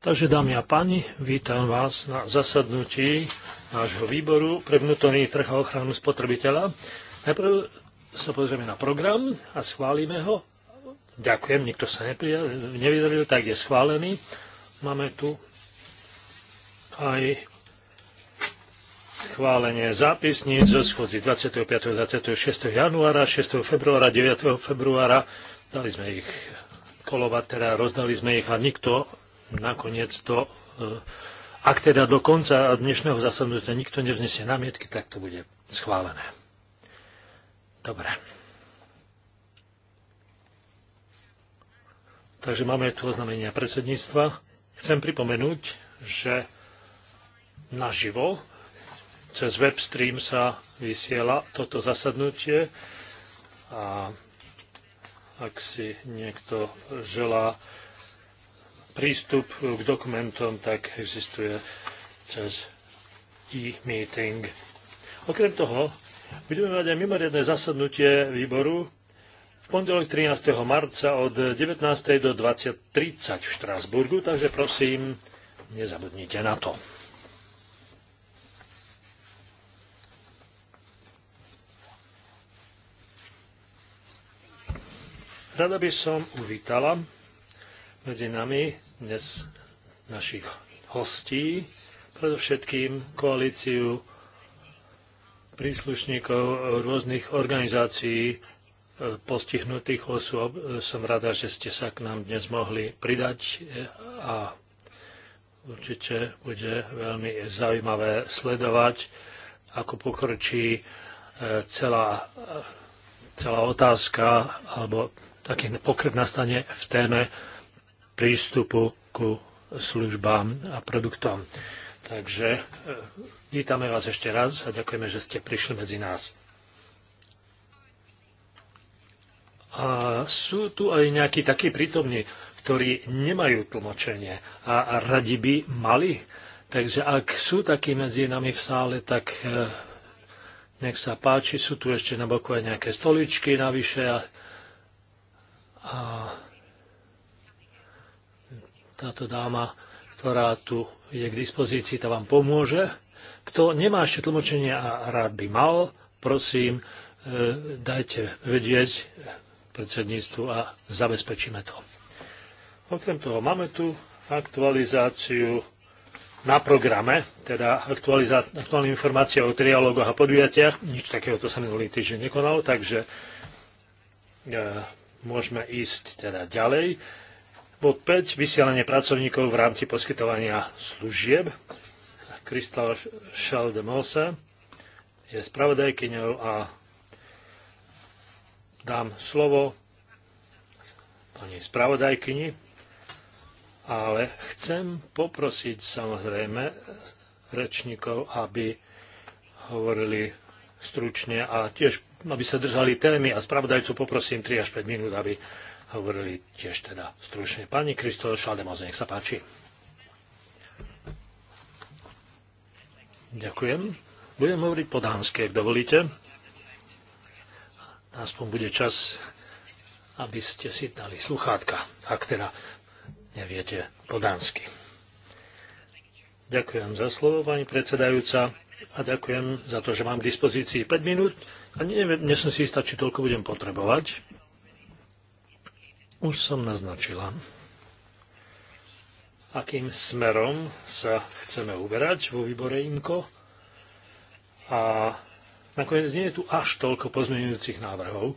Takže dámy a páni, vítam vás na zasadnutí nášho výboru pre vnútorný trh a ochranu spotrebiteľa. Najprv sa pozrieme na program a schválime ho. Ďakujem, nikto sa nevydril, tak je schválený. Máme tu aj schválenie zápisníc zo schodzi 25. 26. januára, 6. februára, 9. februára. Dali sme ich kolovať, teda rozdali sme ich a nikto nakoniec to, e, ak teda do konca dnešného zasadnutia nikto nevznesie námietky, tak to bude schválené. Dobre. Takže máme tu oznamenia predsedníctva. Chcem pripomenúť, že naživo cez webstream sa vysiela toto zasadnutie a ak si niekto želá prístup k dokumentom, tak existuje cez e-meeting. Okrem toho, budeme mať aj mimoriadne zasadnutie výboru v pondelok 13. marca od 19. do 20.30 v Štrásburgu, takže prosím, nezabudnite na to. Rada by som uvítala medzi nami dnes našich hostí, predovšetkým koalíciu príslušníkov rôznych organizácií e, postihnutých osôb. Som rada, že ste sa k nám dnes mohli pridať e, a určite bude veľmi zaujímavé sledovať, ako pokročí e, celá, celá otázka alebo taký pokrok nastane v téme prístupu ku službám a produktom. Takže e, vítame vás ešte raz a ďakujeme, že ste prišli medzi nás. A sú tu aj nejakí takí prítomní, ktorí nemajú tlmočenie a radi by mali. Takže ak sú takí medzi nami v sále, tak e, nech sa páči, sú tu ešte na boku aj nejaké stoličky navyše a a táto dáma, ktorá tu je k dispozícii, tá vám pomôže. Kto nemá ešte tlmočenie a rád by mal, prosím, e, dajte vedieť predsedníctvu a zabezpečíme to. Okrem toho máme tu aktualizáciu na programe, teda aktuálne informácie o trialógoch a podujatiach. Nič takého to sa minulý týždeň nekonalo, takže e, môžeme ísť teda ďalej. Bod 5. Vysielanie pracovníkov v rámci poskytovania služieb. Kristal Schaldemose je spravodajkyňou a dám slovo pani spravodajkyni, ale chcem poprosiť samozrejme rečníkov, aby hovorili stručne a tiež aby sa držali témy a spravodajcu poprosím 3 až 5 minút, aby hovorili tiež teda stručne. Pani Kristo Šaldemoz, nech sa páči. Ďakujem. Budem hovoriť po dánske, ak dovolíte. Aspoň bude čas, aby ste si dali sluchátka, ak teda neviete po dánsky. Ďakujem za slovo, pani predsedajúca, a ďakujem za to, že mám k dispozícii 5 minút a nie som si istá, či toľko budem potrebovať. Už som naznačila, akým smerom sa chceme uberať vo výbore IMKO. A nakoniec nie je tu až toľko pozmeňujúcich návrhov.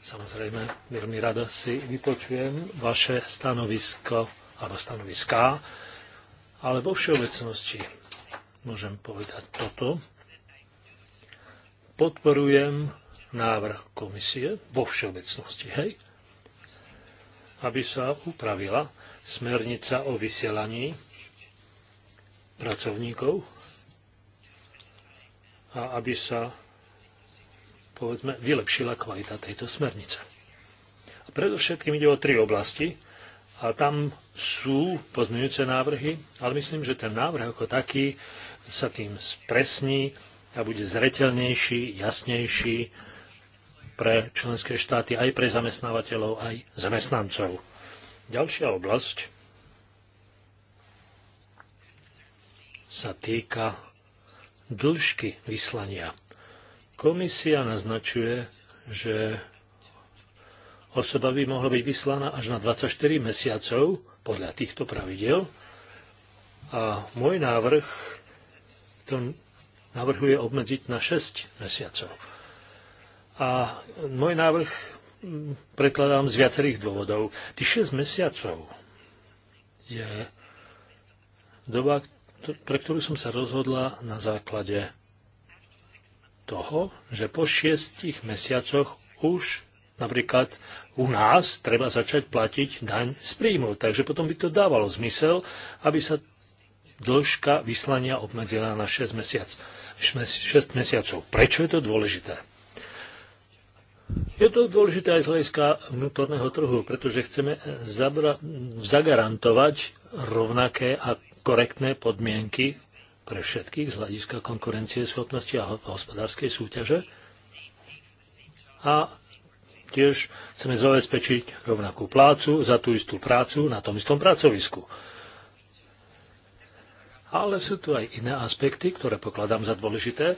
Samozrejme, veľmi rada si vypočujem vaše stanovisko alebo stanoviská, ale vo všeobecnosti môžem povedať toto podporujem návrh komisie vo všeobecnosti, hej, aby sa upravila smernica o vysielaní pracovníkov a aby sa povedzme, vylepšila kvalita tejto smernice. A predovšetkým ide o tri oblasti a tam sú pozmeňujúce návrhy, ale myslím, že ten návrh ako taký sa tým spresní a bude zretelnejší, jasnejší pre členské štáty, aj pre zamestnávateľov, aj zamestnancov. Ďalšia oblasť sa týka dĺžky vyslania. Komisia naznačuje, že osoba by mohla byť vyslaná až na 24 mesiacov podľa týchto pravidel. A môj návrh to navrhuje obmedziť na 6 mesiacov. A môj návrh prekladám z viacerých dôvodov. Tých 6 mesiacov je doba, pre ktorú som sa rozhodla na základe toho, že po 6 mesiacoch už napríklad u nás treba začať platiť daň z príjmu. Takže potom by to dávalo zmysel, aby sa dĺžka vyslania obmedzená na 6, mesiac, 6 mesiacov. Prečo je to dôležité? Je to dôležité aj z hľadiska vnútorného trhu, pretože chceme eh, zagarantovať rovnaké a korektné podmienky pre všetkých z hľadiska konkurencie schopnosti a hospodárskej súťaže. A tiež chceme zabezpečiť rovnakú plácu za tú istú prácu na tom istom pracovisku ale sú tu aj iné aspekty, ktoré pokladám za dôležité,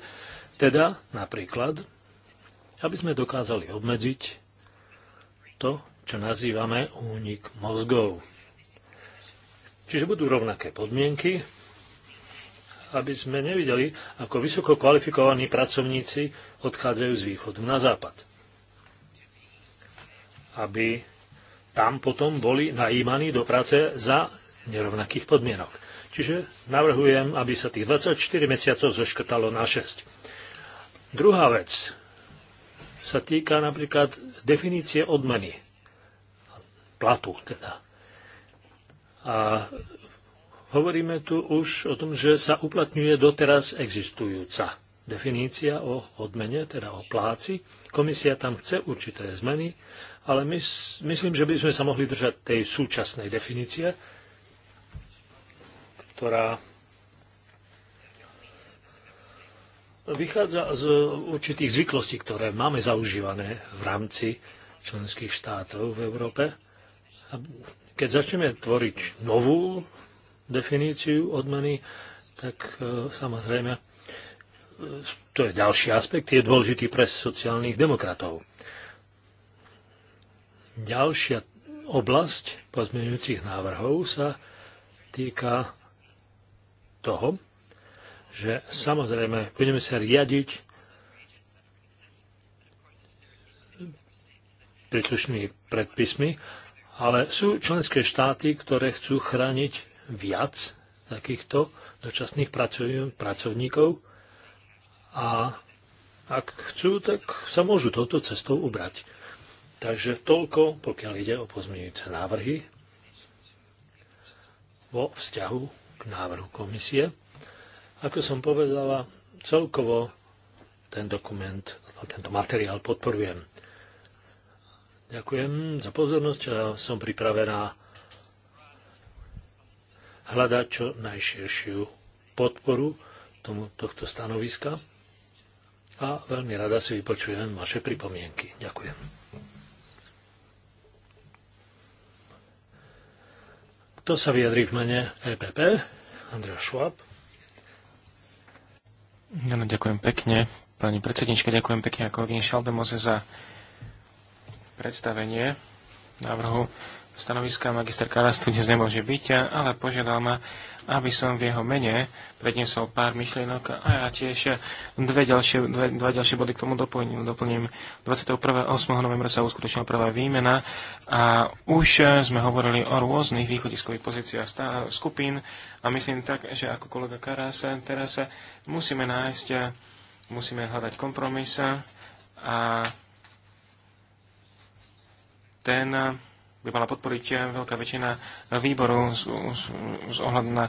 teda napríklad, aby sme dokázali obmedziť to, čo nazývame únik mozgov. Čiže budú rovnaké podmienky, aby sme nevideli, ako vysoko kvalifikovaní pracovníci odchádzajú z východu na západ. Aby tam potom boli najímaní do práce za nerovnakých podmienok. Čiže navrhujem, aby sa tých 24 mesiacov zoškrtalo na 6. Druhá vec sa týka napríklad definície odmeny. Platu teda. A hovoríme tu už o tom, že sa uplatňuje doteraz existujúca definícia o odmene, teda o pláci. Komisia tam chce určité zmeny, ale my, myslím, že by sme sa mohli držať tej súčasnej definície, ktorá vychádza z určitých zvyklostí, ktoré máme zaužívané v rámci členských štátov v Európe. A keď začneme tvoriť novú definíciu odmeny, tak e, samozrejme e, to je ďalší aspekt, je dôležitý pre sociálnych demokratov. Ďalšia oblasť pozmeňujúcich návrhov sa týka toho, že samozrejme budeme sa riadiť príslušnými predpismi, ale sú členské štáty, ktoré chcú chrániť viac takýchto dočasných pracovníkov a ak chcú, tak sa môžu touto cestou ubrať. Takže toľko, pokiaľ ide o pozmeňujúce návrhy vo vzťahu k návrhu komisie. Ako som povedala, celkovo ten dokument, tento materiál podporujem. Ďakujem za pozornosť a som pripravená hľadať čo najširšiu podporu tomu, tohto stanoviska a veľmi rada si vypočujem vaše pripomienky. Ďakujem. Kto sa vyjadrí v mene EPP? Andrea Schwab. No, ďakujem pekne. Pani predsednička, ďakujem pekne ako kolegyni Šaldemoze za predstavenie návrhu stanoviska magister Karas tu dnes nemôže byť, ale požiadal ma, aby som v jeho mene predniesol pár myšlienok a ja tiež dve ďalšie, dve, dva ďalšie body k tomu doplním. doplním. 21.8. novembra sa uskutočnila prvá výmena a už sme hovorili o rôznych východiskových pozíciách skupín a myslím tak, že ako kolega Karas teraz musíme nájsť, musíme hľadať kompromis a ten by mala podporiť veľká väčšina výboru z, z, z ohľadu na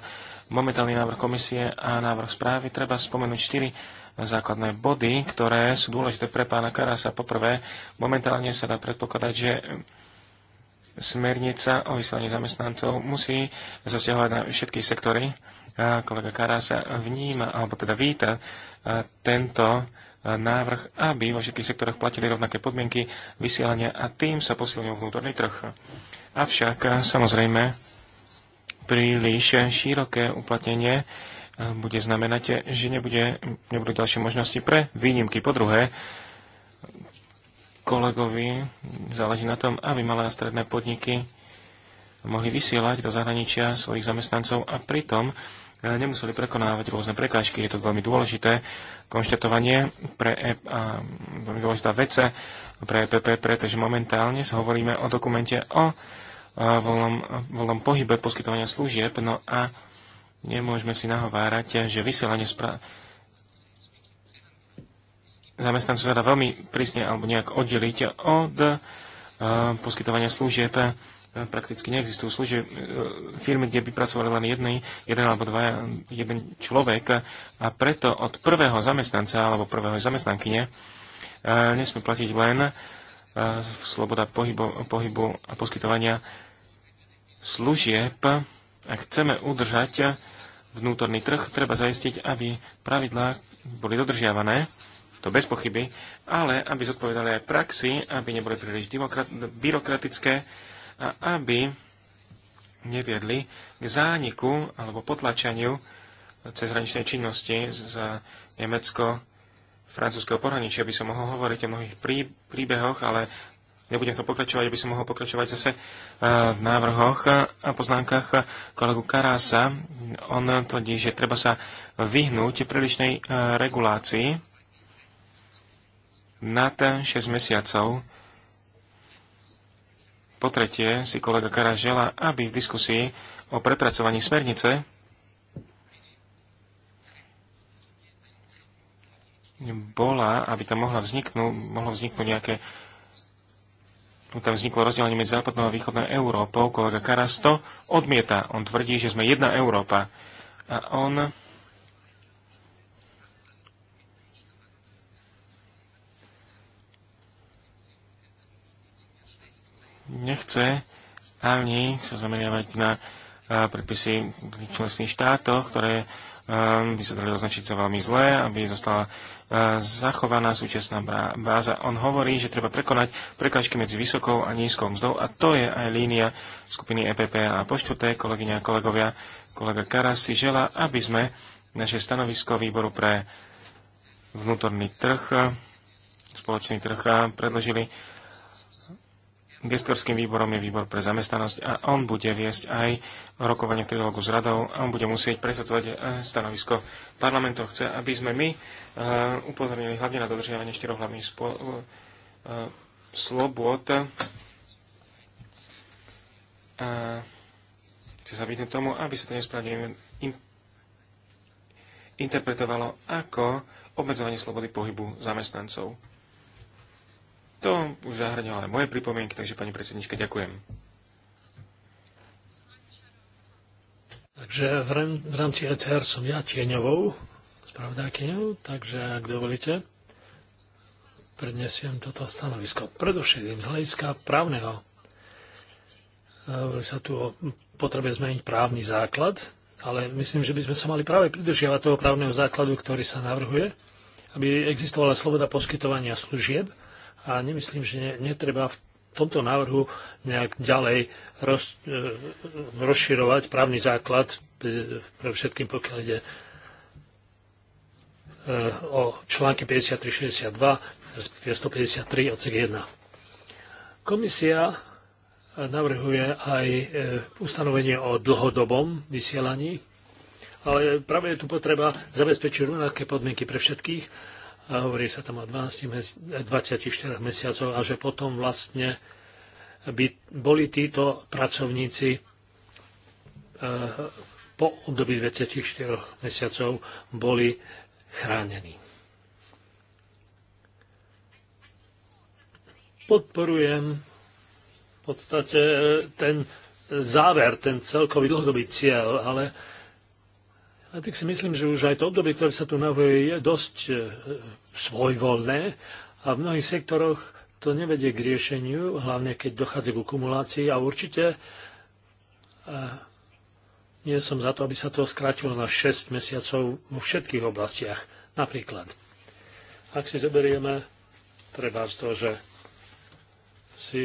momentálny návrh komisie a návrh správy. Treba spomenúť štyri základné body, ktoré sú dôležité pre pána Karasa. Poprvé, momentálne sa dá predpokladať, že smernica o vysielaní zamestnancov musí zasiahovať na všetky sektory. A kolega Karasa vníma, alebo teda víta tento návrh, aby vo všetkých sektoroch platili rovnaké podmienky vysielania a tým sa posilňujú vnútorný trh. Avšak samozrejme príliš široké uplatnenie eh, bude znamenať, že nebude, nebudú ďalšie možnosti pre výnimky. Po druhé, kolegovi záleží na tom, aby malé a stredné podniky mohli vysielať do zahraničia svojich zamestnancov a pritom E, nemuseli prekonávať rôzne prekážky. Je to veľmi dôležité konštatovanie pre e, a veľmi dôležitá vece pre EPP, pretože momentálne sa hovoríme o dokumente o e, voľnom, voľnom pohybe poskytovania služieb, no a nemôžeme si nahovárať, že vysielanie správ zamestnancov sa dá veľmi prísne alebo nejak oddeliť od uh, poskytovania služieb prakticky neexistujú služby, e, firmy, kde by pracovali len jedný, jeden alebo dva, jeden človek a preto od prvého zamestnanca alebo prvého zamestnankyne e, nesmie platiť len e, sloboda pohybu, pohybu a poskytovania služieb. Ak chceme udržať vnútorný trh, treba zaistiť, aby pravidlá boli dodržiavané, to bez pochyby, ale aby zodpovedali aj praxi, aby neboli príliš byrokratické, a aby neviedli k zániku alebo potlačaniu cezhraničnej činnosti za Nemecko francúzského pohraničia. By som mohol hovoriť o mnohých prí, príbehoch, ale nebudem to pokračovať, aby som mohol pokračovať zase eh, v návrhoch a poznámkach kolegu Karasa. On tvrdí, že treba sa vyhnúť prílišnej eh, regulácii nad 6 mesiacov po tretie, si kolega Kara žela, aby v diskusii o prepracovaní smernice bola, aby tam mohla vzniknúť, mohlo vzniknúť nejaké no tam vzniklo rozdelenie medzi západnou a východnou Európou. Kolega Karas to odmieta. On tvrdí, že sme jedna Európa. A on nechce ani sa zameriavať na eh, predpisy v členských štátoch, ktoré eh, by sa dali označiť za veľmi zlé, aby zostala eh, zachovaná súčasná báza. On hovorí, že treba prekonať prekážky medzi vysokou a nízkou mzdou a to je aj línia skupiny EPP a poštvrté, kolegyňa a kolegovia, kolega Karas si žela, aby sme naše stanovisko výboru pre vnútorný trh, spoločný trh predložili Gestorským výborom je výbor pre zamestnanosť a on bude viesť aj rokovanie v trilógu s radou a on bude musieť presadzovať eh, stanovisko parlamentu. Chce, aby sme my eh, upozornili hlavne na dodržiavanie štyroch hlavných spo- eh, slobod. A chce sa vidieť tomu, aby sa to nesprávne interpretovalo ako obmedzovanie slobody pohybu zamestnancov. To už zahrňalo aj moje pripomienky, takže pani predsednička, ďakujem. Takže v, v rámci ECR som ja tieňovou, spravodajkyňou, takže ak dovolíte, prednesiem toto stanovisko. Predovšetkým z hľadiska právneho. E, hovorí sa tu o potrebe zmeniť právny základ, ale myslím, že by sme sa mali práve pridržiavať toho právneho základu, ktorý sa navrhuje, aby existovala sloboda poskytovania služieb a nemyslím, že netreba v tomto návrhu nejak ďalej roz, e, rozširovať právny základ, e, pre všetkým pokiaľ ide e, o články 53-62, respektíve 153 odsek 1. Komisia navrhuje aj ustanovenie o dlhodobom vysielaní, ale práve je tu potreba zabezpečiť rovnaké podmienky pre všetkých a hovorí sa tam o 12, 24 mesiacov a že potom vlastne by boli títo pracovníci eh, po období 24 mesiacov boli chránení. Podporujem v podstate eh, ten záver, ten celkový dlhodobý cieľ, ale a tak si myslím, že už aj to obdobie, ktoré sa tu navrhuje, je dosť e, svojvoľné a v mnohých sektoroch to nevedie k riešeniu, hlavne keď dochádza k kumulácii a určite e, nie som za to, aby sa to skrátilo na 6 mesiacov vo všetkých oblastiach. Napríklad, ak si zoberieme treba z toho, že si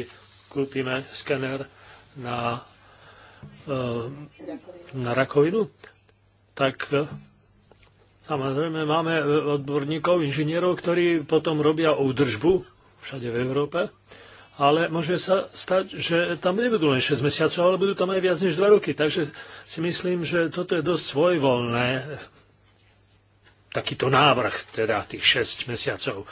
kúpime skener na, e, na rakovinu, tak e, samozrejme máme e, odborníkov, inžinierov, ktorí potom robia údržbu všade v Európe, ale môže sa stať, že tam nebudú len 6 mesiacov, ale budú tam aj viac než 2 roky. Takže si myslím, že toto je dosť svojvoľné, takýto návrh, teda tých 6 mesiacov.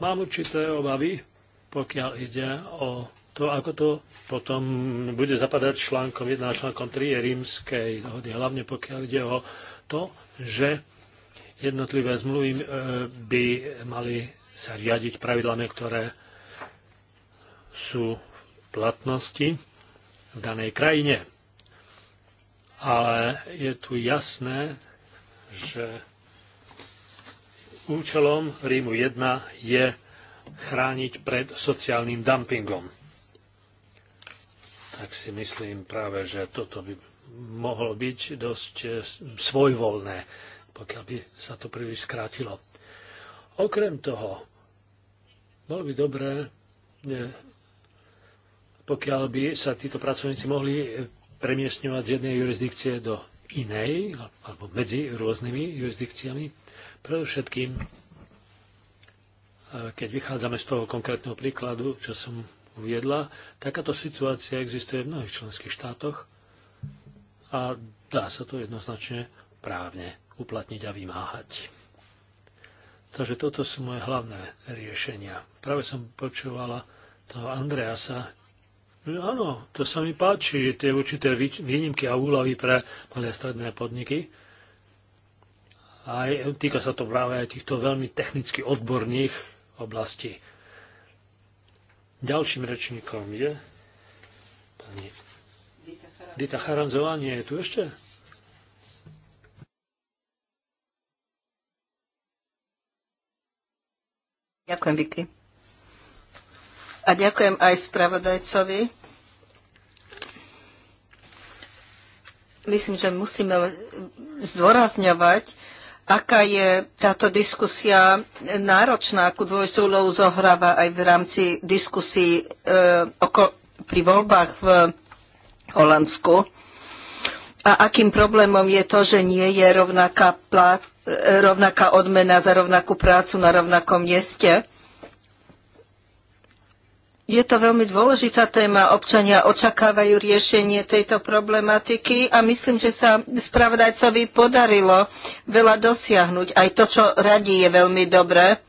Mám určité obavy, pokiaľ ide o to, ako to potom bude zapadať článkom 1 a článkom 3 je rímskej dohody, hlavne pokiaľ ide o to, že jednotlivé zmluvy e, by mali sa riadiť pravidlami, ktoré sú v platnosti v danej krajine. Ale je tu jasné, že účelom Rímu 1 je chrániť pred sociálnym dumpingom tak si myslím práve, že toto by mohlo byť dosť e, svojvoľné, pokiaľ by sa to príliš skrátilo. Okrem toho, bolo by dobré, e, pokiaľ by sa títo pracovníci mohli e, premiestňovať z jednej jurisdikcie do inej, alebo medzi rôznymi jurisdikciami. Predovšetkým, keď vychádzame z toho konkrétneho príkladu, čo som uviedla, Takáto situácia existuje v mnohých členských štátoch a dá sa to jednoznačne právne uplatniť a vymáhať. Takže toto sú moje hlavné riešenia. Práve som počúvala toho Andreasa. Áno, to sa mi páči, tie určité výnimky a úlavy pre malé a stredné podniky. Aj týka sa to práve aj týchto veľmi technicky odborných oblastí. Ďalším rečníkom je pani Dita Charanzová. Nie je tu ešte? Ďakujem, Vicky. A ďakujem aj spravodajcovi. Myslím, že musíme zdôrazňovať, aká je táto diskusia náročná, akú dôležitú úlohu zohráva aj v rámci diskusí e, oko, pri voľbách v Holandsku. A akým problémom je to, že nie je rovnaká, plát, e, rovnaká odmena za rovnakú prácu na rovnakom mieste? Je to veľmi dôležitá téma. Občania očakávajú riešenie tejto problematiky a myslím, že sa spravodajcovi podarilo veľa dosiahnuť. Aj to, čo radí, je veľmi dobré.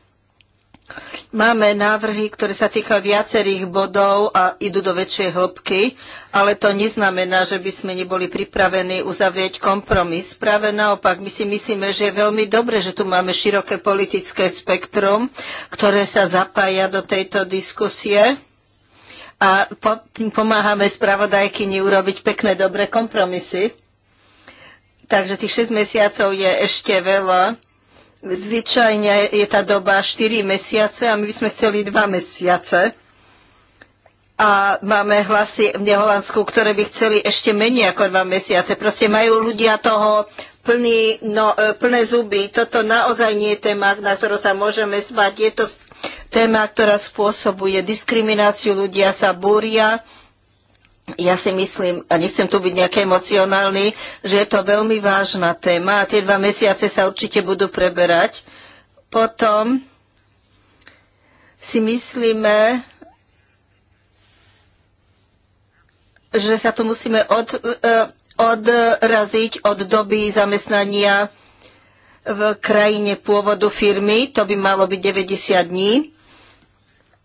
Máme návrhy, ktoré sa týkajú viacerých bodov a idú do väčšej hĺbky, ale to neznamená, že by sme neboli pripravení uzavrieť kompromis. Práve naopak, my si myslíme, že je veľmi dobre, že tu máme široké politické spektrum, ktoré sa zapája do tejto diskusie a po, tým pomáhame spravodajkyni urobiť pekné, dobré kompromisy. Takže tých 6 mesiacov je ešte veľa. Zvyčajne je tá doba 4 mesiace a my by sme chceli 2 mesiace. A máme hlasy v Neholandsku, ktoré by chceli ešte menej ako 2 mesiace. Proste majú ľudia toho plný, no, e, plné zuby. Toto naozaj nie je téma, na ktorú sa môžeme spať. Je to téma, ktorá spôsobuje diskrimináciu, ľudia sa búria. Ja si myslím, a nechcem tu byť nejaký emocionálny, že je to veľmi vážna téma a tie dva mesiace sa určite budú preberať. Potom si myslíme, že sa tu musíme od, e, odraziť od doby zamestnania v krajine pôvodu firmy, to by malo byť 90 dní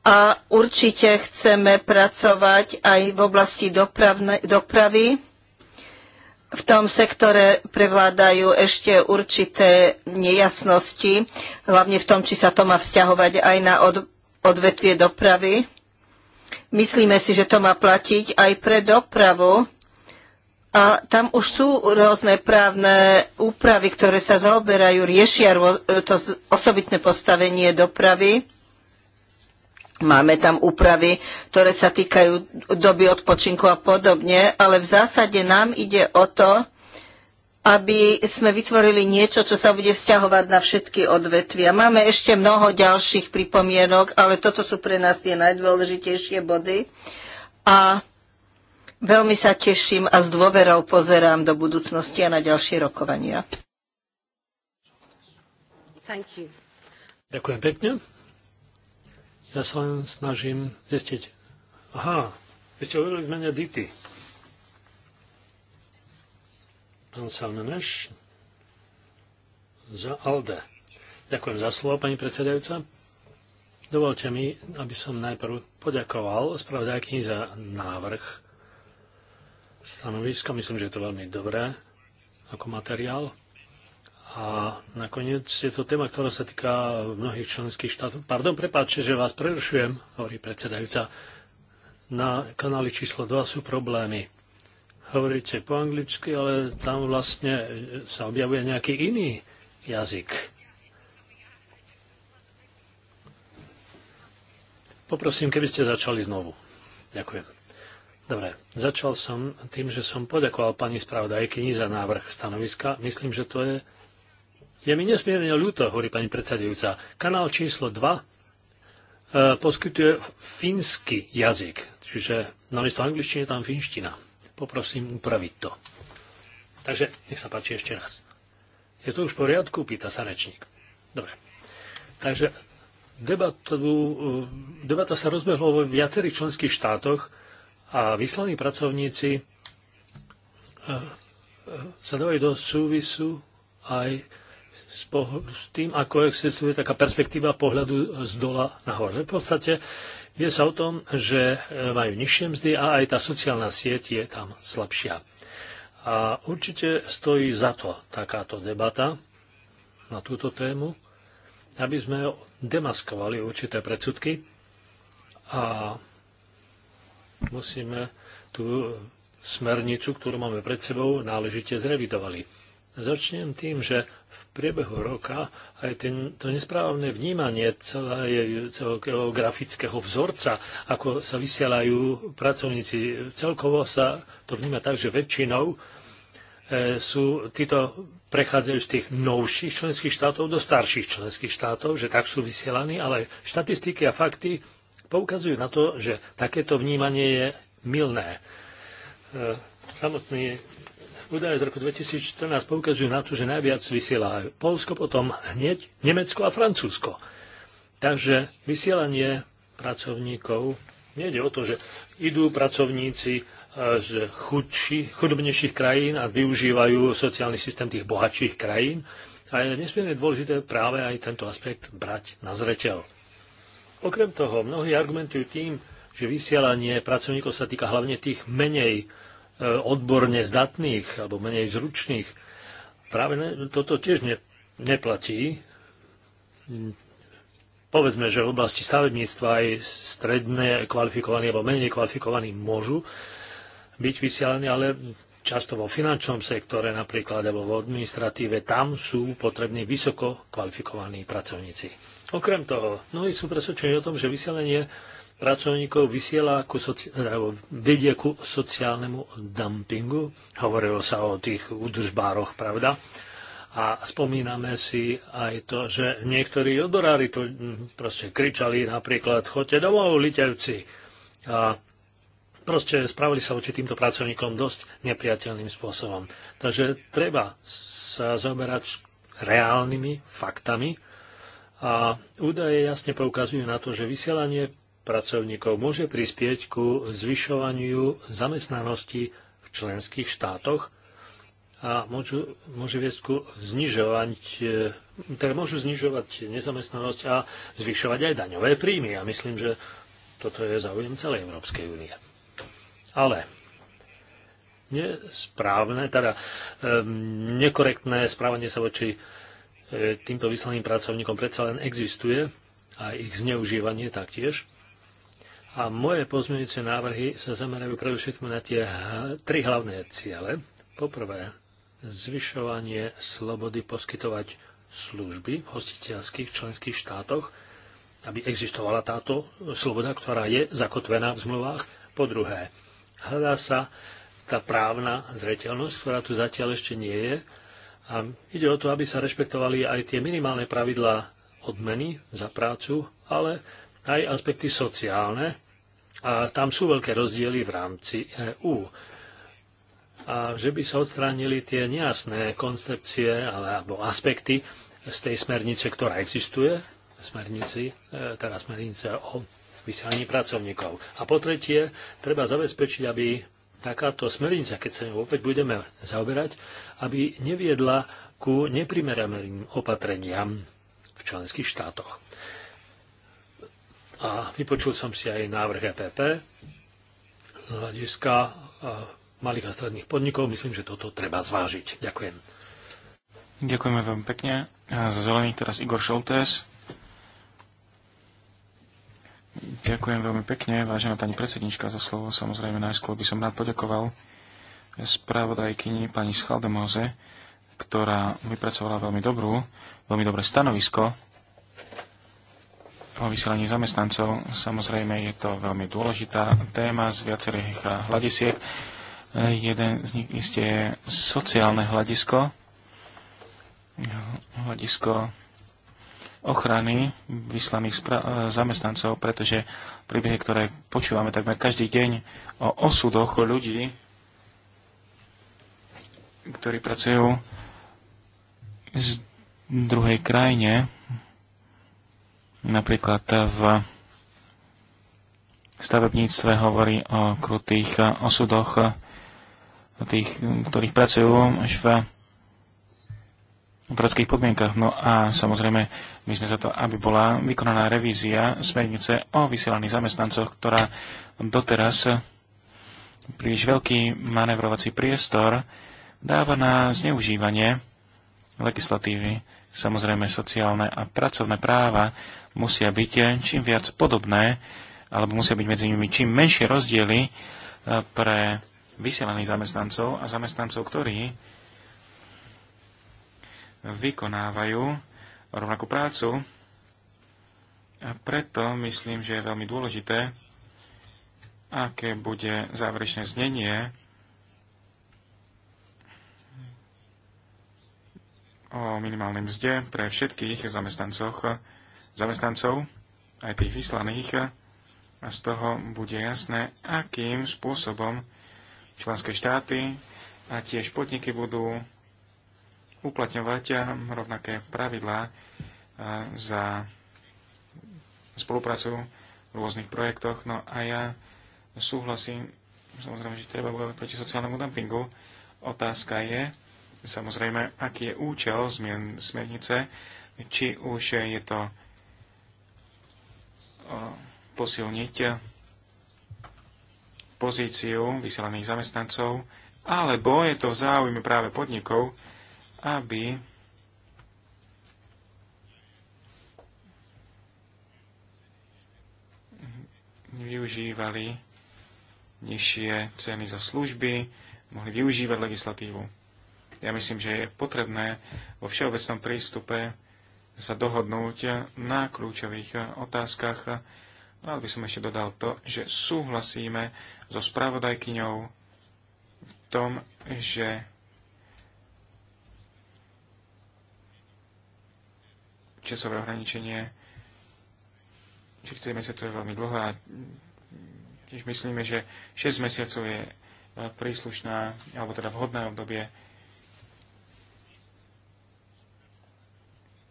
a určite chceme pracovať aj v oblasti dopravne, dopravy. V tom sektore prevládajú ešte určité nejasnosti, hlavne v tom, či sa to má vzťahovať aj na od, odvetvie dopravy. Myslíme si, že to má platiť aj pre dopravu. A tam už sú rôzne právne úpravy, ktoré sa zaoberajú, riešia to osobitné postavenie dopravy. Máme tam úpravy, ktoré sa týkajú doby odpočinku a podobne, ale v zásade nám ide o to, aby sme vytvorili niečo, čo sa bude vzťahovať na všetky odvetvia. Máme ešte mnoho ďalších pripomienok, ale toto sú pre nás tie najdôležitejšie body. A veľmi sa teším a s dôverou pozerám do budúcnosti a na ďalšie rokovania. Ďakujem pekne. Ja sa len snažím zistiť. Aha, vy ste hovorili v mene Dity. Pán Salmeneš za Alde. Ďakujem za slovo, pani predsedajúca. Dovolte mi, aby som najprv poďakoval spravodajkyni za návrh stanoviska. Myslím, že je to veľmi dobré ako materiál. A nakoniec je to téma, ktorá sa týka mnohých členských štátov. Pardon, prepáčte, že vás prerušujem, hovorí predsedajúca. Na kanáli číslo 2 sú problémy. Hovoríte po anglicky, ale tam vlastne sa objavuje nejaký iný jazyk. Poprosím, keby ste začali znovu. Ďakujem. Dobre, začal som tým, že som poďakoval pani spravodajkyni za návrh stanoviska. Myslím, že to je je mi nesmierne ľúto, hovorí pani predsedajúca. Kanál číslo 2 e, poskytuje fínsky jazyk, čiže namiesto angličtiny je tam finština. Poprosím upraviť to. Takže nech sa páči ešte raz. Je to už v poriadku? Pýta sa rečník. Dobre. Takže debatu, e, debata sa rozbehla vo viacerých členských štátoch a vyslaní pracovníci e, sa dávajú do súvisu aj s, s tým, ako existuje taká perspektíva pohľadu z dola nahor. V podstate je sa o tom, že e, majú nižšie mzdy a aj tá sociálna sieť je tam slabšia. A určite stojí za to takáto debata na túto tému, aby sme demaskovali určité predsudky a musíme tú smernicu, ktorú máme pred sebou, náležite zrevidovali. Začnem tým, že v priebehu roka aj ten, to nesprávne vnímanie celého, grafického vzorca, ako sa vysielajú pracovníci, celkovo sa to vníma tak, že väčšinou e, sú títo prechádzajú z tých novších členských štátov do starších členských štátov, že tak sú vysielaní, ale štatistiky a fakty poukazujú na to, že takéto vnímanie je milné. E, samotný Údaje z roku 2014 poukazujú na to, že najviac vysiela Polsko, potom hneď Nemecko a Francúzsko. Takže vysielanie pracovníkov nejde o to, že idú pracovníci e, z chudší, chudobnejších krajín a využívajú sociálny systém tých bohatších krajín. A je nesmierne dôležité práve aj tento aspekt brať na zreteľ. Okrem toho, mnohí argumentujú tým, že vysielanie pracovníkov sa týka hlavne tých menej Eh, odborne zdatných alebo menej zručných. Práve toto tiež ne, neplatí. Povedzme, že v oblasti stavebníctva aj stredne kvalifikovaní alebo menej kvalifikovaní môžu byť vysielaní, ale často vo finančnom sektore napríklad alebo v administratíve, tam sú potrební vysoko kvalifikovaní pracovníci. Okrem toho, mnohí sú presvedčení o tom, že vysielanie pracovníkov vysiela ku soci... vedie ku sociálnemu dumpingu. Hovorilo sa o tých udržbároch, pravda? A spomíname si aj to, že niektorí odborári to hm, proste kričali napríklad chodte domov, litevci. A proste spravili sa voči týmto pracovníkom dosť nepriateľným spôsobom. Takže treba sa zaoberať reálnymi faktami a údaje jasne poukazujú na to, že vysielanie pracovníkov môže prispieť ku zvyšovaniu zamestnanosti v členských štátoch a môžu, môže viesť ku znižovať, e, teda môžu znižovať nezamestnanosť a zvyšovať aj daňové príjmy. A ja myslím, že toto je záujem celej Európskej únie. Ale nesprávne, teda um, nekorektné správanie sa voči e, týmto vyslaným pracovníkom predsa len existuje a ich zneužívanie taktiež. A moje pozmeňujúce návrhy sa zamerajú predovšetkým na tie tri hlavné ciele. Poprvé, zvyšovanie slobody poskytovať služby v hostiteľských členských štátoch, aby existovala táto sloboda, ktorá je zakotvená v zmluvách. Po druhé, hľadá sa tá právna zreteľnosť, ktorá tu zatiaľ ešte nie je. A ide o to, aby sa rešpektovali aj tie minimálne pravidlá odmeny za prácu, ale aj aspekty sociálne a tam sú veľké rozdiely v rámci EÚ. A že by sa odstránili tie nejasné koncepcie alebo aspekty z tej smernice, ktorá existuje, smernici, e, teda smernice o vysielaní pracovníkov. A po tretie, treba zabezpečiť, aby takáto smernica, keď sa ňou opäť budeme zaoberať, aby neviedla ku neprimeraným opatreniam v členských štátoch a vypočul som si aj návrh EPP z hľadiska malých a stredných podnikov. Myslím, že toto treba zvážiť. Ďakujem. Ďakujeme veľmi pekne. za zelených teraz Igor Šoltés. Ďakujem veľmi pekne, vážená pani predsednička, za slovo. Samozrejme, najskôr by som rád poďakoval spravodajkyni pani Schaldemose, ktorá vypracovala veľmi dobrú, veľmi dobré stanovisko o vysielaní zamestnancov. Samozrejme je to veľmi dôležitá téma z viacerých eh, hľadisiek. Eh, jeden z nich isté je sociálne hľadisko, hľadisko ochrany vyslaných eh, zamestnancov, pretože príbehy, ktoré počúvame takmer každý deň o osudoch ľudí, ktorí pracujú z druhej krajine, Napríklad v stavebníctve hovorí o krutých osudoch tých, ktorých pracujú až v otrockých podmienkach. No a samozrejme, my sme za to, aby bola vykonaná revízia smernice o vysielaných zamestnancoch, ktorá doteraz príliš veľký manevrovací priestor dáva na zneužívanie legislatívy. Samozrejme, sociálne a pracovné práva musia byť čím viac podobné, alebo musia byť medzi nimi čím menšie rozdiely e, pre vysielaných zamestnancov a zamestnancov, ktorí vykonávajú rovnakú prácu. A preto myslím, že je veľmi dôležité, aké bude záverečné znenie o minimálnej mzde pre všetkých zamestnancov, zamestnancov aj tých vyslaných, a z toho bude jasné, akým spôsobom členské štáty a tiež podniky budú uplatňovať rovnaké pravidlá za spoluprácu v rôznych projektoch. No a ja súhlasím, samozrejme, že treba bojovať proti sociálnemu dumpingu. Otázka je, samozrejme, aký je účel zmien smernice, či už je to e, posilniť pozíciu vysielaných zamestnancov, alebo je to v záujme práve podnikov, aby využívali nižšie ceny za služby, mohli využívať legislatívu. Ja myslím, že je potrebné vo všeobecnom prístupe sa dohodnúť na kľúčových otázkach. No, rád by som ešte dodal to, že súhlasíme so spravodajkyňou v tom, že časové ohraničenie 40 mesiacov je veľmi dlho a tiež myslíme, že 6 mesiacov je e, príslušná, alebo teda vhodné obdobie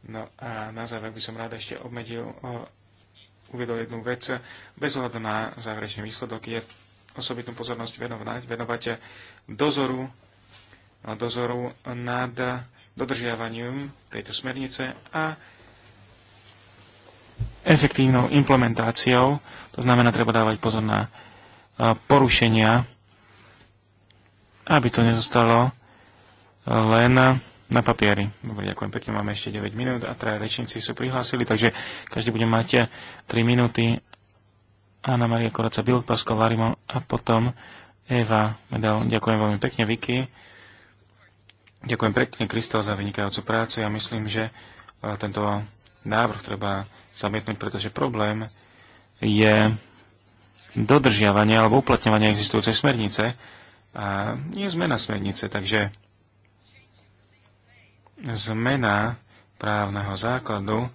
No a na záver by som rád ešte obmedil, uvedol jednu vec. Bez ohľadu na záverečný výsledok je osobitnú pozornosť venovať, venovať dozoru, no, dozoru nad dodržiavaním tejto smernice a efektívnou implementáciou. To znamená, treba dávať pozor na porušenia, aby to nezostalo len na papieri. Dobre, ďakujem pekne, máme ešte 9 minút a traja rečníci sú prihlásili, takže každý bude mať 3 eh, minúty. Anna Maria Koraca Bill Pasko Larimo a potom Eva Medal. Ďakujem veľmi pekne, Vicky. Ďakujem pekne, Kristel, za vynikajúcu prácu. Ja myslím, že eh, tento návrh treba zamietnúť, pretože problém je dodržiavanie alebo uplatňovanie existujúcej smernice. A nie zmena smernice, takže zmena právneho základu,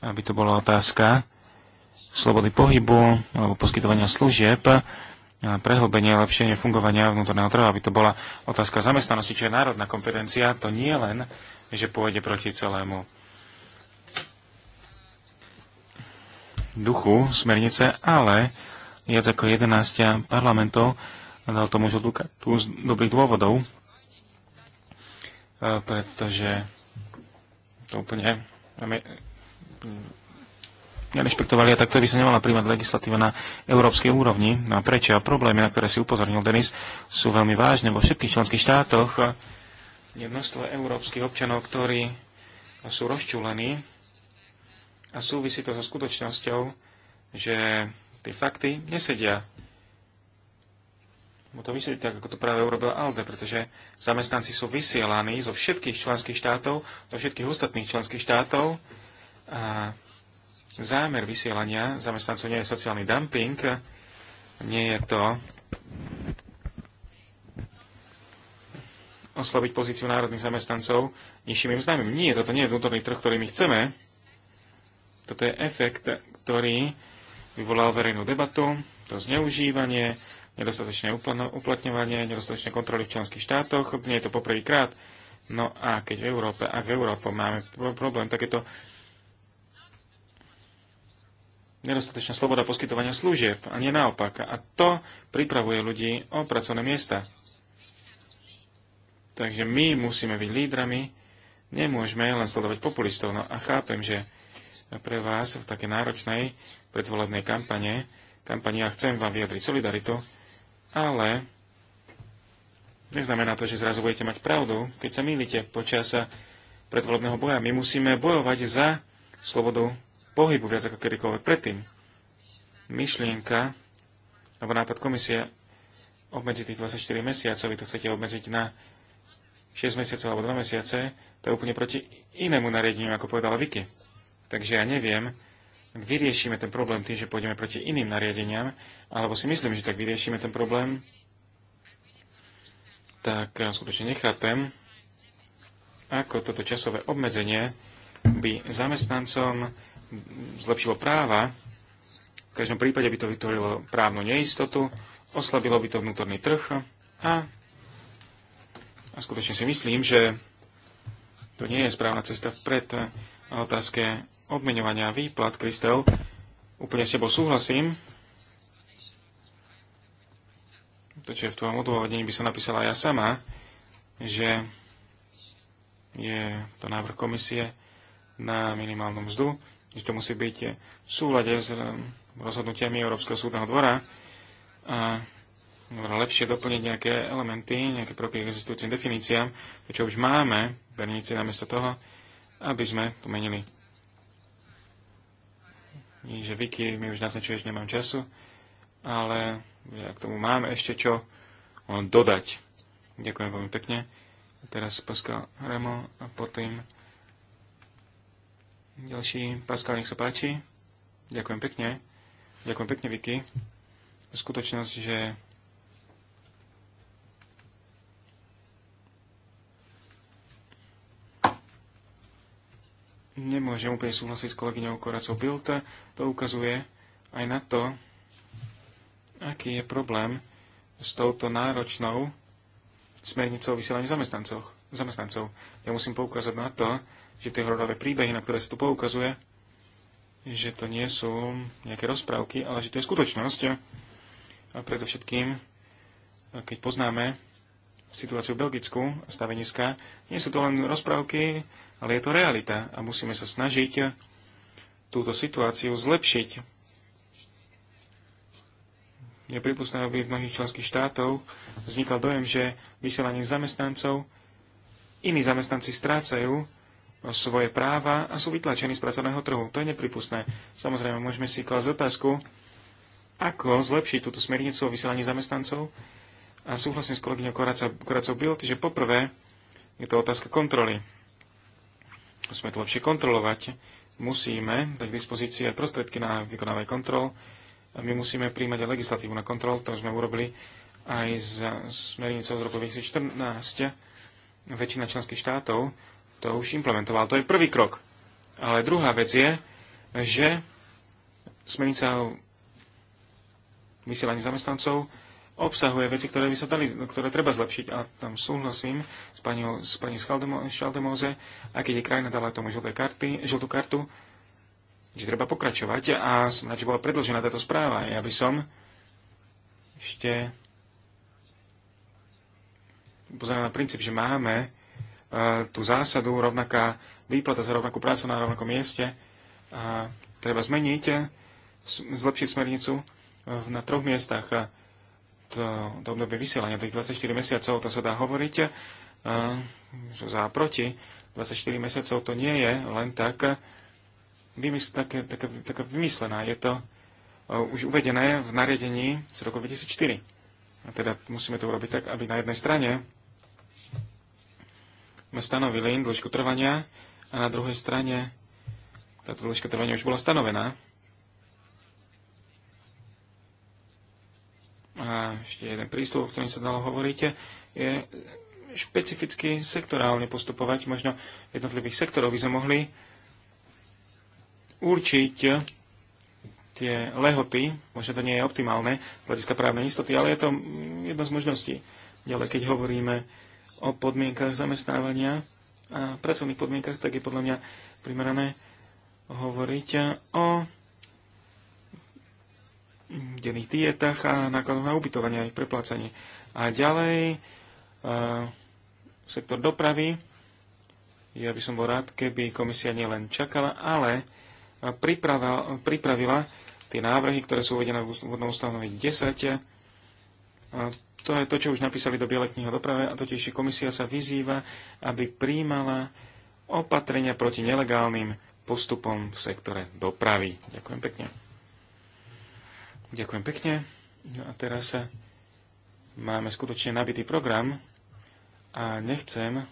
aby to bola otázka slobody pohybu alebo poskytovania služieb, prehlbenie, lepšenie fungovania vnútorného trhu, aby to bola otázka zamestnanosti, čo je národná kompetencia, to nie len, že pôjde proti celému duchu smernice, ale viac ako 11 parlamentov dal tomu žodú z dobrých dôvodov pretože to úplne nerešpektovali a takto by sa nemala príjmať legislatíva na európskej úrovni. No a prečo? A problémy, na ktoré si upozornil Denis, sú veľmi vážne vo všetkých členských štátoch. Je množstvo európskych občanov, ktorí sú rozčúlení a súvisí to so skutočnosťou, že tie fakty nesedia mu to vysvetliť tak, ako to práve urobil ALDE, pretože zamestnanci sú vysielaní zo všetkých členských štátov, zo všetkých ostatných členských štátov a zámer vysielania zamestnancov nie je sociálny dumping, nie je to oslabiť pozíciu národných zamestnancov nižšími mzdami. Nie, toto nie je vnútorný trh, ktorý my chceme. Toto je efekt, ktorý vyvolal verejnú debatu, to zneužívanie, nedostatočné uplatňovanie, nedostatočné kontroly v členských štátoch. Nie je to poprvýkrát. No a keď v Európe, ak v Európe máme problém, tak je to nedostatočná sloboda poskytovania služieb a nie naopak. A to pripravuje ľudí o pracovné miesta. Takže my musíme byť lídrami, nemôžeme len sledovať populistov. No a chápem, že pre vás v také náročnej predvolebnej kampane, kampani ja chcem vám vyjadriť solidaritu ale neznamená to, že zrazu budete mať pravdu, keď sa mýlite počas predvolebného boja. My musíme bojovať za slobodu pohybu viac ako kedykoľvek predtým. Myšlienka alebo nápad komisie obmedziť tých 24 mesiacov, vy to chcete obmedziť na 6 mesiacov alebo 2 mesiace, to je úplne proti inému nariadeniu, ako povedala Vicky. Takže ja neviem, ak vyriešime ten problém tým, že pôjdeme proti iným nariadeniam, alebo si myslím, že tak vyriešime ten problém, tak eh, skutočne nechápem, ako toto časové obmedzenie by zamestnancom zlepšilo práva. V každom prípade by to vytvorilo právnu neistotu, oslabilo by to vnútorný trh a, a skutočne si myslím, že to nie je správna cesta vpred eh, otázke odmeňovania výplat, Kristel, úplne s tebou súhlasím. To, čo je v tvojom odôvodnení, by som napísala ja sama, že je to návrh komisie na minimálnu mzdu, že to musí byť v súlade s eh, rozhodnutiami Európskeho súdneho dvora a lepšie doplniť nejaké elementy, nejaké proky k existujúcim definíciám, to, čo už máme, bernici namiesto toho, aby sme to menili že Vicky mi už naznačuje, že nemám času, ale ja k tomu mám ešte čo dodať. Ďakujem veľmi pekne. A teraz Pascal Remo a potom ďalší. Pascal, nech sa páči. Ďakujem pekne. Ďakujem pekne, Vicky. Skutočnosť, že nemôžem úplne súhlasiť s kolegyňou Koracou Bilta. To ukazuje aj na to, aký je problém s touto náročnou smernicou o vysielaní zamestnancov. Ja musím poukázať na to, že tie hororové príbehy, na ktoré sa tu poukazuje, že to nie sú nejaké rozprávky, ale že to je skutočnosť. A predovšetkým, keď poznáme situáciu v Belgicku, staveniska, nie sú to len rozprávky, ale je to realita a musíme sa snažiť túto situáciu zlepšiť. Je pripustné, aby v mnohých členských štátov vznikal dojem, že vysielanie zamestnancov iní zamestnanci strácajú svoje práva a sú vytlačení z pracovného trhu. To je nepripustné. Samozrejme, môžeme si klásť otázku, ako zlepšiť túto smernicu o vysielaní zamestnancov. A súhlasím s kolegyňou Koracov Bilt, že poprvé je to otázka kontroly musíme to lepšie kontrolovať, musíme dať k dispozícii aj prostriedky na vykonávanie kontrol a my musíme príjmať aj legislatívu na kontrol, to sme urobili aj z smernicou z roku 2014. Väčšina členských štátov to už implementovala. To je prvý krok. Ale druhá vec je, že smernica o vysielaní zamestnancov obsahuje veci, ktoré by sa dali, ktoré treba zlepšiť. A tam súhlasím s pani, s pani Schaldemose, aj keď je krajina dala tomu žlté karty, žltú kartu, že treba pokračovať a som rád, že bola predlžená táto správa. Ja by som ešte pozeral na princíp, že máme e, tú zásadu rovnaká výplata za rovnakú prácu na rovnakom mieste a treba zmeniť, e, zlepšiť smernicu na troch miestach to, obdobie vysielania, tých 24 mesiacov, to sa dá hovoriť, eh, že za proti, 24 mesiacov to nie je len tak eh, vymysl, také, také, také vymyslená. Je to eh, už uvedené v nariadení z roku 2004. A teda musíme to urobiť tak, aby na jednej strane sme stanovili dĺžku trvania a na druhej strane táto dĺžka trvania už bola stanovená. a ešte jeden prístup, o ktorým sa dalo hovoríte, je špecificky sektorálne postupovať. Možno jednotlivých sektorov by sme mohli určiť tie lehoty, možno to nie je optimálne z hľadiska právnej istoty, ale je to jedna z možností. Ďalej, keď hovoríme o podmienkach zamestnávania a pracovných podmienkach, tak je podľa mňa primerané hovoriť o denných dietách a nákladov na ubytovanie a ich preplácanie. A ďalej, uh, sektor dopravy. Ja by som bol rád, keby komisia nielen čakala, ale pripravila, pripravila tie návrhy, ktoré sú uvedené v úvodnom ustanovení 10. A to je to, čo už napísali do Bielej knihy o doprave, a totiž komisia sa vyzýva, aby príjmala opatrenia proti nelegálnym postupom v sektore dopravy. Ďakujem pekne. Ďakujem pekne. No a teraz máme skutočne nabitý program a nechcem,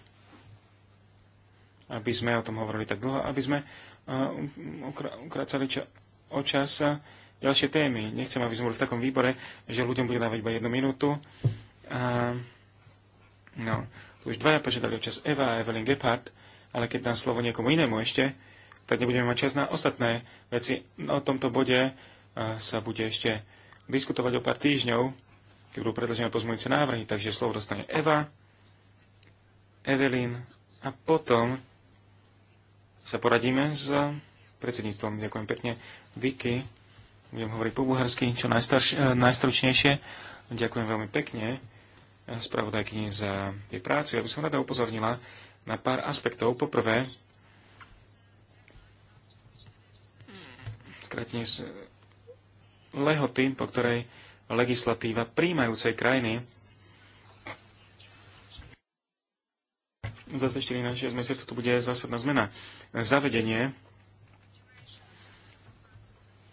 aby sme o tom hovorili tak dlho, aby sme uh, ukrácali ča o čas uh, ďalšie témy. Nechcem, aby sme boli v takom výbore, že ľuďom bude dávať iba jednu minútu. A, no, už dvaja požiadali o čas Eva a Evelyn Gephardt, ale keď dám slovo niekomu inému ešte, tak nebudeme mať čas na ostatné veci. No, o tomto bode sa bude ešte diskutovať o pár týždňov, keď budú predložené pozmujúce návrhy, takže slovo dostane Eva, Evelyn a potom sa poradíme s predsedníctvom. Ďakujem pekne. Vicky, budem hovoriť po bulharsky, čo eh, najstručnejšie. Ďakujem veľmi pekne eh, spravodajkyni za jej prácu. Ja by som rada upozornila na pár aspektov. Poprvé, lehoty, po ktorej legislatíva príjmajúcej krajiny za 4 na 6 mesiacov tu bude zásadná zmena. Zavedenie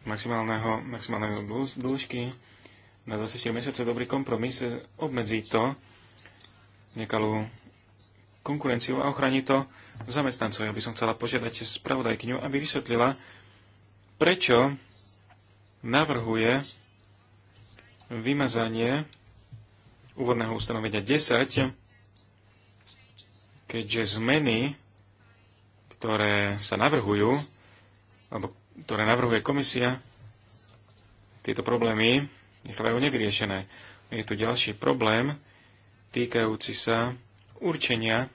maximálneho, maximálneho dĺžky na 24 mesiace dobrý kompromis obmedzí to nekalú konkurenciu a ochrani to zamestnancov. Ja by som chcela požiadať spravodajkyňu, aby vysvetlila, prečo navrhuje vymazanie úvodného ustanovenia 10, keďže zmeny, ktoré sa navrhujú, alebo ktoré navrhuje komisia, tieto problémy nechávajú nevyriešené. Je tu ďalší problém týkajúci sa určenia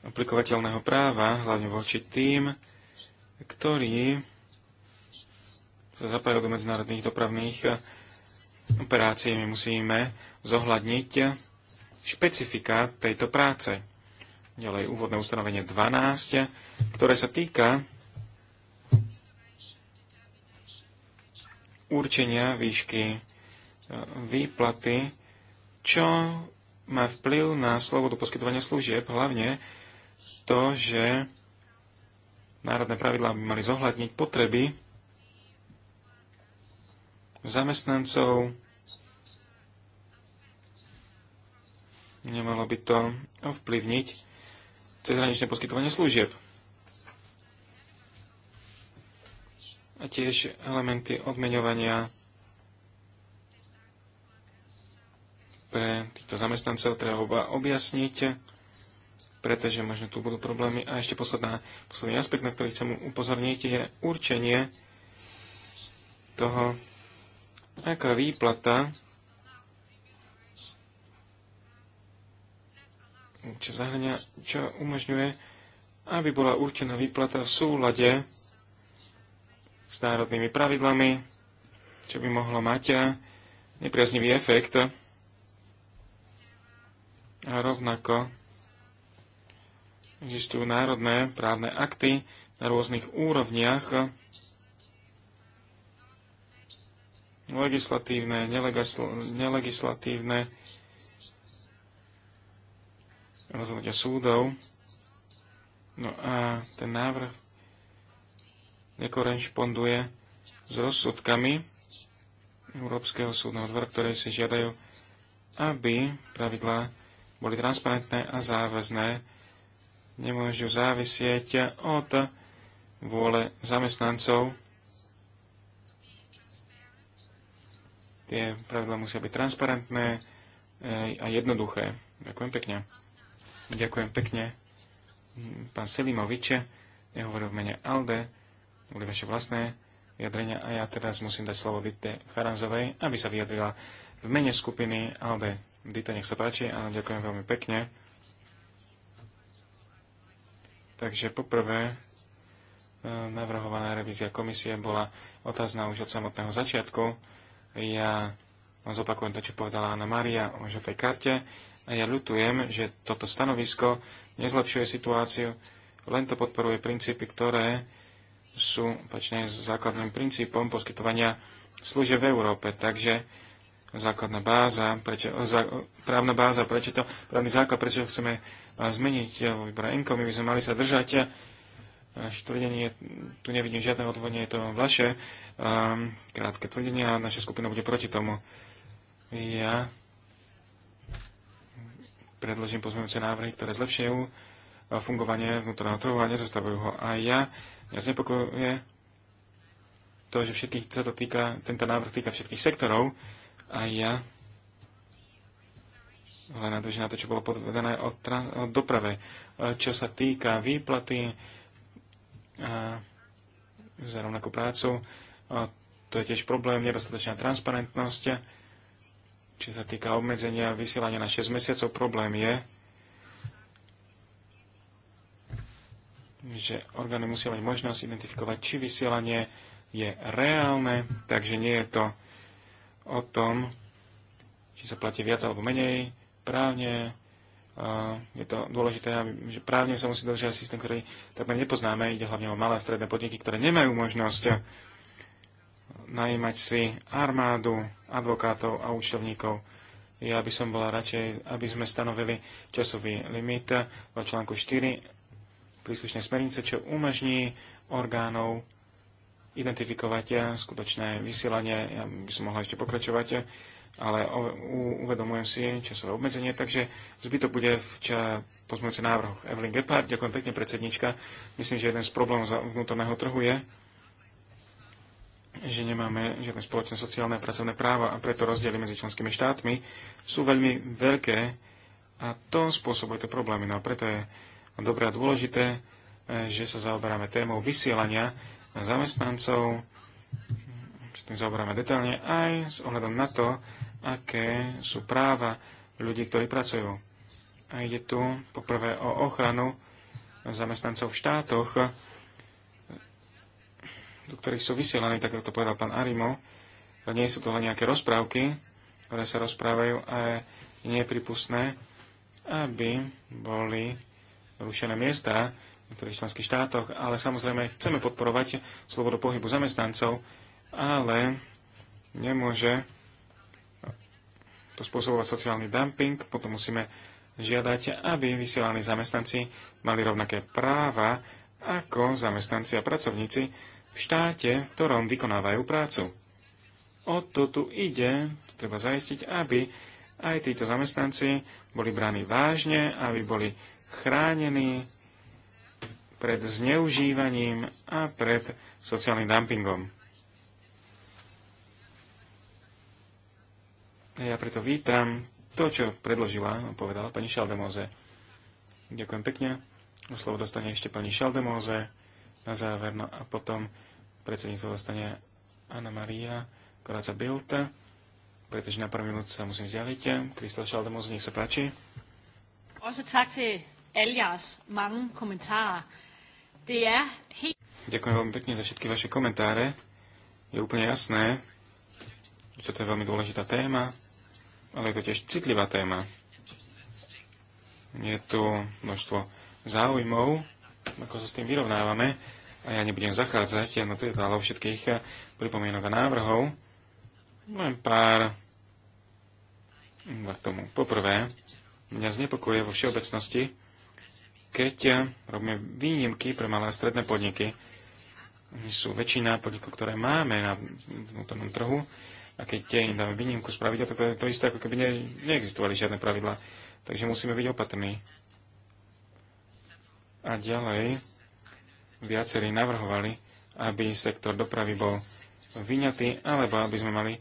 aplikovateľného práva, hlavne voči tým, ktorí sa zapájajú do medzinárodných dopravných eh, operácií. My musíme zohľadniť špecifika tejto práce. Ďalej úvodné ustanovenie 12, ktoré sa týka určenia výšky eh, výplaty, čo má vplyv na slobodu poskytovania služieb, hlavne to, že národné pravidlá by mali zohľadniť potreby zamestnancov. Nemalo by to ovplyvniť cezhraničné poskytovanie služieb. A tiež elementy odmeňovania pre týchto zamestnancov treba objasniť, pretože možno tu budú problémy. A ešte posledná, posledný aspekt, na ktorý chcem upozorniť, je určenie toho, Aká výplata, čo zahrania, čo umožňuje, aby bola určená výplata v súlade s národnými pravidlami, čo by mohlo mať eh, nepriaznivý efekt. A rovnako existujú národné právne akty na rôznych úrovniach legislatívne, nelegislatívne rozhodnutia súdov. No a ten návrh nekorešponduje s rozsudkami Európskeho súdneho dvora, ktoré si žiadajú, aby pravidlá boli transparentné a záväzné. Nemôžu závisieť od vôle zamestnancov Tie pravidla musia byť transparentné e, a jednoduché. Ďakujem pekne. Ďakujem pekne. Pán Selimoviče, hovorím v mene Alde, boli vaše vlastné vyjadrenia a ja teraz musím dať slovo Dite Charanzovej, aby sa vyjadrila v mene skupiny Alde. Dita, nech sa páči, a ďakujem veľmi pekne. Takže poprvé, e, navrhovaná revízia komisie bola otázna už od samotného začiatku ja zopakujem to, čo povedala Anna Maria o žltej karte a ja ľutujem, že toto stanovisko nezlepšuje situáciu, len to podporuje princípy, ktoré sú pačne základným princípom poskytovania služieb v Európe. Takže základná báza, prečo, zá, právna báza, prečo to, právny základ, prečo chceme eh, zmeniť eh, výbor ENKO, my by sme mali sa držať eh, naše tvrdenie, tu nevidím žiadne odvodenie, je to vaše um, krátke tvrdenie a naša skupina bude proti tomu. Ja predložím pozmeňujúce návrhy, ktoré zlepšujú e, fungovanie vnútorného trhu a nezastavujú ho. A ja, ja znepokojuje to, že všetkých sa to týka, tento návrh týka všetkých sektorov a ja len nadvežím na to, čo bolo podvedené od, od doprave. E, čo sa týka výplaty, za rovnakú prácu. To je tiež problém, nedostatočná transparentnosť. Čo sa týka obmedzenia vysielania na 6 mesiacov, problém je, že orgány musia mať možnosť identifikovať, či vysielanie je reálne, takže nie je to o tom, či sa platí viac alebo menej právne, je to dôležité, že právne sa musí dodržiavať systém, ktorý takmer nepoznáme. Ide hlavne o malé a stredné podniky, ktoré nemajú možnosť najímať si armádu, advokátov a účtovníkov. Ja by som bola radšej, aby sme stanovili časový limit v článku 4 príslušnej smernice, čo umožní orgánov identifikovať eh, skutočné vysielanie. Ja by som mohla ešte pokračovať ale uvedomujem si časové obmedzenie, takže zbytok bude v ča- pozmeňujúcich návrhoch. Evelyn Gepard, ďakujem pekne, predsednička. Myslím, že jeden z problémov vnútorného trhu je, že nemáme žiadne spoločné sociálne a pracovné práva a preto rozdiely medzi členskými štátmi sú veľmi veľké a to spôsobuje to problémy. No a preto je dobré a dôležité, eh, že sa zaoberáme témou vysielania zamestnancov, s tým zaoberáme detálne aj s ohľadom na to, aké sú práva ľudí, ktorí pracujú. A ide tu poprvé o ochranu zamestnancov v štátoch, do ktorých sú vysielaní, tak ako to povedal pán Arimo. Nie sú to len nejaké rozprávky, ktoré sa rozprávajú a je nepripustné, aby boli rušené miesta v ktorých členských štátoch, ale samozrejme chceme podporovať slobodu pohybu zamestnancov ale nemôže to spôsobovať sociálny dumping, potom musíme žiadať, aby vysielaní zamestnanci mali rovnaké práva ako zamestnanci a pracovníci v štáte, v ktorom vykonávajú prácu. O to tu ide, treba zaistiť, aby aj títo zamestnanci boli bráni vážne, aby boli chránení pred zneužívaním a pred sociálnym dumpingom. Ja preto vítam to, čo predložila, povedala pani Šaldemóze. Ďakujem pekne. Slovo dostane ešte pani Šaldemóze na záver, no a potom predsedníctvo dostane Anna Maria Koráca Bilta, pretože na prvú minútu sa musím vzdialiť. Kristel Šaldemóze, nech sa páči. Også tak til Elias, mange kommentarer. Det er helt... Ďakujem veľmi pekne za všetky vaše komentáre. Je úplne jasné, že toto je veľmi dôležitá téma ale je to tiež citlivá téma. Je tu množstvo záujmov, ako sa s tým vyrovnávame a ja nebudem zachádzať na detálov všetkých eh, pripomienok a návrhov. Len pár k tomu. Poprvé, mňa znepokojuje vo všeobecnosti, keď eh, robíme výnimky pre malé a stredné podniky. Sú väčšina podnikov, ktoré máme na vnútornom trhu, a keď im dáme výnimku pravidla, tak to je to isté, ako keby ne, neexistovali žiadne pravidlá. Takže musíme byť opatrní. A ďalej viacerí navrhovali, aby sektor dopravy bol vyňatý, alebo aby sme mali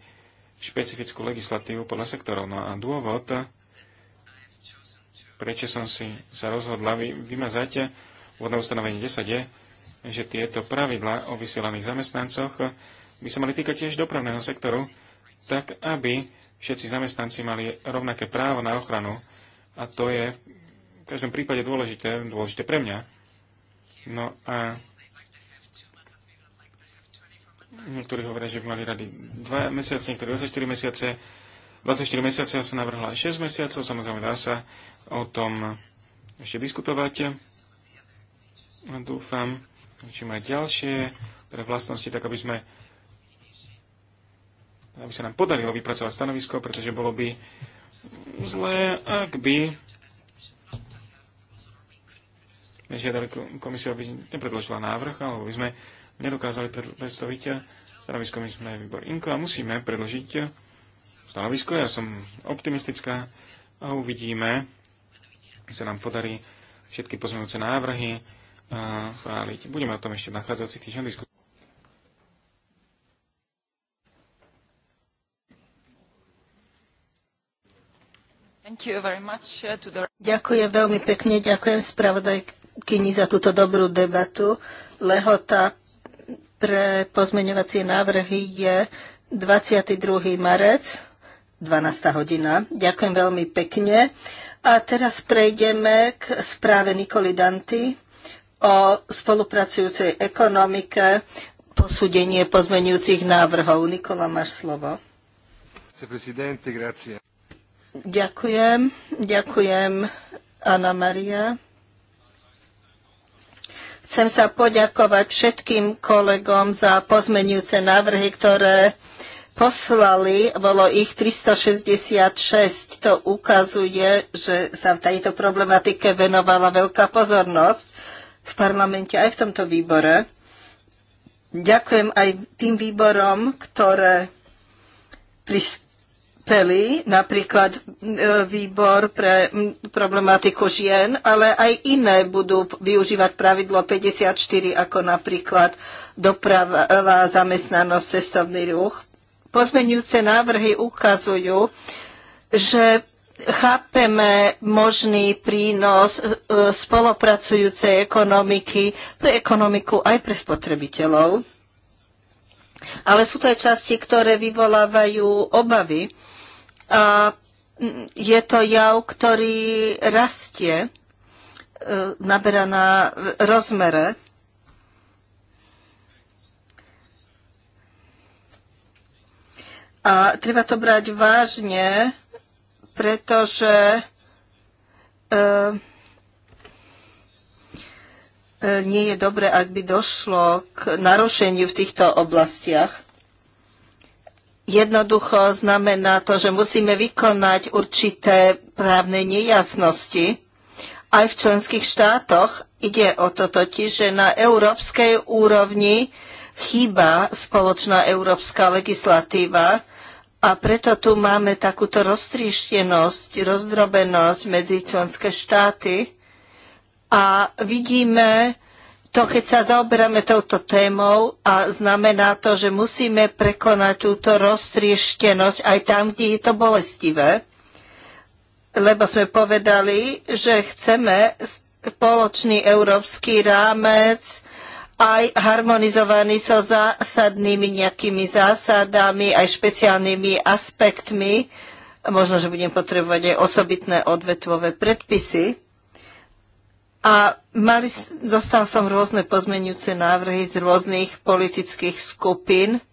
špecifickú legislatívu podľa sektorov. No a dôvod, prečo som si sa rozhodla vy, vymazať vodné ustanovenie 10 je, že tieto pravidlá o vysielaných zamestnancoch by sa mali týkať tiež dopravného sektoru, tak aby všetci zamestnanci mali rovnaké právo na ochranu. A to je v každom prípade dôležité, dôležité pre mňa. No a niektorí hovoria, že by mali rady 2 mesiace, niektorí 24 mesiace. 24 mesiacov sa navrhla 6 mesiacov, samozrejme dá sa o tom ešte diskutovať. Dúfam, či má ďalšie pre teda vlastnosti, tak aby sme aby sa nám podarilo vypracovať stanovisko, pretože bolo by zlé, ak by žiadali komisiu, aby nepredložila návrh, alebo by sme nedokázali predstaviť stanovisko, my sme výbor INKO a musíme predložiť stanovisko. Ja som optimistická a uvidíme, sa nám podarí všetky pozmeňujúce návrhy eh, chváliť. Budeme o tom ešte v nachádzajúcich týždňoch diskutovať. Uh, ďakujem veľmi pekne, ďakujem spravodajkyni za túto dobrú debatu. Lehota pre pozmeňovacie návrhy je 22. marec, 12. hodina. Ďakujem veľmi pekne. A teraz prejdeme k správe Nikoli Danty o spolupracujúcej ekonomike, posúdenie pozmeňujúcich návrhov. Nikola, máš slovo. Grazie. Ďakujem. Ďakujem, Anna Maria. Chcem sa poďakovať všetkým kolegom za pozmenujúce návrhy, ktoré poslali. Bolo ich 366. To ukazuje, že sa v tejto problematike venovala veľká pozornosť v parlamente aj v tomto výbore. Ďakujem aj tým výborom, ktoré prispeli apely, napríklad e, výbor pre problematiku žien, ale aj iné budú využívať pravidlo 54, ako napríklad doprava, e, zamestnanosť, cestovný ruch. Pozmeňujúce návrhy ukazujú, že chápeme možný prínos e, spolupracujúcej ekonomiky pre ekonomiku aj pre spotrebiteľov. Ale sú to aj časti, ktoré vyvolávajú obavy. A je to jav, ktorý rastie, e, naberá na rozmere. A treba to brať vážne, pretože e, e, nie je dobre, ak by došlo k narušeniu v týchto oblastiach. Jednoducho znamená to, že musíme vykonať určité právne nejasnosti aj v členských štátoch. Ide o to totiž, že na európskej úrovni chýba spoločná európska legislatíva a preto tu máme takúto roztríštenosť, rozdrobenosť medzi členské štáty a vidíme, to, keď sa zaoberáme touto témou a znamená to, že musíme prekonať túto roztrieštenosť aj tam, kde je to bolestivé, lebo sme povedali, že chceme spoločný európsky rámec aj harmonizovaný so zásadnými nejakými zásadami, aj špeciálnymi aspektmi. Možno, že budem potrebovať aj osobitné odvetvové predpisy a mali, dostal som rôzne pozmenujúce návrhy z rôznych politických skupín,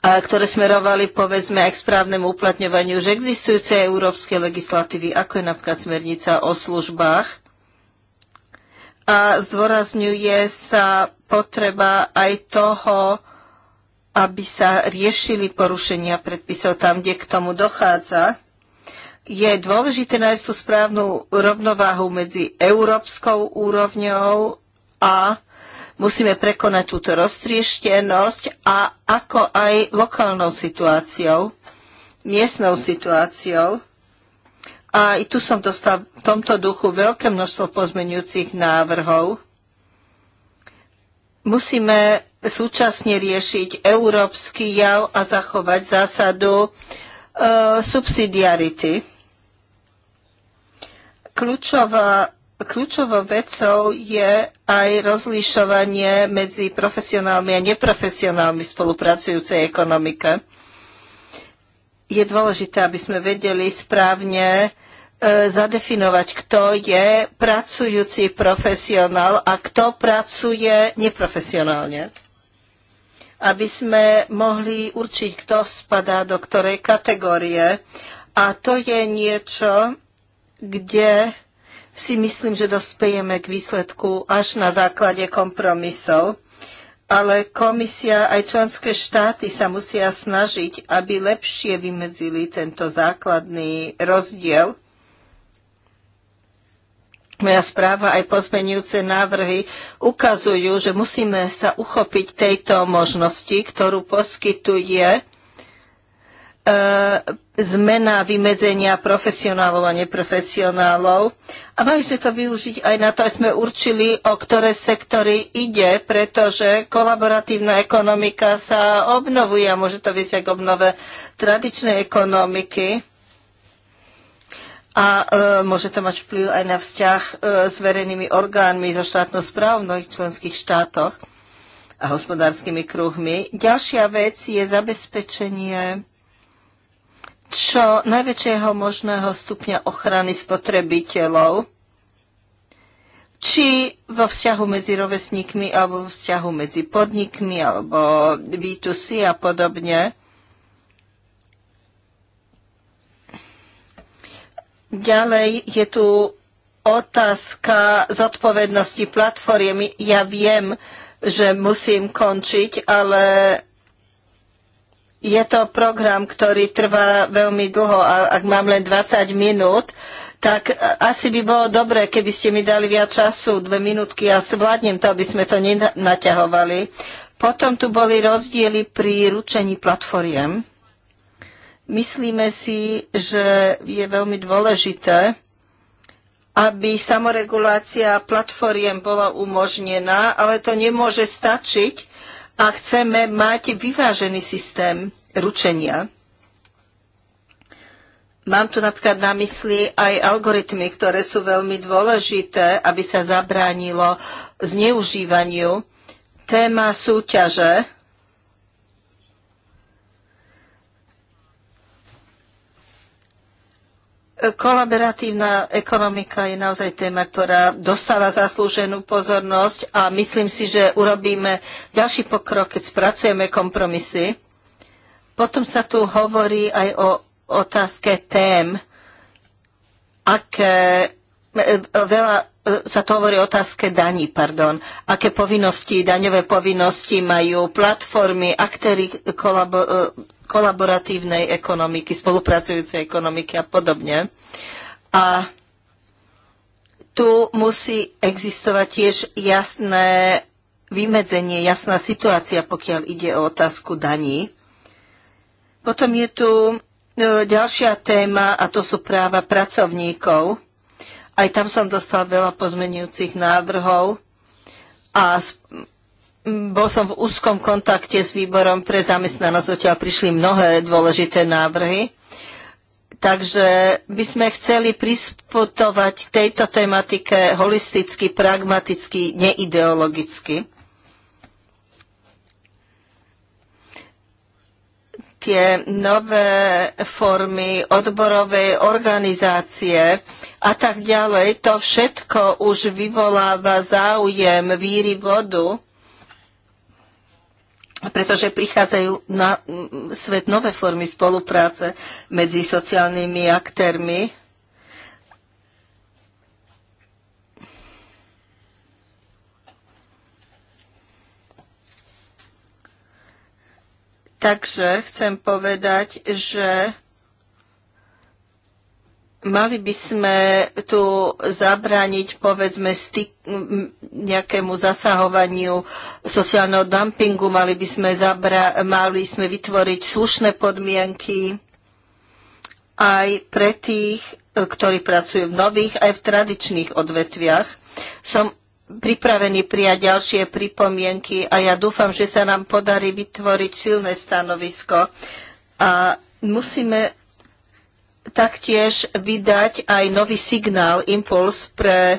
a ktoré smerovali, povedzme, aj k správnemu uplatňovaniu už existujúcej európskej legislatívy, ako je napríklad smernica o službách. A zdôrazňuje sa potreba aj toho, aby sa riešili porušenia predpisov tam, kde k tomu dochádza je dôležité nájsť tú správnu rovnováhu medzi európskou úrovňou a musíme prekonať túto roztrieštenosť a ako aj lokálnou situáciou, miestnou situáciou. A i tu som dostal v tomto duchu veľké množstvo pozmenujúcich návrhov. Musíme súčasne riešiť európsky jav a zachovať zásadu e, subsidiarity. Kľúčová kľúčovou vecou je aj rozlišovanie medzi profesionálmi a neprofesionálmi spolupracujúcej ekonomike. Je dôležité, aby sme vedeli správne e, zadefinovať, kto je pracujúci profesionál a kto pracuje neprofesionálne. Aby sme mohli určiť, kto spadá do ktorej kategórie. A to je niečo, kde si myslím, že dospejeme k výsledku až na základe kompromisov. Ale komisia aj členské štáty sa musia snažiť, aby lepšie vymedzili tento základný rozdiel. Moja správa aj pozmenujúce návrhy ukazujú, že musíme sa uchopiť tejto možnosti, ktorú poskytuje E, zmena vymedzenia profesionálov a neprofesionálov. A mali sme to využiť aj na to, aby sme určili, o ktoré sektory ide, pretože kolaboratívna ekonomika sa obnovuje a môže to viesť aj k obnove tradičnej ekonomiky. A e, môže to mať vplyv aj na vzťah e, s verejnými orgánmi zo štátnou správou v mnohých členských štátoch a hospodárskymi kruhmi. Ďalšia vec je zabezpečenie čo najväčšieho možného stupňa ochrany spotrebiteľov, či vo vzťahu medzi rovesníkmi alebo vo vzťahu medzi podnikmi alebo B2C a podobne. Ďalej je tu otázka zodpovednosti platformy. Ja viem, že musím končiť, ale je to program, ktorý trvá veľmi dlho a ak mám len 20 minút, tak asi by bolo dobré, keby ste mi dali viac času, dve minútky a zvládnem to, aby sme to nenaťahovali. Potom tu boli rozdiely pri ručení platformiem. Myslíme si, že je veľmi dôležité, aby samoregulácia platformiem bola umožnená, ale to nemôže stačiť, a chceme mať vyvážený systém ručenia. Mám tu napríklad na mysli aj algoritmy, ktoré sú veľmi dôležité, aby sa zabránilo zneužívaniu. Téma súťaže Kolaboratívna ekonomika je naozaj téma, ktorá dostáva zaslúženú pozornosť a myslím si, že urobíme ďalší pokrok, keď spracujeme kompromisy. Potom sa tu hovorí aj o otázke tém, aké e, e, veľa E, sa to hovorí o otázke daní, pardon. Aké povinnosti, daňové povinnosti majú platformy, aktéry kolabo, e, kolaboratívnej ekonomiky, spolupracujúcej ekonomiky a podobne. A tu musí existovať tiež jasné vymedzenie, jasná situácia, pokiaľ ide o otázku daní. Potom je tu e, ďalšia téma a to sú práva pracovníkov aj tam som dostal veľa pozmenujúcich návrhov a bol som v úzkom kontakte s výborom pre zamestnanosť, odtiaľ prišli mnohé dôležité návrhy. Takže by sme chceli prisputovať k tejto tematike holisticky, pragmaticky, neideologicky. tie nové formy odborovej organizácie a tak ďalej, to všetko už vyvoláva záujem víry vodu, pretože prichádzajú na svet nové formy spolupráce medzi sociálnymi aktérmi Takže chcem povedať, že mali by sme tu zabrániť, povedzme, styk, nejakému zasahovaniu sociálneho dumpingu, mali by sme, zabra- mali sme vytvoriť slušné podmienky aj pre tých, ktorí pracujú v nových, aj v tradičných odvetviach. Som pripravení prijať ďalšie pripomienky a ja dúfam, že sa nám podarí vytvoriť silné stanovisko. A musíme taktiež vydať aj nový signál, impuls pre e,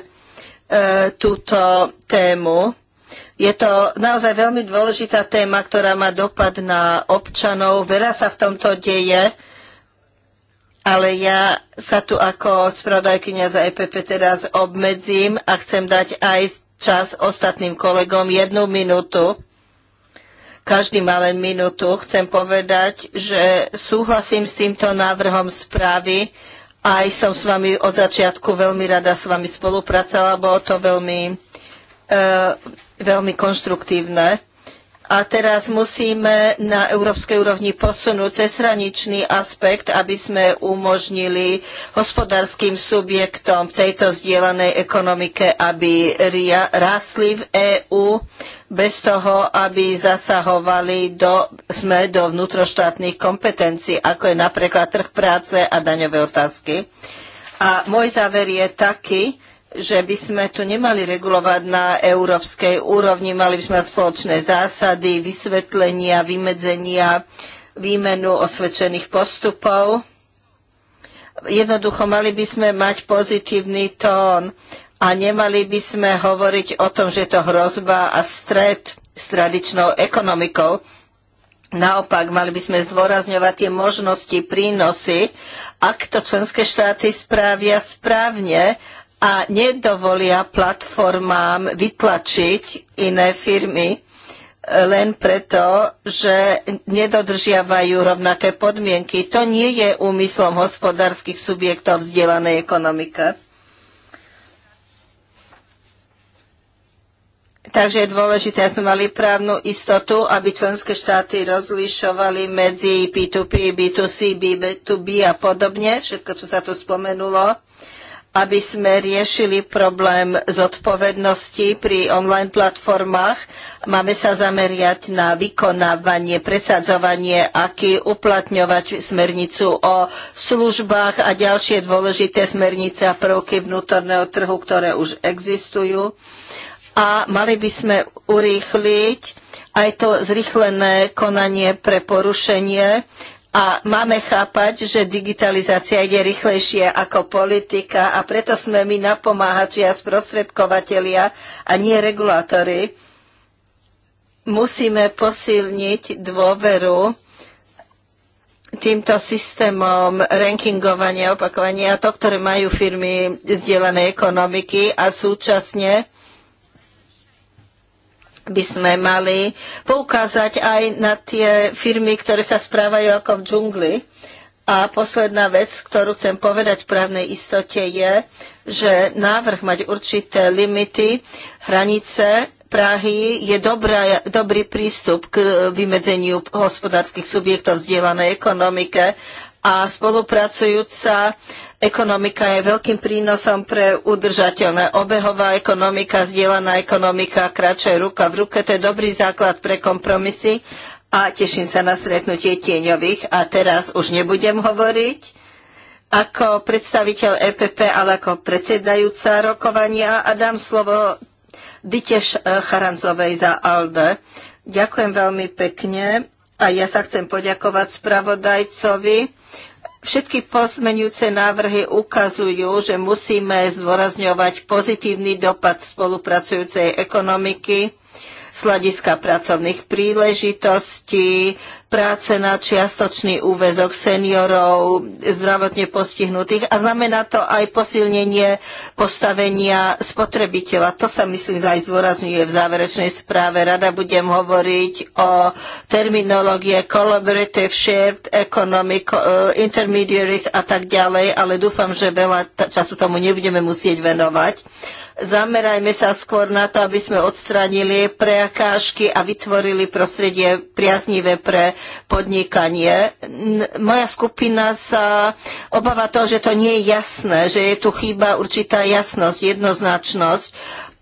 túto tému. Je to naozaj veľmi dôležitá téma, ktorá má dopad na občanov. Veľa sa v tomto deje ale ja sa tu ako spravodajkynia za EPP teraz obmedzím a chcem dať aj čas ostatným kolegom jednu minútu. Každý má len minútu. Chcem povedať, že súhlasím s týmto návrhom správy. Aj som s vami od začiatku veľmi rada s vami spolupracovala, bolo to veľmi, e, veľmi konštruktívne a teraz musíme na európskej úrovni posunúť cezhraničný aspekt, aby sme umožnili hospodárskym subjektom v tejto zdieľanej ekonomike, aby rásli v EÚ bez toho, aby zasahovali do, sme do vnútroštátnych kompetencií, ako je napríklad trh práce a daňové otázky. A môj záver je taký, že by sme tu nemali regulovať na európskej úrovni, mali by sme mať spoločné zásady, vysvetlenia, vymedzenia, výmenu osvedčených postupov. Jednoducho mali by sme mať pozitívny tón a nemali by sme hovoriť o tom, že je to hrozba a stred s tradičnou ekonomikou. Naopak, mali by sme zdôrazňovať tie možnosti, prínosy, ak to členské štáty správia správne a nedovolia platformám vytlačiť iné firmy e, len preto, že nedodržiavajú rovnaké podmienky. To nie je úmyslom hospodárskych subjektov vzdielanej ekonomike. Takže je dôležité, aby sme mali právnu istotu, aby členské štáty rozlišovali medzi P2P, B2C, B2B a podobne, všetko, čo sa tu spomenulo aby sme riešili problém zodpovednosti pri online platformách. Máme sa zameriať na vykonávanie, presadzovanie, aký uplatňovať smernicu o službách a ďalšie dôležité smernice a prvky vnútorného trhu, ktoré už existujú. A mali by sme urýchliť aj to zrychlené konanie pre porušenie, a máme chápať, že digitalizácia ide rýchlejšie ako politika a preto sme my napomáhači a sprostredkovateľia a nie regulátory. Musíme posilniť dôveru týmto systémom rankingovania, opakovania, to, ktoré majú firmy zdieľanej ekonomiky a súčasne by sme mali poukázať aj na tie firmy, ktoré sa správajú ako v džungli. A posledná vec, ktorú chcem povedať v právnej istote je, že návrh mať určité limity, hranice Prahy je dobrá, dobrý prístup k vymedzeniu hospodárskych subjektov v vzdielanej ekonomike a spolupracujúca ekonomika je veľkým prínosom pre udržateľné. Obehová ekonomika, zdieľaná ekonomika, kračuje ruka v ruke, to je dobrý základ pre kompromisy a teším sa na stretnutie tieňových a teraz už nebudem hovoriť ako predstaviteľ EPP, ale ako predsedajúca rokovania a dám slovo Diteš Charanzovej za ALDE. Ďakujem veľmi pekne a ja sa chcem poďakovať spravodajcovi. Všetky pozmenujúce návrhy ukazujú, že musíme zdôrazňovať pozitívny dopad spolupracujúcej ekonomiky z pracovných príležitostí, práce na čiastočný úvezok seniorov, zdravotne postihnutých a znamená to aj posilnenie postavenia spotrebiteľa. To sa myslím aj zdôrazňuje v záverečnej správe. Rada budem hovoriť o terminológie collaborative shared economic eh, intermediaries a tak ďalej, ale dúfam, že veľa času tomu nebudeme musieť venovať. Zamerajme sa skôr na to, aby sme odstránili prekážky a vytvorili prostredie priaznivé pre podnikanie. Moja skupina sa obáva toho, že to nie je jasné, že je tu chýba určitá jasnosť, jednoznačnosť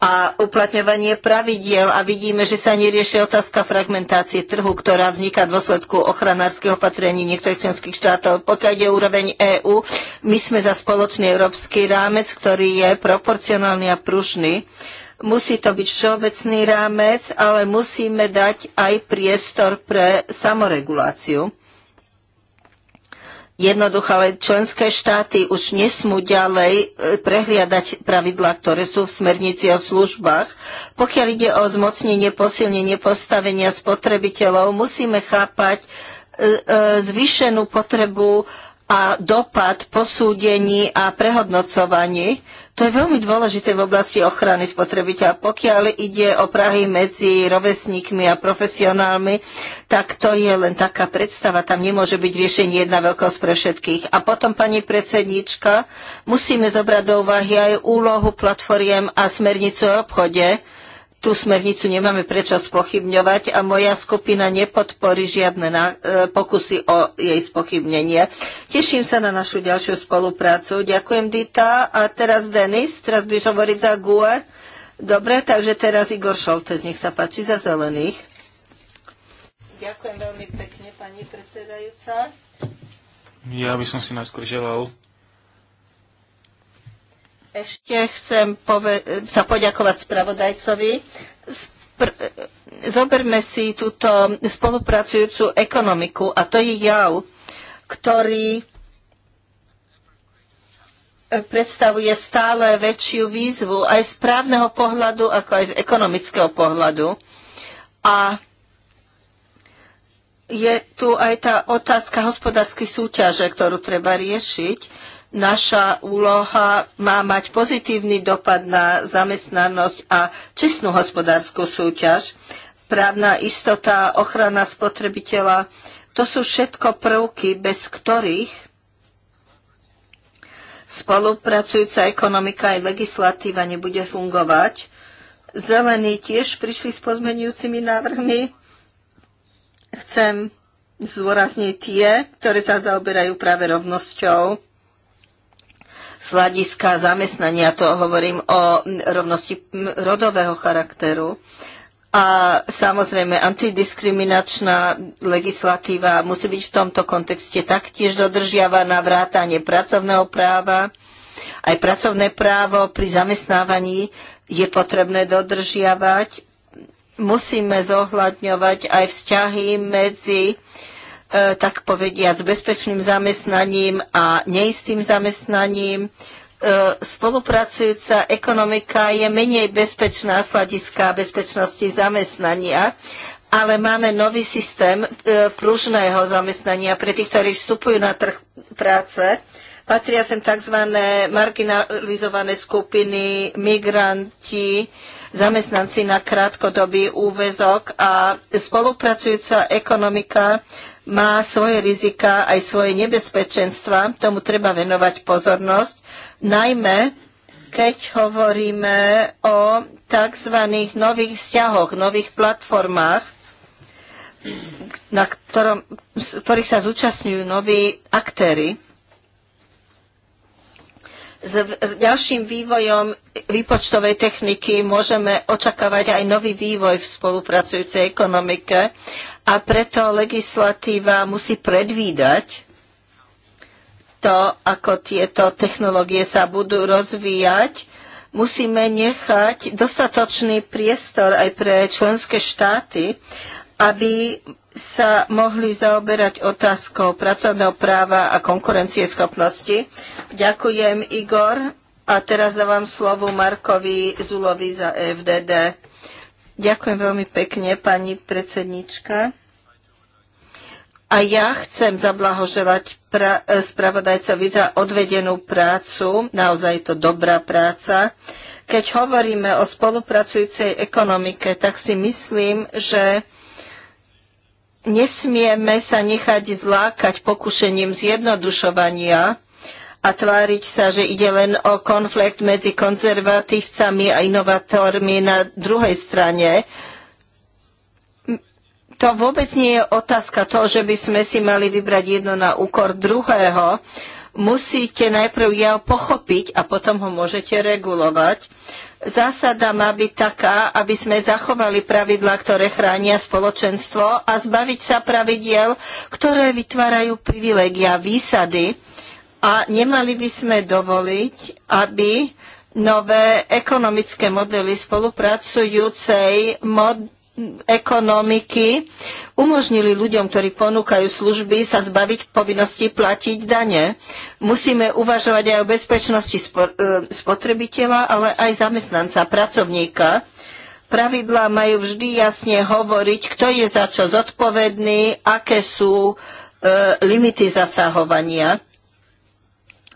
a uplatňovanie pravidiel a vidíme, že sa nerieši otázka fragmentácie trhu, ktorá vzniká v dôsledku ochranárskeho opatrení niektorých členských štátov. Pokiaľ ide úroveň EÚ, my sme za spoločný európsky rámec, ktorý je proporcionálny a pružný. Musí to byť všeobecný rámec, ale musíme dať aj priestor pre samoreguláciu jednoduché, ale členské štáty už nesmú ďalej e, prehliadať pravidlá, ktoré sú v smernici o službách. Pokiaľ ide o zmocnenie, posilnenie postavenia spotrebiteľov, musíme chápať e, e, zvyšenú potrebu a dopad posúdení a prehodnocovaní. To je veľmi dôležité v oblasti ochrany spotrebiteľa. Pokiaľ ide o Prahy medzi rovesníkmi a profesionálmi, tak to je len taká predstava. Tam nemôže byť riešenie jedna veľkosť pre všetkých. A potom, pani predsednička, musíme zobrať do úvahy aj úlohu platformiem a smernicu o obchode, tú smernicu nemáme prečo spochybňovať a moja skupina nepodporí žiadne na, e, pokusy o jej spochybnenie. Teším sa na našu ďalšiu spoluprácu. Ďakujem, Dita. A teraz Denis, teraz budeš hovoriť za GUE. Dobre, takže teraz Igor Šoltes, nech sa páči, za zelených. Ďakujem veľmi pekne, pani predsedajúca. Ja by som si najskôr želal ešte chcem sa poďakovať spravodajcovi. Spr- zoberme si túto spolupracujúcu ekonomiku a to je jav, ktorý e, predstavuje stále väčšiu výzvu aj z právneho pohľadu, ako aj z ekonomického pohľadu. A je tu aj tá otázka hospodárskej súťaže, ktorú treba riešiť Naša úloha má mať pozitívny dopad na zamestnanosť a čistnú hospodárskú súťaž. Právna istota, ochrana spotrebiteľa, to sú všetko prvky, bez ktorých spolupracujúca ekonomika aj legislatíva nebude fungovať. Zelení tiež prišli s pozmenujúcimi návrhmi. Chcem zdôrazniť tie, ktoré sa zaoberajú práve rovnosťou z hľadiska zamestnania, to hovorím o rovnosti rodového charakteru. A samozrejme, antidiskriminačná legislatíva musí byť v tomto kontexte taktiež dodržiavaná vrátanie pracovného práva. Aj pracovné právo pri zamestnávaní je potrebné dodržiavať. Musíme zohľadňovať aj vzťahy medzi uh, E, tak povediať, s bezpečným zamestnaním a neistým zamestnaním. E, spolupracujúca ekonomika je menej bezpečná z hľadiska bezpečnosti zamestnania, ale máme nový systém e, pružného zamestnania pre tých, ktorí vstupujú na trh práce. Patria sem tzv. marginalizované skupiny, migranti, zamestnanci na krátkodobý úvezok a spolupracujúca ekonomika má svoje rizika, aj svoje nebezpečenstva. Tomu treba venovať pozornosť, najmä keď hovoríme o tzv. nových vzťahoch, nových platformách, na ktorom, ktorých sa zúčastňujú noví aktéry. S ďalším vývojom výpočtovej techniky môžeme očakávať aj nový vývoj v spolupracujúcej ekonomike a preto legislatíva musí predvídať to, ako tieto technológie sa budú rozvíjať. Musíme nechať dostatočný priestor aj pre členské štáty, aby sa mohli zaoberať otázkou pracovného práva a konkurencieschopnosti. Ďakujem, Igor. A teraz dávam slovo Markovi Zulovi za e FDD. Ďakujem veľmi pekne, pani predsednička. A ja chcem zablahoželať pra- e, spravodajcovi za odvedenú prácu, naozaj je to dobrá práca. Keď hovoríme o spolupracujúcej ekonomike, tak si myslím, že nesmieme sa nechať zlákať pokušením zjednodušovania a tváriť sa, že ide len o konflikt medzi konzervatívcami a inovátormi na druhej strane to vôbec nie je otázka toho, že by sme si mali vybrať jedno na úkor druhého. Musíte najprv jeho pochopiť a potom ho môžete regulovať. Zásada má byť taká, aby sme zachovali pravidlá, ktoré chránia spoločenstvo a zbaviť sa pravidiel, ktoré vytvárajú privilegia, výsady. A nemali by sme dovoliť, aby nové ekonomické modely spolupracujúcej mod- ekonomiky umožnili ľuďom, ktorí ponúkajú služby, sa zbaviť povinnosti platiť dane. Musíme uvažovať aj o bezpečnosti e, spotrebiteľa, ale aj zamestnanca, pracovníka. Pravidlá majú vždy jasne hovoriť, kto je za čo zodpovedný, aké sú e, limity zasahovania.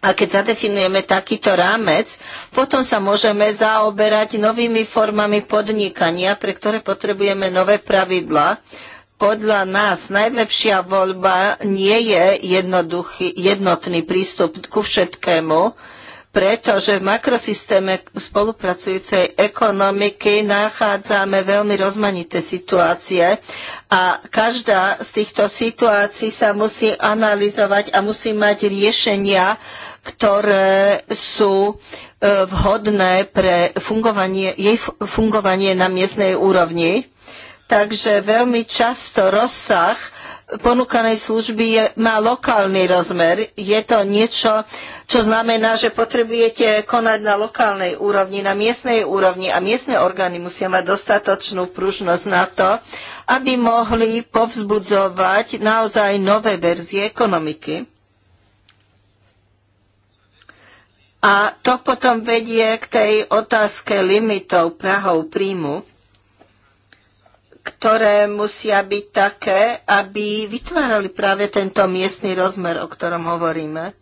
A keď zadefinujeme takýto rámec, potom sa môžeme zaoberať novými formami podnikania, pre ktoré potrebujeme nové pravidla. Podľa nás najlepšia voľba nie je jednotný prístup ku všetkému, pretože v makrosystéme spolupracujúcej ekonomiky nachádzame veľmi rozmanité situácie a každá z týchto situácií sa musí analyzovať a musí mať riešenia, ktoré sú e, vhodné pre fungovanie, jej fungovanie na miestnej úrovni. Takže veľmi často rozsah ponúkanej služby je, má lokálny rozmer. Je to niečo, čo znamená, že potrebujete konať na lokálnej úrovni, na miestnej úrovni a miestne orgány musia mať dostatočnú pružnosť na to, aby mohli povzbudzovať naozaj nové verzie ekonomiky. A to potom vedie k tej otázke limitov Prahov príjmu ktoré musia byť také, aby vytvárali práve tento miestny rozmer, o ktorom hovoríme.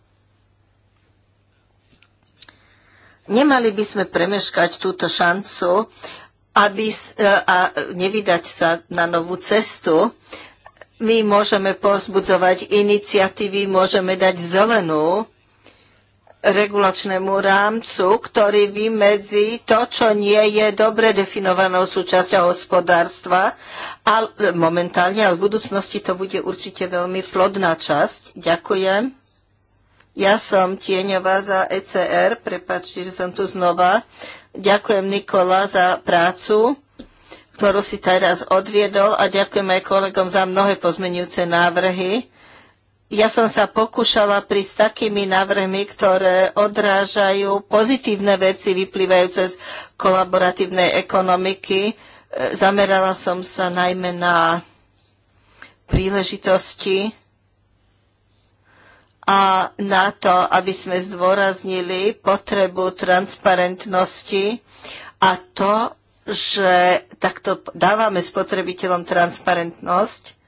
Nemali by sme premeškať túto šancu aby, e, a nevydať sa na novú cestu. My môžeme pozbudzovať iniciatívy, môžeme dať zelenú, regulačnému rámcu, ktorý vymedzí to, čo nie je dobre definovanou súčasťou hospodárstva. A momentálne, ale v budúcnosti to bude určite veľmi plodná časť. Ďakujem. Ja som tieňová za ECR, prepáčte, že som tu znova. Ďakujem Nikola za prácu, ktorú si teraz odviedol a ďakujem aj kolegom za mnohé pozmenujúce návrhy ja som sa pokúšala prísť s takými návrhmi, ktoré odrážajú pozitívne veci vyplývajúce z kolaboratívnej ekonomiky. E, zamerala som sa najmä na príležitosti a na to, aby sme zdôraznili potrebu transparentnosti a to, že takto dávame spotrebiteľom transparentnosť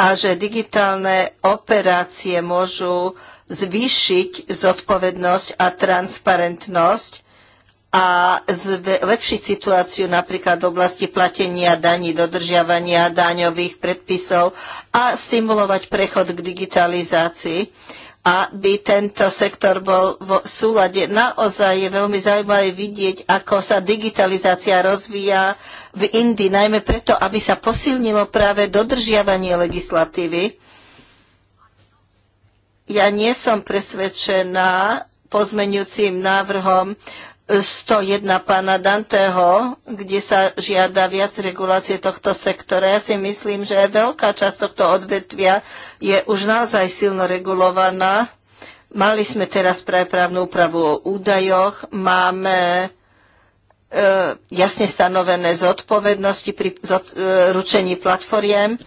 a že digitálne operácie môžu zvýšiť zodpovednosť a transparentnosť a zlepšiť situáciu napríklad v oblasti platenia daní, dodržiavania daňových predpisov a stimulovať prechod k digitalizácii aby tento sektor bol v súlade. Naozaj je veľmi zaujímavé vidieť, ako sa digitalizácia rozvíja v Indii, najmä preto, aby sa posilnilo práve dodržiavanie legislatívy. Ja nie som presvedčená pozmenujúcim návrhom 101 pána Danteho, kde sa žiada viac regulácie tohto sektora. Ja si myslím, že veľká časť tohto odvetvia je už naozaj silno regulovaná. Mali sme teraz právnu úpravu o údajoch, máme e, jasne stanovené zodpovednosti pri zod, e, ručení platformiem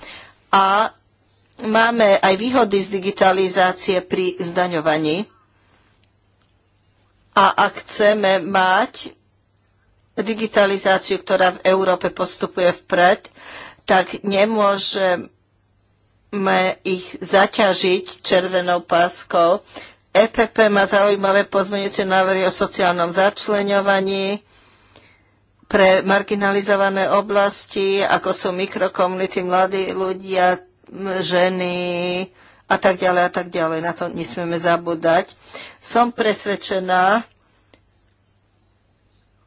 a máme aj výhody z digitalizácie pri zdaňovaní. A ak chceme mať digitalizáciu, ktorá v Európe postupuje vpred, tak nemôžeme ich zaťažiť červenou páskou. EPP má zaujímavé pozmeňujúce návrhy o sociálnom začleňovaní pre marginalizované oblasti, ako sú mikrokomunity, mladí ľudia, ženy, a tak ďalej a tak ďalej. Na to nesmieme zabúdať. Som presvedčená,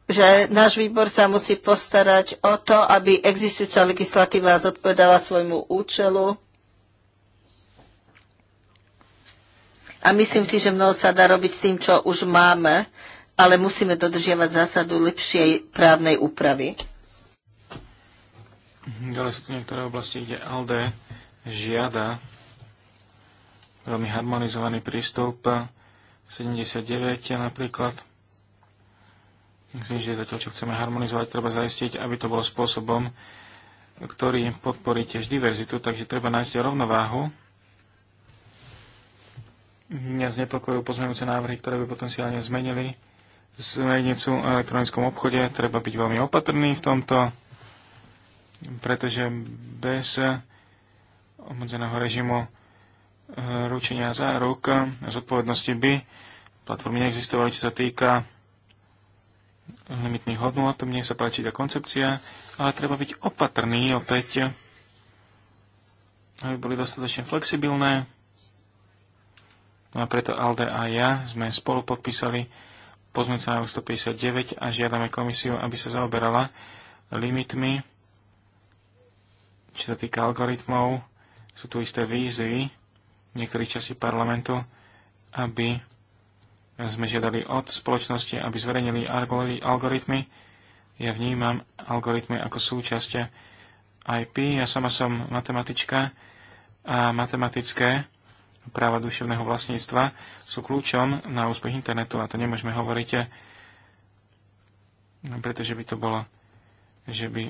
že náš výbor sa musí postarať o to, aby existujúca legislatíva zodpovedala svojmu účelu. A myslím si, že mnoho sa dá robiť s tým, čo už máme, ale musíme dodržiavať zásadu lepšej právnej úpravy. Ďalej sa tu niektoré oblasti, kde ALDE žiada veľmi harmonizovaný prístup. 79 napríklad. Myslím, že zatiaľ, čo chceme harmonizovať, treba zaistiť, aby to bolo spôsobom, ktorý podporí tiež diverzitu, takže treba nájsť rovnováhu. Mňa znepokojujú pozmeňujúce návrhy, ktoré by potenciálne zmenili smernicu o elektronickom obchode. Treba byť veľmi opatrný v tomto, pretože bez obmedzeného režimu ručenia záruk a zodpovednosti by platformy neexistovali, čo sa týka limitných hodnôt. Mne sa páči tá koncepcia, ale treba byť opatrný opäť, aby boli dostatočne flexibilné. No a preto Alde a ja sme spolu podpísali sa návrh 159 a žiadame komisiu, aby sa zaoberala limitmi, čo sa týka algoritmov. Sú tu isté výzvy, niektorých častí parlamentu, aby sme žiadali od spoločnosti, aby zverejnili algoritmy. Ja vnímam algoritmy ako súčasť IP. Ja sama som matematička a matematické práva duševného vlastníctva sú kľúčom na úspech internetu a to nemôžeme hovoriť, pretože by to bolo, že by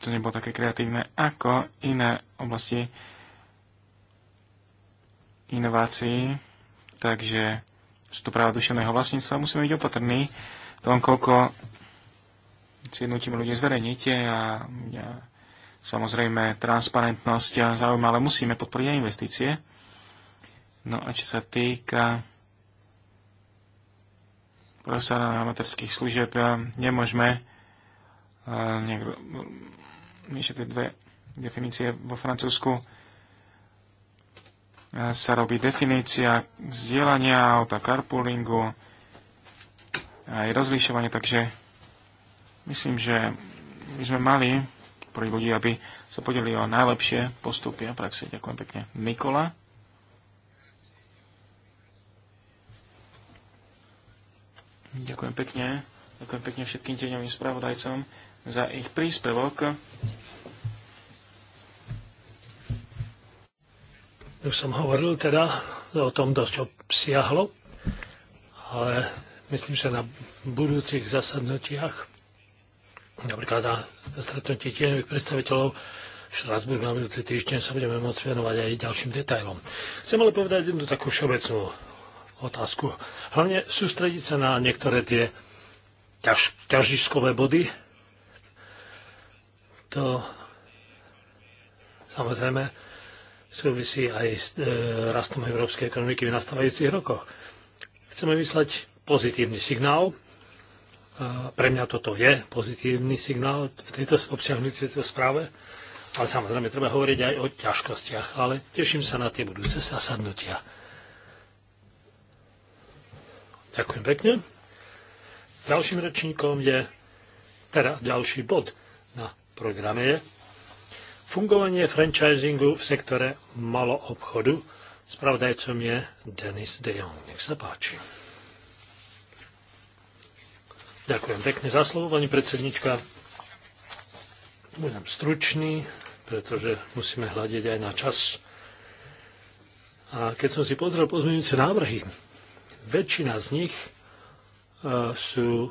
to nebolo také kreatívne ako iné oblasti inovácií, takže sú to práva duševného vlastníctva, musíme byť opatrní v tom, koľko si nutíme ľudia zverejníte a, a samozrejme transparentnosť a zaujíma, ale musíme podporiť aj investície. No a čo sa týka profesionálnych amatérských služieb, nemôžeme uh, niekto, ešte tie dve definície vo Francúzsku sa robí definícia vzdielania auta, carpoolingu, aj rozlišovanie, takže myslím, že my sme mali pri ľudí, aby sa podelili o najlepšie postupy a praxe. Ďakujem pekne. Nikola? Ďakujem pekne. Ďakujem pekne všetkým tieňovým spravodajcom za ich príspevok. už som hovoril teda o tom dosť obsiahlo, ale myslím, že na budúcich zasadnutiach, napríklad na stretnutí tieňových predstaviteľov v Štrasburgu na budúci týždeň sa budeme môcť venovať aj ďalším detailom. Chcem ale povedať jednu takú všeobecnú otázku. Hlavne sústrediť sa na niektoré tie ťaž, ťažiskové body. To samozrejme súvisí aj s e, rastom európskej ekonomiky v nastávajúcich rokoch. Chceme vyslať pozitívny signál. E, pre mňa toto je pozitívny signál v tejto obsiahnutej tejto správe. Ale samozrejme, treba hovoriť aj o ťažkostiach, ale teším sa na tie budúce zasadnutia. Ďakujem pekne. Ďalším rečníkom je, teda ďalší bod na programe je Fungovanie franchisingu v sektore malo obchodu. Spravodajcom je Denis De Jong. Nech sa páči. Ďakujem pekne za slovo, pani predsednička. Budem stručný, pretože musíme hľadiť aj na čas. A keď som si pozrel pozmeňujúce návrhy, väčšina z nich e, sú e,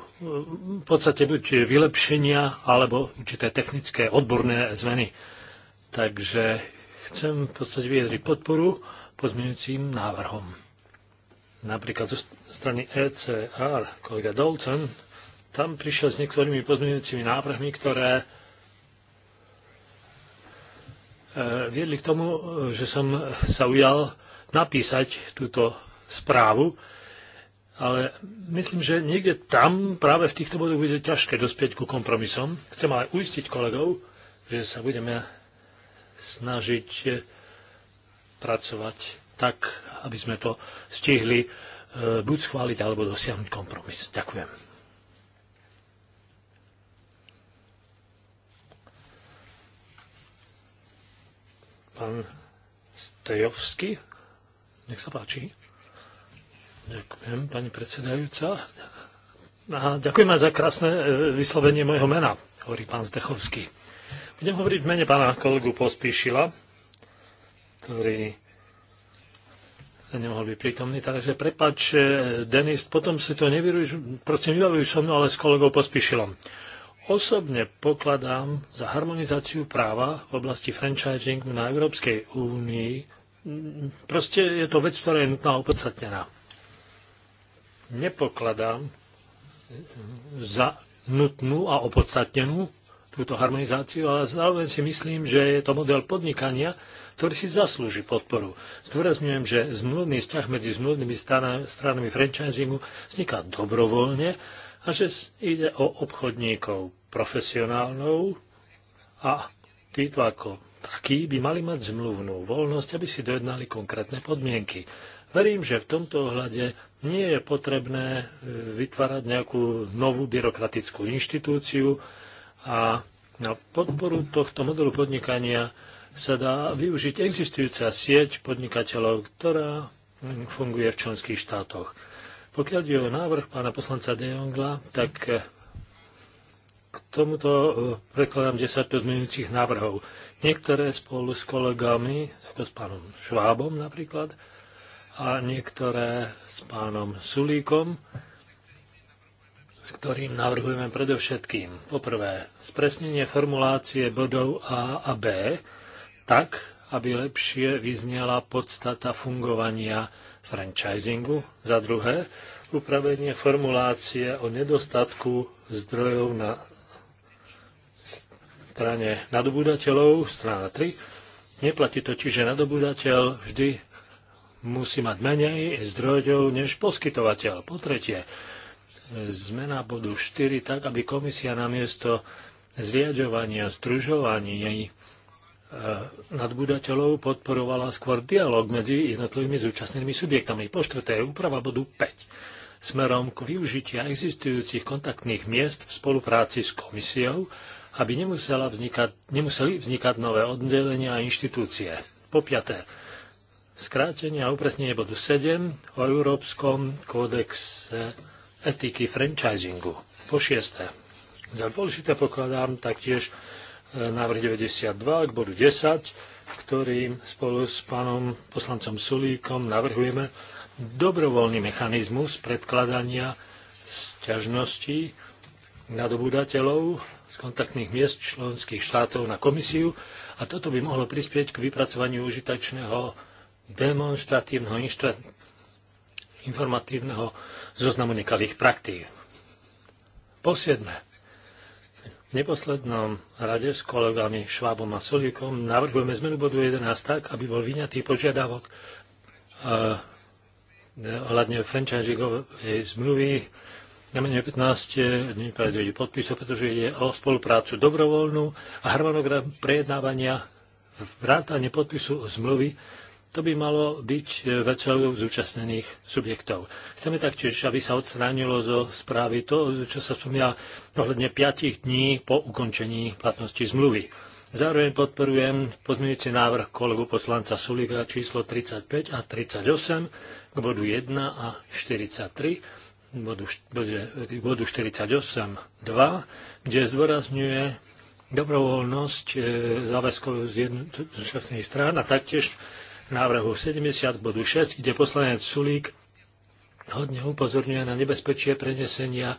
v podstate buď vylepšenia alebo určité technické odborné zmeny. Takže chcem v podstate vyjadriť podporu pozmeňujúcim návrhom. Napríklad zo strany ECR, kolega Dalton, tam prišiel s niektorými pozmeňujúcimi návrhmi, ktoré e, viedli k tomu, že som sa ujal napísať túto správu, ale myslím, že niekde tam, práve v týchto bodoch, bude ťažké dospieť ku kompromisom. Chcem ale uistiť kolegov, že sa budeme snažiť pracovať tak, aby sme to stihli e, buď schváliť, alebo dosiahnuť kompromis. Ďakujem. Pán Stejovský, nech sa páči. Ďakujem, pani predsedajúca. A ďakujem aj za krásne e, vyslovenie mojho mena, hovorí pán Zdechovský. Budem hovoriť v mene pána kolegu Pospíšila, ktorý nemohol byť prítomný, takže prepač, Denis, potom si to nevyruš, prosím, nevybavíš so mnou, ale s kolegou Pospíšilom. Osobne pokladám za harmonizáciu práva v oblasti franchisingu na Európskej únii. Proste je to vec, ktorá je nutná a opodstatnená. Nepokladám za nutnú a opodstatnenú túto harmonizáciu a zároveň si myslím, že je to model podnikania, ktorý si zaslúži podporu. Zdôrazňujem, že zmluvný vzťah medzi zmluvnými stranami franchisingu vzniká dobrovoľne a že ide o obchodníkov, profesionálnou a títo ako takí by mali mať zmluvnú voľnosť, aby si dojednali konkrétne podmienky. Verím, že v tomto ohľade nie je potrebné e, vytvárať nejakú novú byrokratickú inštitúciu, a na podporu tohto modelu podnikania sa dá využiť existujúca sieť podnikateľov, ktorá hm, funguje v členských štátoch. Pokiaľ je o návrh pána poslanca De Jongla, tak eh, k tomuto eh, prekladám 10 pozmeňujúcich návrhov. Niektoré spolu s kolegami, ako s pánom Švábom napríklad, a niektoré s pánom Sulíkom, s ktorým navrhujeme predovšetkým poprvé spresnenie formulácie bodov A a B tak, aby lepšie vyznela podstata fungovania franchisingu, za druhé upravenie formulácie o nedostatku zdrojov na strane nadobudateľov, strana 3. Neplatí to, čiže nadobudateľ vždy musí mať menej zdrojov než poskytovateľ. Po tretie, zmena bodu 4 tak, aby komisia namiesto zriadovania, združovania eh, nadbudateľov podporovala skôr dialog medzi jednotlivými zúčastnenými subjektami. Po štvrté, úprava bodu 5 smerom k využitia existujúcich kontaktných miest v spolupráci s komisiou, aby nemusela vznikať, nemuseli vznikať nové oddelenia a inštitúcie. Po piaté, skrátenie a upresnenie bodu 7 o Európskom kódexe etiky franchisingu. Po šieste, za dôležité pokladám taktiež e, návrh 92 k bodu 10, ktorým spolu s pánom poslancom Sulíkom navrhujeme dobrovoľný mechanizmus predkladania sťažností nadobudateľov z kontaktných miest členských štátov na komisiu a toto by mohlo prispieť k vypracovaniu užitačného demonstratívneho informatívneho zoznamu nekalých praktík. Po siedme, v neposlednom rade s kolegami Švábom a Solíkom navrhujeme zmenu bodu 11 tak, aby bol vyňatý požiadavok eh, hľadne franchisingovej zmluvy na menej 15 dní pred ľudí pretože ide o spoluprácu dobrovoľnú a harmonogram prejednávania vrátanie podpisu zmluvy to by malo byť vecou zúčastnených subjektov. Chceme taktiež, aby sa odstránilo zo správy to, čo sa spomína ohľadne 5 dní po ukončení platnosti zmluvy. Zároveň podporujem pozmeňujúci návrh kolegu poslanca Sulika číslo 35 a 38 k bodu 1 a 43, bodu, bodu 48 2, kde zdôrazňuje dobrovoľnosť záväzkov z súčasnej strán a taktiež návrhu 70 bodu 6, kde poslanec Sulík hodne upozorňuje na nebezpečie prenesenia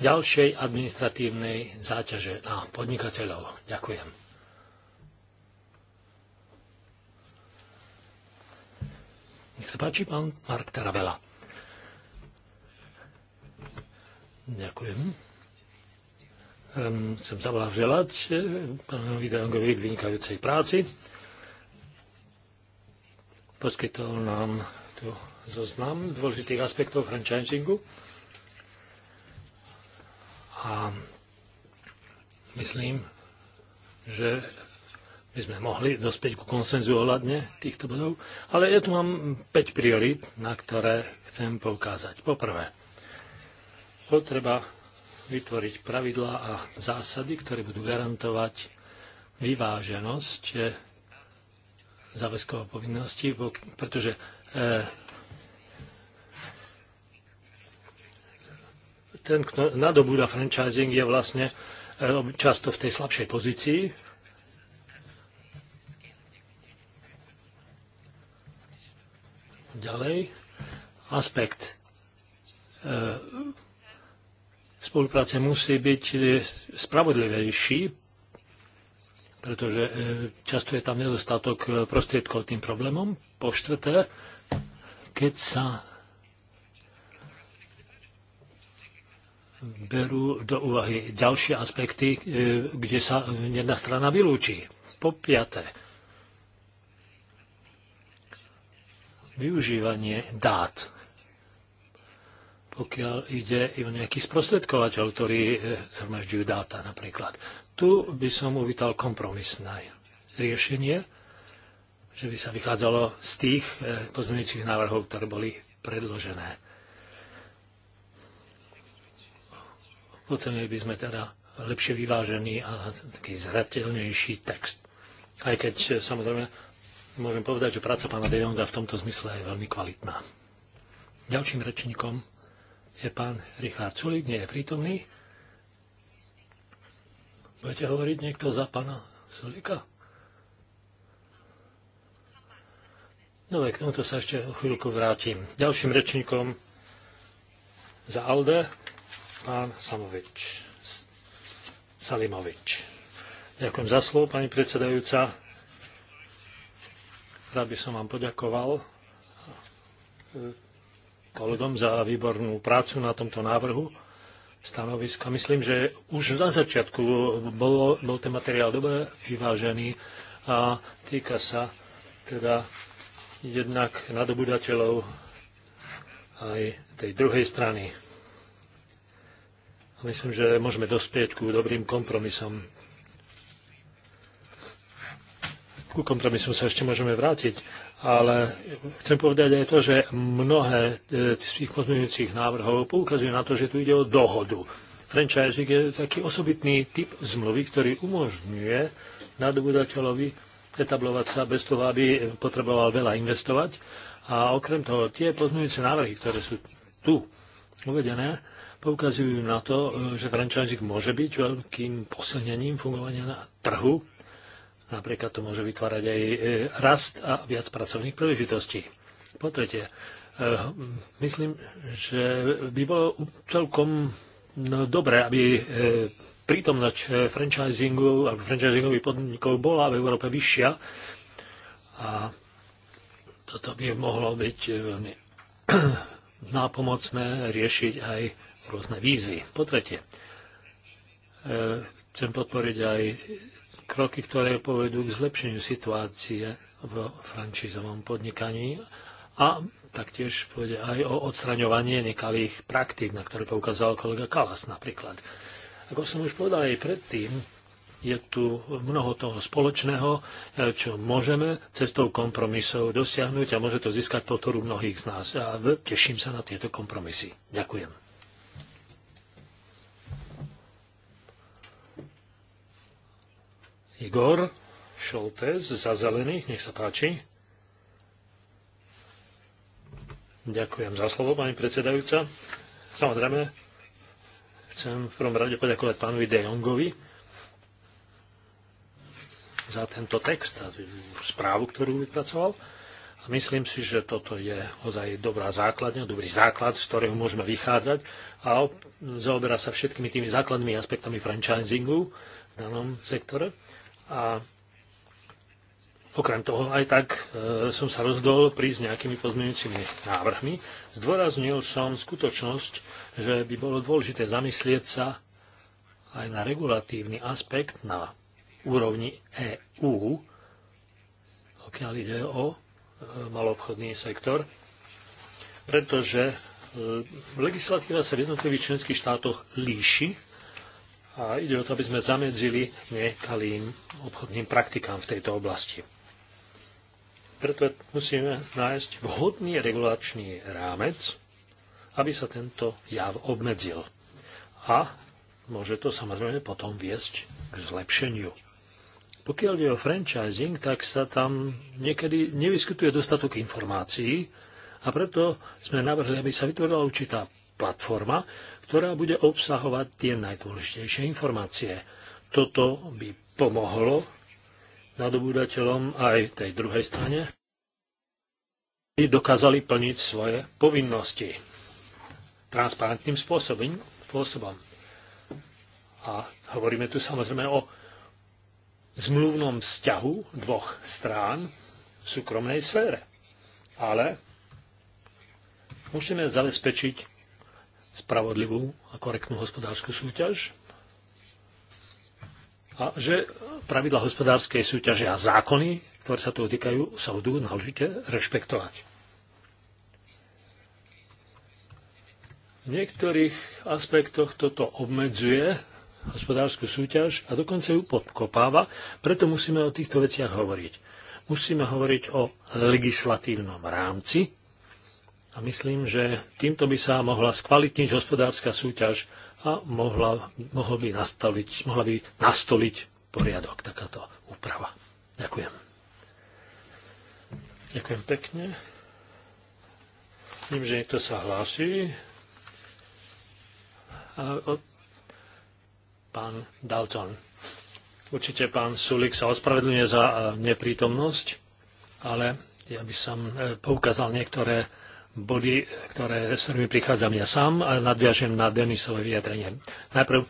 ďalšej administratívnej záťaže na podnikateľov. Ďakujem. Nech sa páči, pán Mark Tarabela. Ďakujem. Chcem želať pánu Dangovi k vynikajúcej práci poskytol nám tu zoznam dôležitých aspektov franchisingu. A myslím, že by sme mohli dospieť ku konsenzu ohľadne týchto bodov, ale ja tu mám 5 priorít, na ktoré chcem poukázať. Poprvé, potreba vytvoriť pravidlá a zásady, ktoré budú garantovať vyváženosť záväzkov a povinností, pretože eh, ten, kto nadobúda franchising, je vlastne eh, často v tej slabšej pozícii. Ďalej, aspekt eh, spolupráce musí byť spravodlivejší pretože e, často je tam nedostatok e, prostriedkov tým problémom. Po štvrté, keď sa berú do úvahy ďalšie aspekty, e, kde sa jedna strana vylúči. Po piaté, využívanie dát, pokiaľ ide i o nejaký sprostredkovateľ, ktorí zhromažďujú dáta napríklad tu by som uvítal kompromisné riešenie, že by sa vychádzalo z tých eh, pozmeňujúcich návrhov, ktoré boli predložené. Ocenili by sme teda lepšie vyvážený a taký zrateľnejší text. Aj keď eh, samozrejme môžem povedať, že práca pána Dejonga v tomto zmysle je veľmi kvalitná. Ďalším rečníkom je pán Richard Sulik, nie je prítomný. Budete hovoriť niekto za pána Sulika? No, k tomuto sa ešte o chvíľku vrátim. Ďalším rečníkom za Alde, pán Samovič. Salimovič. Ďakujem za slovo, pani predsedajúca. Rád by som vám poďakoval eh, kolegom za výbornú prácu na tomto návrhu stanoviska. Myslím, že už na začiatku bolo, bol ten materiál dobre vyvážený a týka sa teda jednak nadobudateľov aj tej druhej strany. myslím, že môžeme dospieť ku dobrým kompromisom. Ku kompromisom sa ešte môžeme vrátiť ale chcem povedať aj to, že mnohé e, z tých pozmeňujúcich návrhov poukazujú na to, že tu ide o dohodu. Franchising je taký osobitný typ zmluvy, ktorý umožňuje nadobudateľovi etablovať sa bez toho, aby potreboval veľa investovať. A okrem toho, tie pozmeňujúce návrhy, ktoré sú tu uvedené, poukazujú na to, e, že franchising môže byť veľkým posilnením fungovania na trhu Napríklad to môže vytvárať aj e, rast a viac pracovných príležitostí. Po tretie, e, myslím, že by bolo celkom no, dobré, aby e, prítomnosť franchisingu alebo franchisingových podnikov bola v Európe vyššia a toto by mohlo byť veľmi nápomocné riešiť aj rôzne výzvy. Po tretie, chcem podporiť aj kroky, ktoré povedú k zlepšeniu situácie v frančízovom podnikaní a taktiež pôjde aj o odstraňovanie nekalých praktík, na ktoré poukázal kolega Kalas napríklad. Ako som už povedal aj predtým, je tu mnoho toho spoločného, čo môžeme cestou kompromisov dosiahnuť a môže to získať podporu mnohých z nás. A teším sa na tieto kompromisy. Ďakujem. Igor Šoltes za zelených, nech sa páči. Ďakujem za slovo, pani predsedajúca. Samozrejme, chcem v prvom rade poďakovať pánovi De Jongovi za tento text a správu, ktorú vypracoval. A myslím si, že toto je ozaj dobrá základňa, dobrý základ, z ktorého môžeme vychádzať a zaoberá sa všetkými tými základnými aspektami franchisingu v danom sektore. A okrem toho aj tak e, som sa rozhodol prísť s nejakými pozmeňujúcimi návrhmi. Zdôraznil som skutočnosť, že by bolo dôležité zamyslieť sa aj na regulatívny aspekt na úrovni EÚ, pokiaľ ide o e, maloobchodný sektor, pretože e, legislatíva sa v jednotlivých členských štátoch líši a ide o to, aby sme zamedzili nekalým obchodným praktikám v tejto oblasti. Preto musíme nájsť vhodný regulačný rámec, aby sa tento jav obmedzil. A môže to samozrejme potom viesť k zlepšeniu. Pokiaľ ide o franchising, tak sa tam niekedy nevyskytuje dostatok informácií a preto sme navrhli, aby sa vytvorila určitá platforma, ktorá bude obsahovať tie najdôležitejšie informácie. Toto by pomohlo nadobúdateľom aj tej druhej strane, aby dokázali plniť svoje povinnosti transparentným spôsobom. spôsobom. A hovoríme tu samozrejme o zmluvnom vzťahu dvoch strán v súkromnej sfére. Ale musíme zabezpečiť spravodlivú a korektnú hospodárskú súťaž a že pravidla hospodárskej súťaže a zákony, ktoré sa toho týkajú, sa budú náležite rešpektovať. V niektorých aspektoch toto obmedzuje hospodárskú súťaž a dokonca ju podkopáva, preto musíme o týchto veciach hovoriť. Musíme hovoriť o legislatívnom rámci, a myslím, že týmto by sa mohla skvalitniť hospodárska súťaž a mohla, mohol by nastoliť, mohla by nastoliť poriadok takáto úprava. Ďakujem. Ďakujem pekne. Vidím, že niekto sa hlási. A, o, pán Dalton. Určite pán Sulik sa ospravedlňuje za eh, neprítomnosť, ale ja by som eh, poukázal niektoré body, ktoré, s ktorými prichádzam ja sám a nadviažem na Denisové vyjadrenie. Najprv e,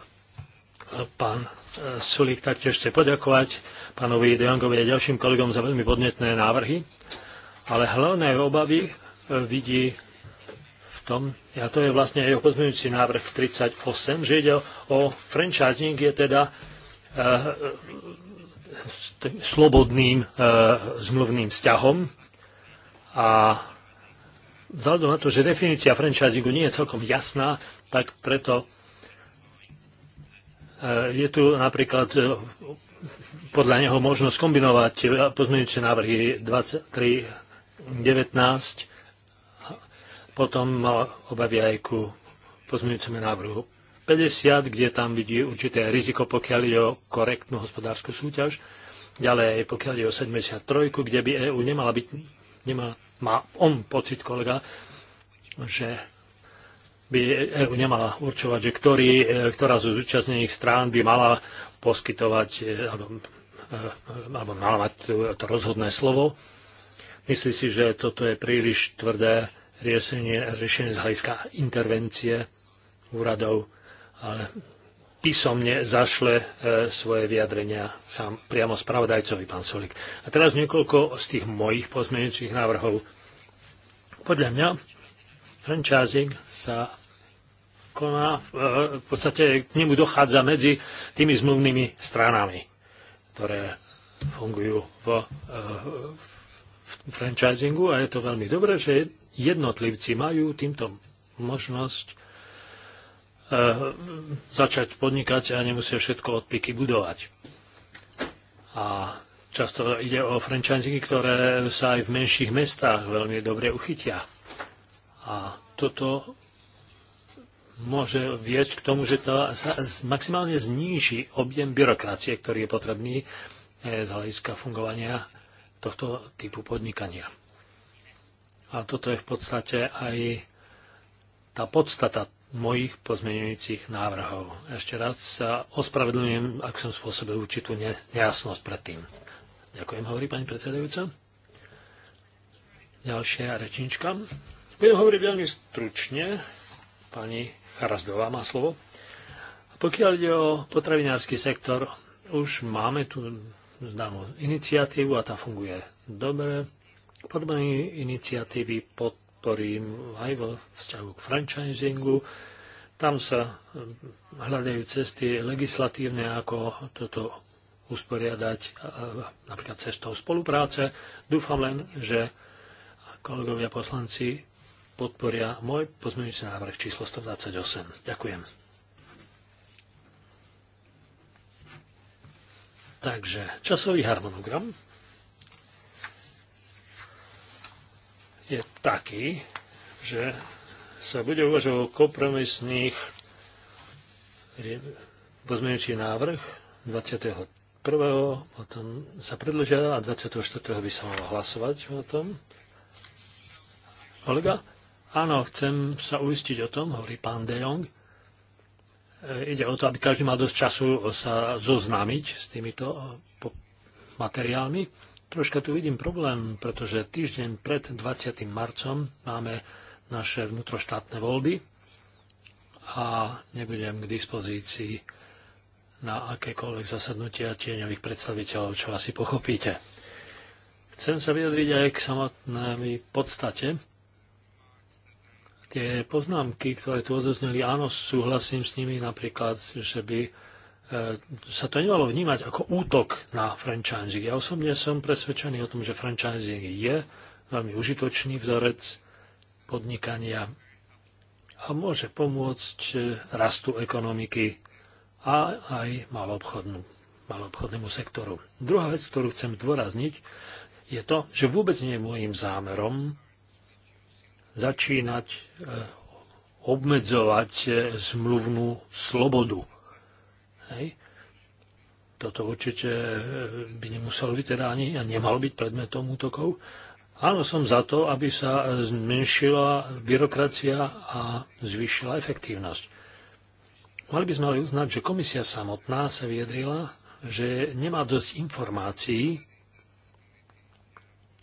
pán e, Sulik taktiež chce poďakovať pánovi Dejangovi a ďalším kolegom za veľmi podnetné návrhy, ale hlavné obavy e, vidí v tom, a to je vlastne jeho pozmeňujúci návrh 38, že ide o franchising, je teda e, slobodným e, zmluvným vzťahom a vzhľadom na to, že definícia franchisingu nie je celkom jasná, tak preto e, je tu napríklad e, podľa neho možnosť kombinovať pozmeňujúce návrhy 23, 19, potom obavia aj ku pozmeňujúcemu návrhu 50, kde tam vidí určité riziko, pokiaľ ide o korektnú hospodárskú súťaž. Ďalej, pokiaľ ide o 73, kde by EÚ nemala byť nemá, má on pocit, kolega, že by EU nemala určovať, že ktorý, e, ktorá zo zúčastnených strán by mala poskytovať e, alebo, e, alebo mala mať to rozhodné slovo. Myslí si, že toto je príliš tvrdé riešenie, riešenie z hľadiska intervencie úradov, ale písomne zašle e, svoje vyjadrenia sám priamo spravodajcovi, pán Solik. A teraz niekoľko z tých mojich pozmeňujúcich návrhov. Podľa mňa franchising sa koná, e, v podstate k nemu dochádza medzi tými zmluvnými stranami, ktoré fungujú e, v, v franchisingu a je to veľmi dobré, že jednotlivci majú týmto možnosť Eh, začať podnikať a nemusia všetko odpliky budovať. A často ide o franchisingy, ktoré sa aj v menších mestách veľmi dobre uchytia. A toto môže viesť k tomu, že to sa maximálne zníži objem byrokracie, ktorý je potrebný eh, z hľadiska fungovania tohto typu podnikania. A toto je v podstate aj tá podstata mojich pozmeňujúcich návrhov. Ešte raz sa ospravedlňujem, ak som spôsobil určitú nejasnosť predtým. Ďakujem, hovorí pani predsedajúca. Ďalšia rečnička. Budem hovoriť veľmi stručne. Pani Charazdová má slovo. A pokiaľ ide o potravinársky sektor, už máme tu známu iniciatívu a tá funguje dobre. Podobné iniciatívy pod podporím aj vo vzťahu k franchisingu. Tam sa eh, hľadajú cesty legislatívne, ako toto usporiadať napríklad cestou spolupráce. Dúfam len, že kolegovia poslanci podporia môj pozmeňujúci návrh číslo 128. Ďakujem. Takže časový harmonogram. je taký, že sa bude uvažovať o kompromisných pozmeňujúci návrh 21. potom sa predložia a 24. by sa mohlo hlasovať o tom. Olga? Áno, chcem sa uistiť o tom, hovorí pán De Jong. E, ide o to, aby každý mal dosť času sa zoznámiť s týmito materiálmi. Troška tu vidím problém, pretože týždeň pred 20. marcom máme naše vnútroštátne voľby a nebudem k dispozícii na akékoľvek zasadnutia tieňových predstaviteľov, čo asi pochopíte. Chcem sa vyjadriť aj k samotnej podstate. Tie poznámky, ktoré tu odozneli, áno, súhlasím s nimi napríklad, že by E, sa to nemalo vnímať ako útok na franchising. Ja osobne som presvedčený o tom, že franchising je veľmi užitočný vzorec podnikania a môže pomôcť e, rastu ekonomiky a aj maloobchodnú, maloobchodnému sektoru. Druhá vec, ktorú chcem dôrazniť, je to, že vôbec nie je môjim zámerom začínať e, obmedzovať zmluvnú slobodu Hej. Toto určite e, by nemuselo byť teda ani a nemal byť predmetom útokov. Áno, som za to, aby sa e, zmenšila byrokracia a zvýšila efektívnosť. Mali by sme ale uznať, že komisia samotná sa vyjadrila, že nemá dosť informácií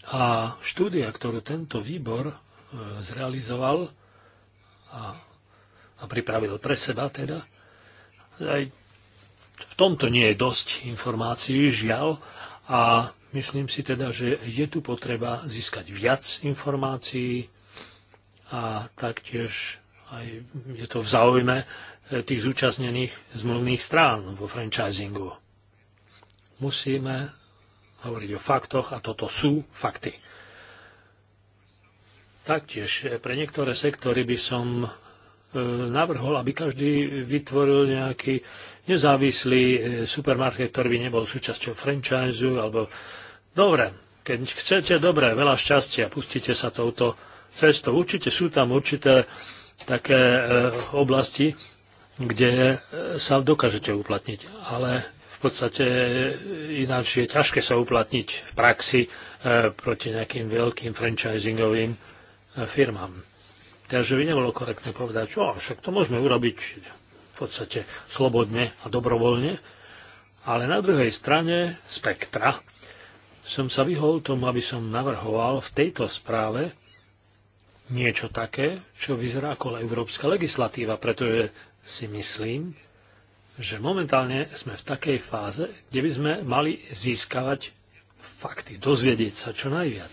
a štúdia, ktorú tento výbor e, zrealizoval a, a pripravil pre seba teda, aj v tomto nie je dosť informácií, žiaľ, a myslím si teda, že je tu potreba získať viac informácií a taktiež aj je to v záujme eh, tých zúčastnených zmluvných strán vo franchisingu. Musíme hovoriť o faktoch a toto sú fakty. Taktiež eh, pre niektoré sektory by som E, navrhol, aby každý vytvoril nejaký nezávislý e, supermarket, ktorý by nebol súčasťou franchise alebo... Dobre, keď chcete, dobre, veľa šťastia, pustite sa touto cestou. Určite sú tam určité také e, oblasti, kde sa dokážete uplatniť, ale v podstate ináč je ťažké sa uplatniť v praxi proti nejakým veľkým franchisingovým firmám. Takže by nebolo korektné povedať, že však to môžeme urobiť v podstate slobodne a dobrovoľne, ale na druhej strane spektra som sa vyhol tomu, aby som navrhoval v tejto správe niečo také, čo vyzerá ako európska legislatíva, pretože si myslím, že momentálne sme v takej fáze, kde by sme mali získavať fakty, dozvedieť sa čo najviac.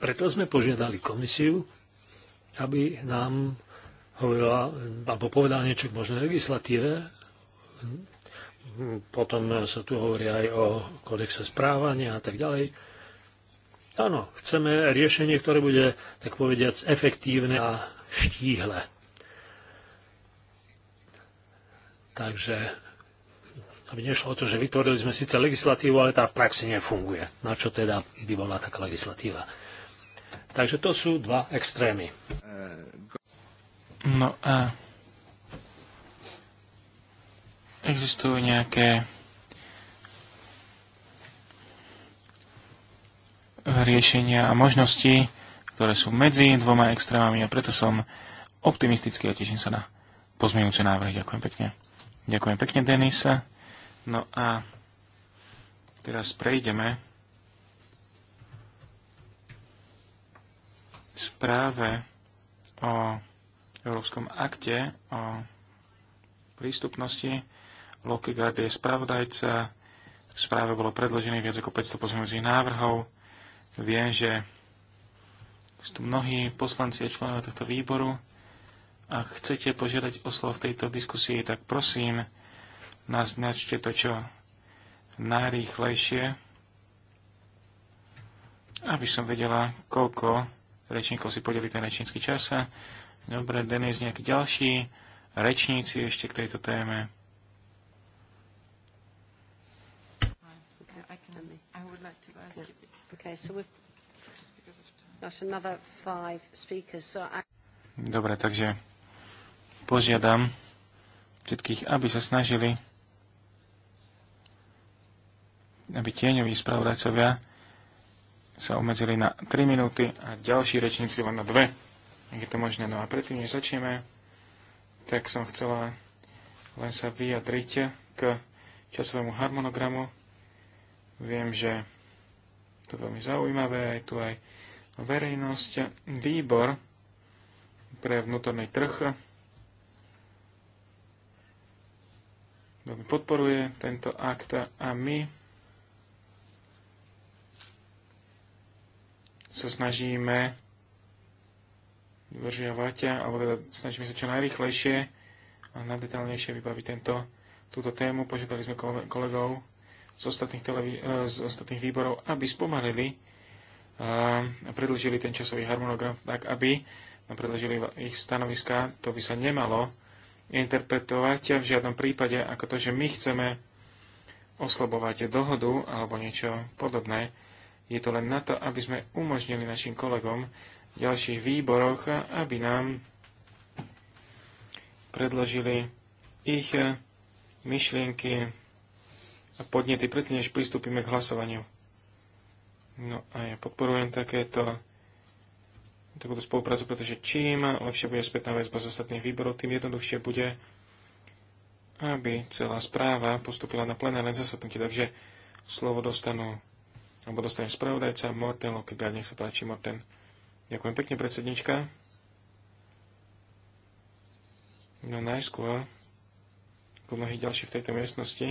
Preto sme požiadali komisiu, aby nám hovorila, alebo povedala niečo k možnej legislatíve. Potom sa tu hovorí aj o kodexe správania a tak ďalej. Áno, chceme riešenie, ktoré bude, tak povediac, efektívne a štíhle. Takže, aby nešlo o to, že vytvorili sme síce legislatívu, ale tá v praxi nefunguje. Na čo teda by bola taká legislatíva? Takže to sú dva extrémy. No a existujú nejaké eh, riešenia a možnosti, ktoré sú medzi dvoma extrémami a preto som optimistický a teším sa na pozmeňujúce návrhy. Ďakujem pekne. Ďakujem pekne, Denis. No a teraz prejdeme správe o Európskom akte o prístupnosti. Lockigard je spravodajca. V správe bolo predložených viac ako 500 pozmeňujúcich návrhov. Viem, že sú tu mnohí poslanci a členovia tohto výboru. Ak chcete požiadať o slovo v tejto diskusii, tak prosím, naznačte to čo najrýchlejšie, aby som vedela, koľko rečníkov si podeli ten rečnícky čas. Dobre, Denis, nejaký ďalší rečníci ešte k tejto téme. Dobre, takže požiadam všetkých, aby sa snažili, aby tieňoví spravodajcovia sa obmedzili na 3 minúty a ďalší rečníci len na 2. Ak je to možné. No a predtým, než začneme, tak som chcela len sa vyjadriť k časovému harmonogramu. Viem, že to je veľmi zaujímavé, aj tu aj verejnosť. Výbor pre vnútorný trh veľmi podporuje tento akt a my sa snažíme vyvržiavať, alebo teda snažíme sa čo najrychlejšie a najdetálnejšie vybaviť tento, túto tému. Požiadali sme kolegov z ostatných, televí- e, z ostatných výborov, aby spomalili e, a predlžili ten časový harmonogram tak, aby predlžili ich stanoviská. To by sa nemalo interpretovať v žiadnom prípade ako to, že my chceme oslabovať dohodu alebo niečo podobné. Je to len na to, aby sme umožnili našim kolegom v ďalších výboroch, aby nám predložili ich eh, myšlienky a podnety predtým, než pristúpime k hlasovaniu. No a ja podporujem takéto takúto spoluprácu, pretože čím lepšie bude spätná väzba z ostatných výborov, tým jednoduchšie bude, aby celá správa postupila na plenárne zasadnutie. Takže slovo dostanú alebo dostane spravodajca Morten Lokegaard. Nech sa páči, Morten. Ďakujem pekne, predsednička. No najskôr, ako mnohí ďalší v tejto miestnosti,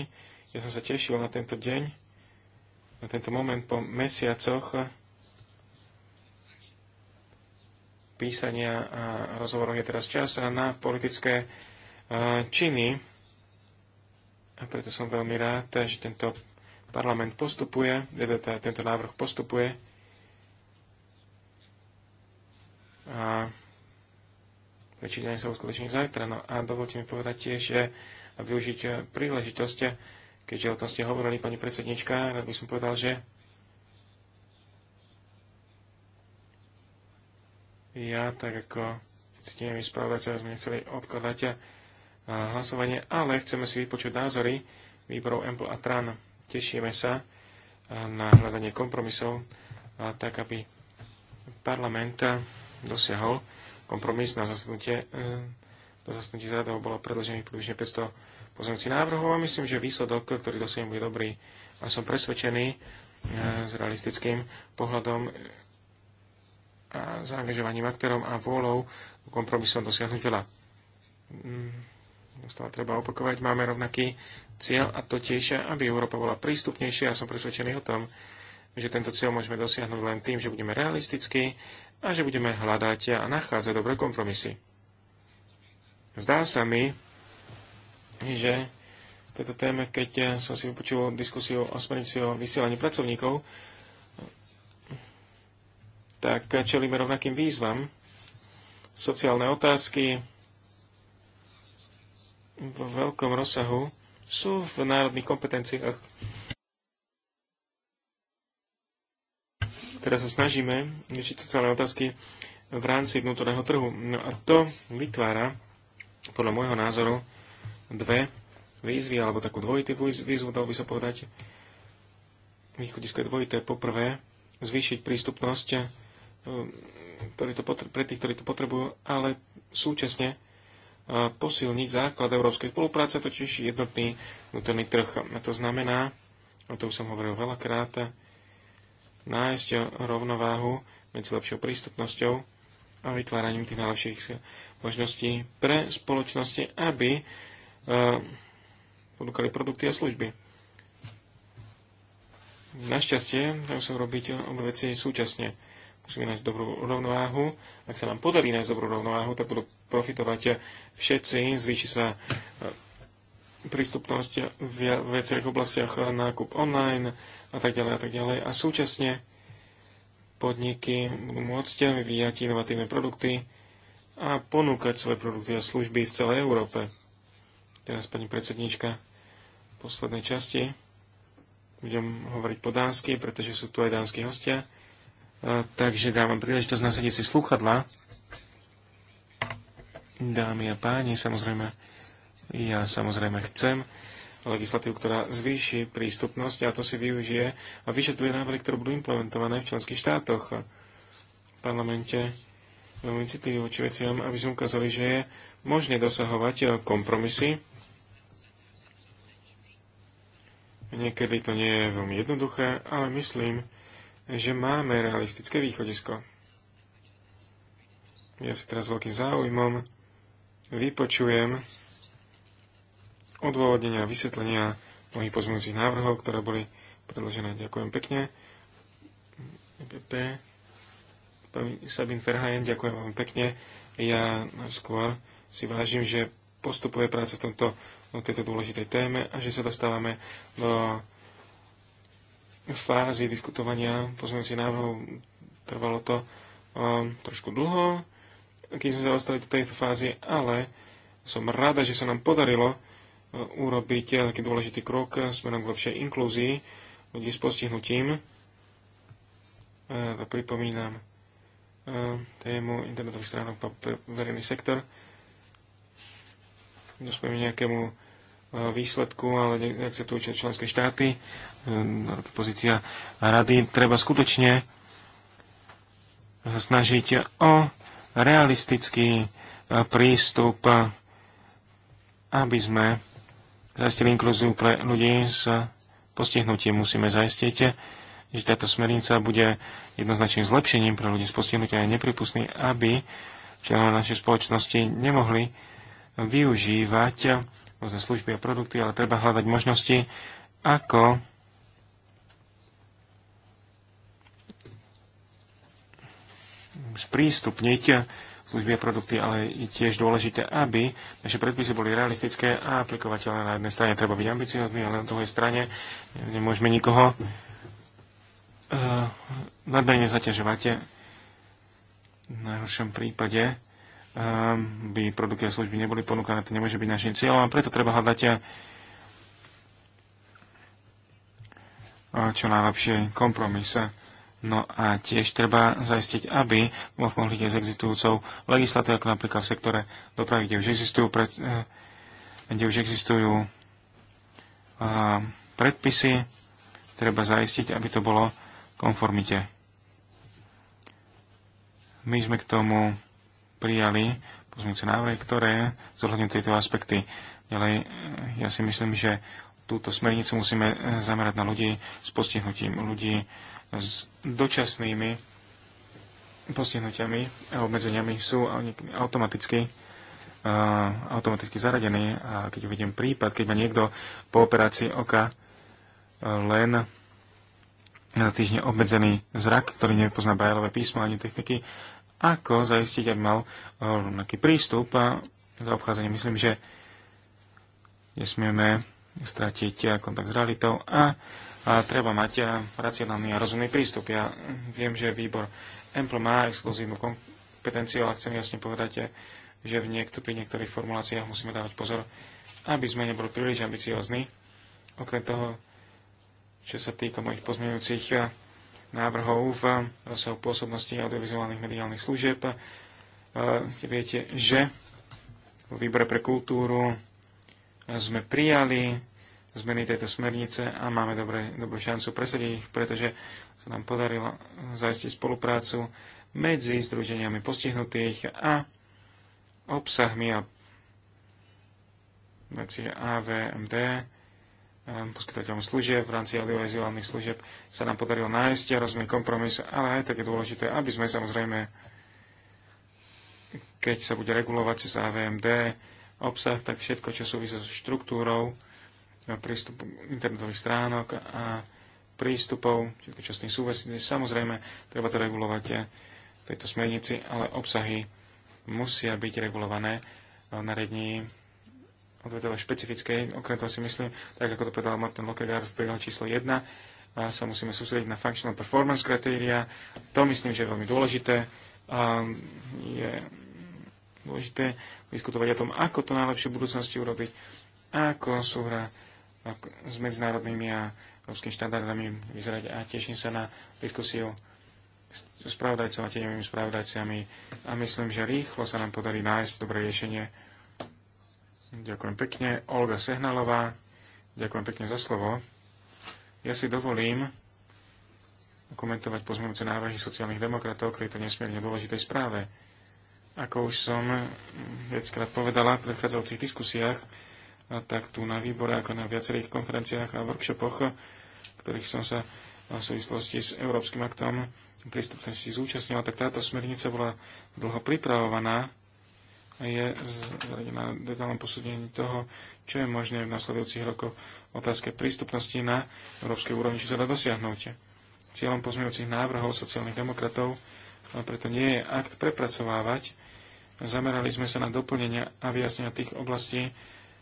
ja som sa tešil na tento deň, na tento moment po mesiacoch písania a rozhovorov je teraz čas na politické eh, činy. A preto som veľmi rád, že tento parlament postupuje, e tento návrh postupuje a väčšinou sa uskutoční zajtra. No a dovolte mi povedať tiež, že využiť e, príležitosť, keďže o tom ste hovorili, pani predsednička, rád by som povedal, že ja tak ako ctenie vyspravovať, sme nechceli odkladať e, hlasovanie, ale chceme si vypočuť názory výborov MPL a Tran. Tešíme sa eh, na hľadanie kompromisov, eh, tak aby parlament eh, dosiahol kompromis na zasnutie, na zasnutie zádov bolo predložených približne 500 pozorujúcich návrhov a myslím, že výsledok, ktorý dosiahnem, bude dobrý a som presvedčený s realistickým pohľadom a zaangažovaním aktérom a vôľou kompromisom dosiahnuť veľa mm stále treba opakovať, máme rovnaký cieľ a to tiež, aby Európa bola prístupnejšia. Ja som presvedčený o tom, že tento cieľ môžeme dosiahnuť len tým, že budeme realistickí a že budeme hľadať a nachádzať dobré kompromisy. Zdá sa mi, že tejto téme, keď som si vypočul diskusiu o smernici o vysielaní pracovníkov, tak čelíme rovnakým výzvam. Sociálne otázky, v veľkom rozsahu sú v národných kompetenciách. Teraz sa snažíme riešiť sociálne otázky v rámci vnútorného trhu. No a to vytvára, podľa môjho názoru, dve výzvy, alebo takú dvojitú výzvu, dal by sa povedať. Východisko je dvojité. Poprvé, zvýšiť prístupnosť eh, ktorý to potre- pre tých, ktorí to potrebujú, ale súčasne posilniť základ európskej spolupráce, totiž jednotný vnútorný trh. A to znamená, o tom som hovoril veľakrát, nájsť rovnováhu medzi lepšou prístupnosťou a vytváraním tých najlepších možností pre spoločnosti, aby eh, ponúkali produkty a služby. Našťastie, dajú sa robiť obe veci súčasne. Musíme nájsť dobrú rovnováhu ak sa nám podarí nájsť dobrú rovnováhu, tak budú profitovať všetci, zvýši sa eh, prístupnosť v viacerých oblastiach eh, nákup online a tak ďalej a tak ďalej. A súčasne podniky budú môcť vyvíjať inovatívne produkty a ponúkať svoje produkty a služby v celej Európe. Teraz pani predsednička v poslednej časti budem hovoriť po dánsky, pretože sú tu aj dánsky hostia takže dávam príležitosť na si sluchadla. Dámy a páni, samozrejme, ja samozrejme chcem legislatívu, ktorá zvýši prístupnosť a to si využije a vyšetruje návrhy, ktoré budú implementované v členských štátoch v parlamente veľmi citlivý voči veciam, aby sme ukázali, že je možné dosahovať kompromisy. Niekedy to nie je veľmi jednoduché, ale myslím, že máme realistické východisko. Ja si teraz veľkým záujmom vypočujem odôvodnenia a vysvetlenia mnohých pozmúcich návrhov, ktoré boli predložené. Ďakujem pekne. EPP. Sabin Ferhajen, ďakujem vám pekne. Ja skôr si vážim, že postupuje práca v tomto, no tejto dôležitej téme a že sa dostávame do fázi diskutovania pozmeňujúcich návrhov trvalo to um, trošku dlho, keď sme sa dostali do tejto fázy, ale som rada, že sa nám podarilo uh, urobiť uh, taký dôležitý krok uh, smerom k lepšej inklúzii ľudí s postihnutím. A pripomínam tému internetových stránok pre verejný sektor. Dospojme nejakému E, výsledku, ale neakceptujú členské štáty, e, pozícia rady, treba skutočne snažiť o realistický e, prístup, aby sme zaistili inkluziu pre ľudí s postihnutím. Musíme zaistiť, že táto smernica bude jednoznačným zlepšením pre ľudí s postihnutím a je nepripustný, aby členovia našej spoločnosti nemohli využívať rôzne služby a produkty, ale treba hľadať možnosti, ako sprístupniť služby a produkty, ale je tiež dôležité, aby naše predpisy boli realistické a aplikovateľné. Na jednej strane treba byť ambiciozný, ale na druhej strane nemôžeme nikoho uh, nadmerne zaťažovať. V najhoršom prípade by produkty a služby neboli ponúkané, to nemôže byť našim cieľom a preto treba hľadať čo najlepšie kompromise. No a tiež treba zaistiť, aby MOV mohli s existujúcou legislatívou, ako napríklad v sektore dopravy, kde už existujú, pred, e, kde už existujú predpisy, treba zaistiť, aby to bolo konformite. My sme k tomu prijali pozmeňujúce návrhy, ktoré zohľadňujú tieto aspekty. Ďalej, eh, ja si myslím, že túto smernicu musíme eh, zamerať na ľudí s postihnutím, ľudí s dočasnými postihnutiami a obmedzeniami sú automaticky eh, automaticky zaradení a keď uvidím prípad, keď ma niekto po operácii oka len na týždne obmedzený zrak, ktorý nepozná Brailleové písmo ani techniky, ako zaistiť, aby mal eh, rovnaký prístup a zaobchádzanie. Myslím, že nesmieme stratiť eh, kontakt s realitou a, a treba mať eh, racionálny a rozumný prístup. Ja viem, že výbor EMPL má exkluzívnu kompetenciu, ale chcem jasne povedať, že v niektor- pri niektorých formuláciách musíme dávať pozor, aby sme neboli príliš ambiciózni. Okrem toho, čo sa týka mojich pozmeňujúcich návrhov v rozsahu pôsobnosti audiovizuálnych mediálnych služieb. E, viete, že v výbore pre kultúru sme prijali zmeny tejto smernice a máme dobré, dobrú šancu presadiť ich, pretože sa nám podarilo zajistiť spoluprácu medzi združeniami postihnutých a obsahmi a veci AVMD Ehm, poskytateľom služieb v rámci audiovizuálnych služieb sa nám podarilo nájsť a rozumný kompromis, ale aj tak je dôležité, aby sme samozrejme, keď sa bude regulovať cez AVMD obsah, tak všetko, čo súvisí so štruktúrou prístupu internetových stránok a prístupov, všetko, čo s tým súvisí, samozrejme, treba to regulovať eh, v tejto smernici, ale obsahy musia byť regulované v nariadení odvetové špecifické. Okrem toho si myslím, tak ako to povedal Martin Lokegar v prílohe číslo 1, a sa musíme sústrediť na functional performance kritéria. To myslím, že je veľmi dôležité. A je dôležité diskutovať o tom, ako to najlepšie v budúcnosti urobiť, ako súhra s medzinárodnými a európskymi štandardami vyzerať a teším sa na diskusiu s spravodajcom a tieňovými spravodajcami a myslím, že rýchlo sa nám podarí nájsť dobré riešenie Ďakujem pekne. Olga Sehnalová, ďakujem pekne za slovo. Ja si dovolím komentovať pozmeňujúce návrhy sociálnych demokratov k tejto nesmierne dôležitej správe. Ako už som viackrát povedala v predchádzajúcich diskusiách, tak tu na výbore, ako na viacerých konferenciách a workshopoch, ktorých som sa v súvislosti s Európskym aktom prístupnosti zúčastnila, tak táto smernica bola dlho pripravovaná je zaradená na detálnom posúdení toho, čo je možné v nasledujúcich rokoch otázke prístupnosti na európskej úrovni, či sa dá dosiahnuť. Cieľom pozmeňujúcich návrhov sociálnych demokratov ale preto nie je akt prepracovávať. Zamerali sme sa na doplnenia a vyjasnenia tých oblastí,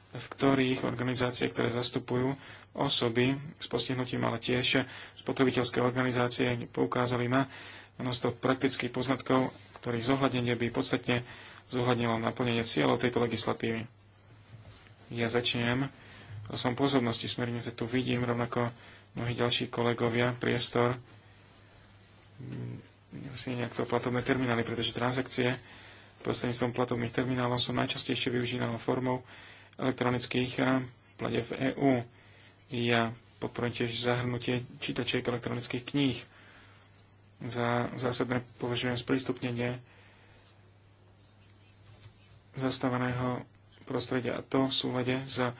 v ktorých organizácie, ktoré zastupujú osoby s postihnutím, ale tiež spotrebiteľské organizácie poukázali na množstvo praktických poznatkov, ktorých zohľadenie by podstatne zohľadnilo naplnenie cieľov tejto legislatívy. Ja začnem. Som pozornosti smernice tu vidím, rovnako mnohí ďalší kolegovia, priestor, mm, si nejak to platobné terminály, pretože transakcie prostredníctvom platobných terminálov sú najčastejšie využívanou formou elektronických eh, plade v EÚ. Ja podporujem tiež zahrnutie čítačiek elektronických kníh. Za zásadné považujem sprístupnenie zastávaného prostredia a to v súlade s eh,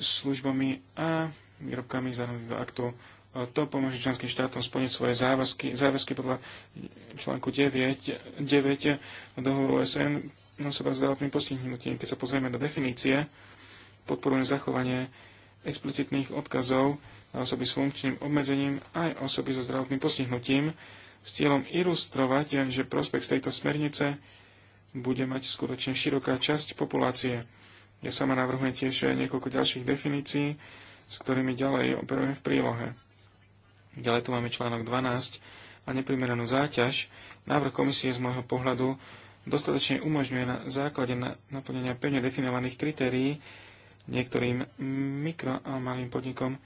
službami a výrobkami zahrnutých do aktu. Eh, to pomôže členským štátom splniť svoje záväzky, záväzky podľa článku 9, 9 dohovoru OSN osoba s zdravotným postihnutím. Keď sa pozrieme do definície, podporujem zachovanie explicitných odkazov na osoby s funkčným obmedzením aj osoby so zdravotným postihnutím s cieľom ilustrovať, že prospekt z tejto smernice bude mať skutočne široká časť populácie. Ja sama navrhujem tiež niekoľko ďalších definícií, s ktorými ďalej operujem v prílohe. Ďalej tu máme článok 12 a neprimeranú záťaž. Návrh komisie z môjho pohľadu dostatočne umožňuje na základe naplnenia pevne definovaných kritérií niektorým mikro a malým podnikom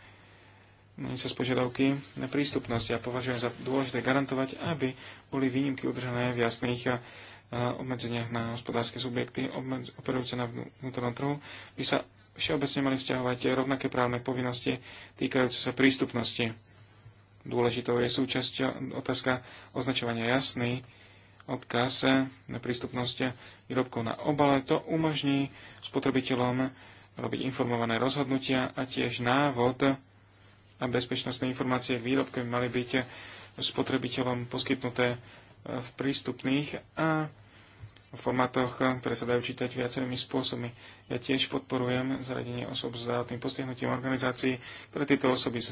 sa z požiadavky na prístupnosť. Ja považujem za dôležité garantovať, aby boli výnimky udržané v jasných obmedzeniach na hospodárske subjekty operujúce na vnútornom trhu by sa všeobecne mali vzťahovať rovnaké právne povinnosti týkajúce sa prístupnosti. Dôležitou je súčasť otázka označovania jasný odkaz na prístupnosť výrobkov na obale. To umožní spotrebiteľom robiť informované rozhodnutia a tiež návod a bezpečnostné informácie k výrobkom mali byť spotrebiteľom poskytnuté v prístupných a v formátoch, ktoré sa dajú čítať viacerými spôsobmi. Ja tiež podporujem zaradenie osob s zdravotným postihnutím organizácií, ktoré tieto osoby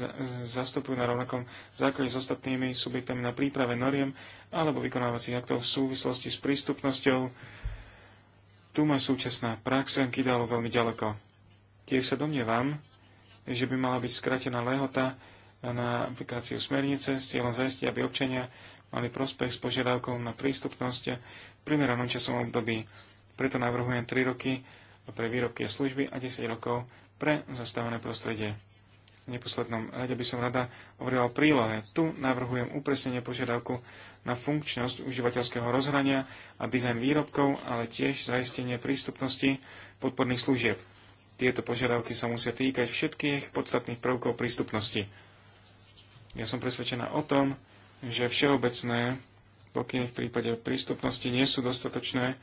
zastupujú na rovnakom základe s ostatnými subjektami na príprave noriem alebo vykonávacích aktov v súvislosti s prístupnosťou. Tu ma súčasná prax kydalo veľmi ďaleko. Tiež sa domnievam, že by mala byť skratená lehota na aplikáciu smernice s cieľom zajistiť, aby občania mali prospech s požiadavkou na prístupnosť v primeranom časovom období. Preto navrhujem 3 roky pre výrobky a služby a 10 rokov pre zastavené prostredie. V neposlednom rade by som rada hovorila o prílohe. Tu navrhujem upresnenie požiadavku na funkčnosť užívateľského rozhrania a dizajn výrobkov, ale tiež zaistenie prístupnosti podporných služieb. Tieto požiadavky sa musia týkať všetkých podstatných prvkov prístupnosti. Ja som presvedčená o tom, že všeobecné pokyny v prípade prístupnosti nie sú dostatočné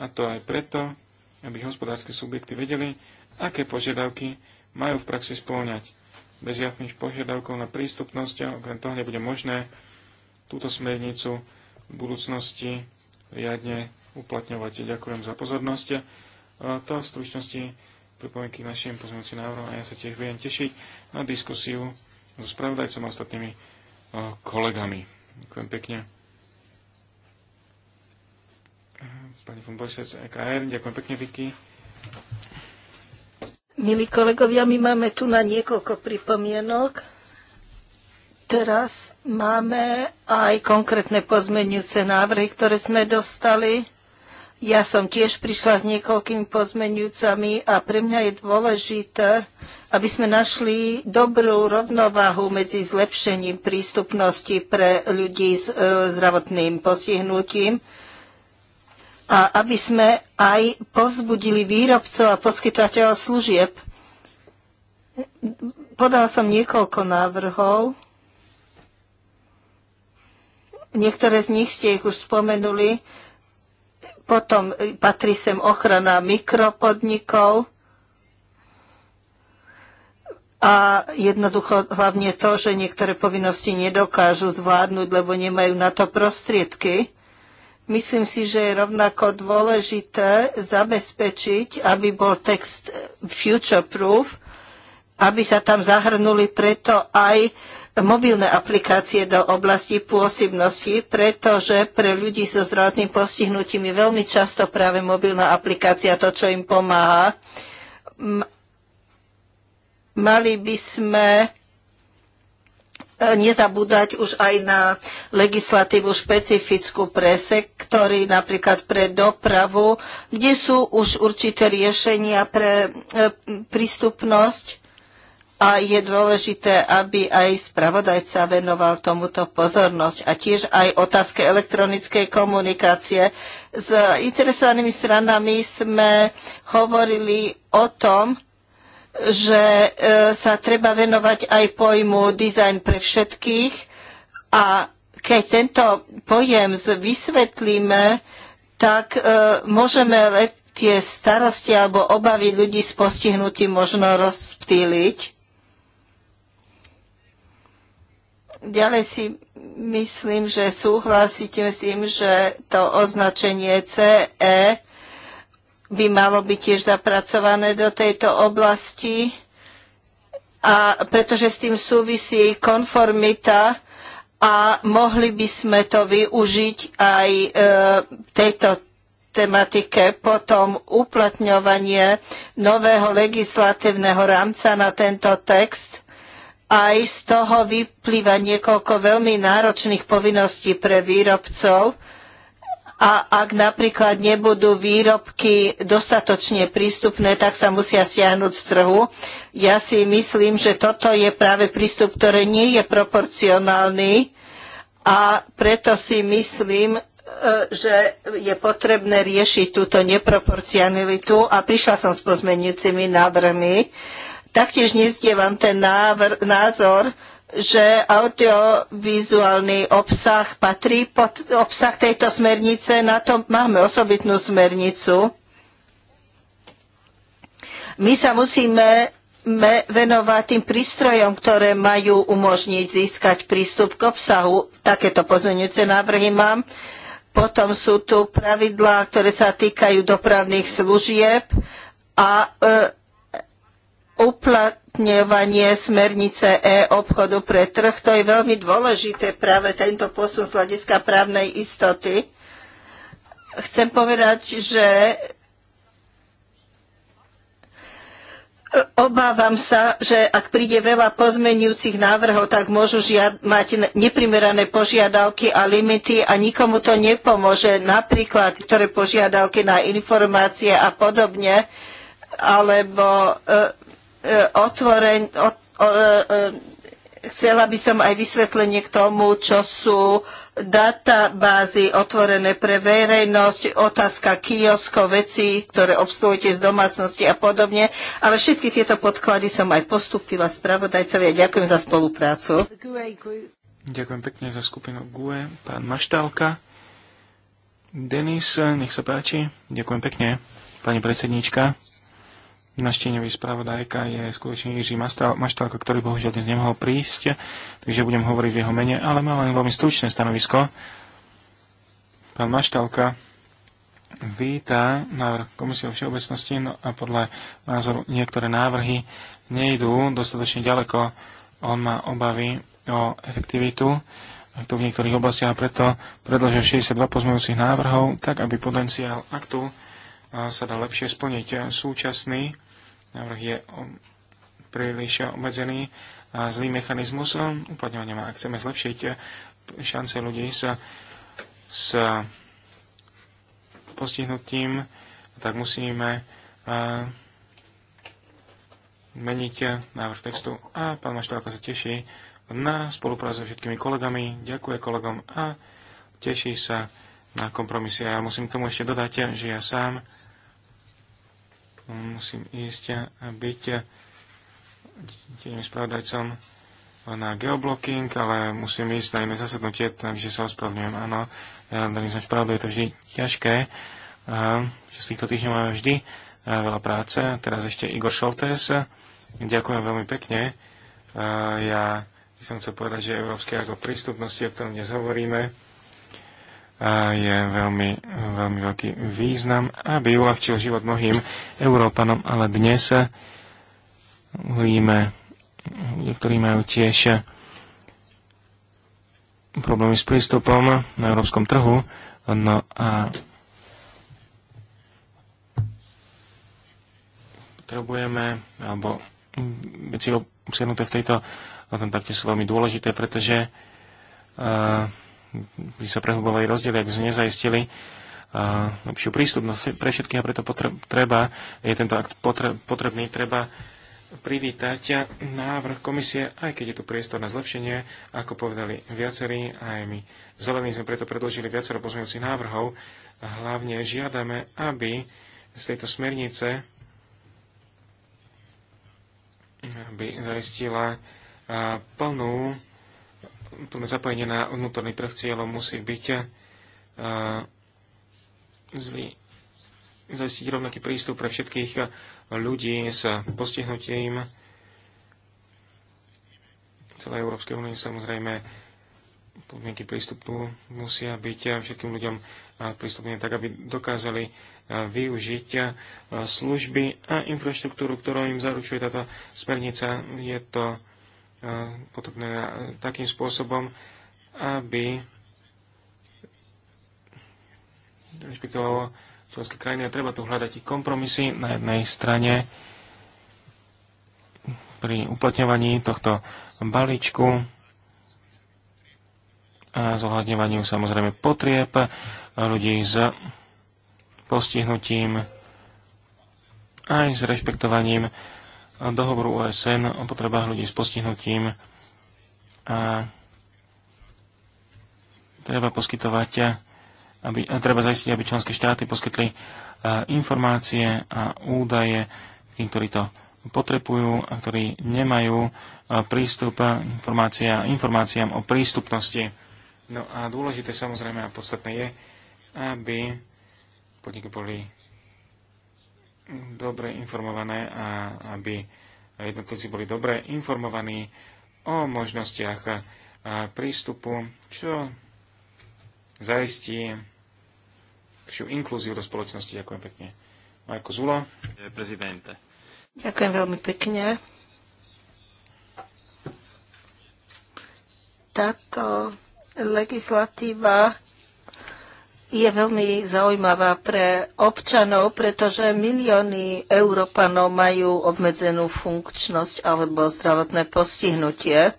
a to aj preto, aby hospodárske subjekty vedeli, aké požiadavky majú v praxi spĺňať. Bez jasných požiadavkov na prístupnosť a okrem toho nebude možné túto smernicu v budúcnosti riadne uplatňovať. Ďakujem za pozornosť. to v stručnosti pripomienky k našim pozmeňujúcim návrhom a ja sa tiež budem tešiť na diskusiu so spravodajcom a ostatnými kolegami. Ďakujem pekne. Pani von Borsec, EKR, ďakujem pekne, Vicky. Milí kolegovia, my máme tu na niekoľko pripomienok. Teraz máme aj konkrétne pozmeňujúce návrhy, ktoré sme dostali. Ja som tiež prišla s niekoľkými pozmenujúcami a pre mňa je dôležité, aby sme našli dobrú rovnováhu medzi zlepšením prístupnosti pre ľudí s e, zdravotným postihnutím a aby sme aj povzbudili výrobcov a poskytateľov služieb. Podal som niekoľko návrhov. Niektoré z nich ste ich už spomenuli. Potom e, patrí sem ochrana mikropodnikov a jednoducho hlavne to, že niektoré povinnosti nedokážu zvládnuť, lebo nemajú na to prostriedky. Myslím si, že je rovnako dôležité zabezpečiť, aby bol text future-proof, aby sa tam zahrnuli preto aj mobilné aplikácie do oblasti pôsobnosti, pretože pre ľudí so zdravotným postihnutím je veľmi často práve mobilná aplikácia to, čo im pomáha. Mali by sme e, nezabúdať už aj na legislatívu špecifickú pre sektory, napríklad pre dopravu, kde sú už určité riešenia pre e, prístupnosť a je dôležité, aby aj spravodajca venoval tomuto pozornosť a tiež aj otázke elektronickej komunikácie. S interesovanými stranami sme hovorili o tom, že e, sa treba venovať aj pojmu dizajn pre všetkých a keď tento pojem vysvetlíme, tak e, môžeme tie starosti alebo obavy ľudí s postihnutím možno rozptýliť Ďalej si myslím, že súhlasíte s tým, že to označenie CE by malo byť tiež zapracované do tejto oblasti, a pretože s tým súvisí konformita a mohli by sme to využiť aj v e, tejto tematike, potom uplatňovanie nového legislatívneho rámca na tento text aj z toho vyplýva niekoľko veľmi náročných povinností pre výrobcov, a ak napríklad nebudú výrobky dostatočne prístupné, tak sa musia stiahnuť z trhu. Ja si myslím, že toto je práve prístup, ktorý nie je proporcionálny a preto si myslím, e, že je potrebné riešiť túto neproporcionalitu a prišla som s pozmenujúcimi návrhmi Taktiež nezdielam ten návr, názor, že audiovizuálny obsah patrí pod obsah tejto smernice. Na to máme osobitnú smernicu. My sa musíme venovať tým prístrojom, ktoré majú umožniť získať prístup k obsahu. Takéto pozmeňujúce návrhy mám. Potom sú tu pravidlá, ktoré sa týkajú dopravných služieb a e, uplatňovanie smernice e-obchodu pre trh. To je veľmi dôležité práve tento posun z hľadiska právnej istoty. Chcem povedať, že Obávam sa, že ak príde veľa pozmenujúcich návrhov, tak môžu žiad- mať neprimerané požiadavky a limity a nikomu to nepomôže. Napríklad, ktoré požiadavky na informácie a podobne, alebo e, E, otvoreň, ot, o, e, e, chcela by som aj vysvetlenie k tomu, čo sú databázy otvorené pre verejnosť, otázka kiosko, veci, ktoré obsluhujete z domácnosti a podobne. Ale všetky tieto podklady som aj postupila spravodajcovi a ďakujem za spoluprácu. Ďakujem pekne za skupinu GUE, pán Maštálka. Denis, nech sa páči. Ďakujem pekne, pani predsedníčka. Naštíňový spravodajka je skutočne Jiří Maštálko, ktorý bohužiaľ dnes nemohol prísť, takže budem hovoriť v jeho mene, ale má len veľmi stručné stanovisko. Pán Maštálka víta návrh komisie o všeobecnosti no a podľa názoru niektoré návrhy nejdú dostatočne ďaleko. On má obavy o efektivitu ak to v niektorých oblastiach a preto predložil 62 pozmeňujúcich návrhov, tak aby potenciál aktu sa dá lepšie splniť. Súčasný Návrh je príliš obmedzený a zlý mechanizmus um, uplatňovania Ak chceme zlepšiť eh, šance ľudí s, s postihnutím, tak musíme eh, meniť eh, návrh textu. A pán Maštálka sa teší na spoluprácu so všetkými kolegami, Ďakujem kolegom a teší sa na kompromisy. A ja musím k tomu ešte dodať, že ja sám musím ísť a byť tým spravodajcom na geoblocking, ale musím ísť na iné zasadnutie, takže sa ospravňujem. Áno, ja sme pravdu je to vždy ťažké. Že z týchto týždňov máme vždy veľa práce. Teraz ešte Igor Šoltes. Ďakujem veľmi pekne. Ja som chcel povedať, že Európske ako prístupnosti, o ktorom dnes hovoríme, a je veľmi, veľmi veľký význam, aby uľahčil život mnohým Európanom, ale dnes uvidíme ľudia, ktorí majú tiež problémy s prístupom na európskom trhu. No a potrebujeme, alebo veci obsiahnuté v tejto, o tom taktiež sú veľmi dôležité, pretože uh, by sa prehúbovali rozdiely, aby sme nezaistili a lepšiu prístupnosť pre všetkých a preto potreb, treba, je tento akt potre, potrebný, treba privítať návrh komisie, aj keď je tu priestor na zlepšenie, ako povedali viacerí, aj my zelení sme preto predložili viacero pozmeňujúcich návrhov, a hlavne žiadame, aby z tejto smernice aby zaistila plnú plné zapojenie na vnútorný trh cieľom musí byť eh, zlý zaistiť rovnaký prístup pre všetkých eh, ľudí s postihnutím. Celé Európskej únie samozrejme podmienky prístupu musia byť eh, všetkým ľuďom prístupné tak, aby dokázali využiť služby a infraštruktúru, ktorú im zaručuje táto smernica. Je to potopné takým spôsobom, aby rešpektovalo členské krajiny a treba tu hľadať i kompromisy na jednej strane pri uplatňovaní tohto balíčku a zohľadňovaniu samozrejme potrieb ľudí s postihnutím aj s rešpektovaním dohovoru OSN o potrebách ľudí s postihnutím a treba poskytovať aby, a treba zaistiť, aby členské štáty poskytli a, informácie a údaje tým, ktorí to potrebujú a ktorí nemajú a, prístup a informácia, informáciám o prístupnosti. No a dôležité samozrejme a podstatné je, aby podniky boli dobre informované a aby jednotlivci boli dobre informovaní o možnostiach prístupu, čo zaistí všiu inklúziu do spoločnosti. Ďakujem pekne. Marko Zulo. Prezidente. Ďakujem veľmi pekne. Táto legislatíva je veľmi zaujímavá pre občanov, pretože milióny Európanov majú obmedzenú funkčnosť alebo zdravotné postihnutie.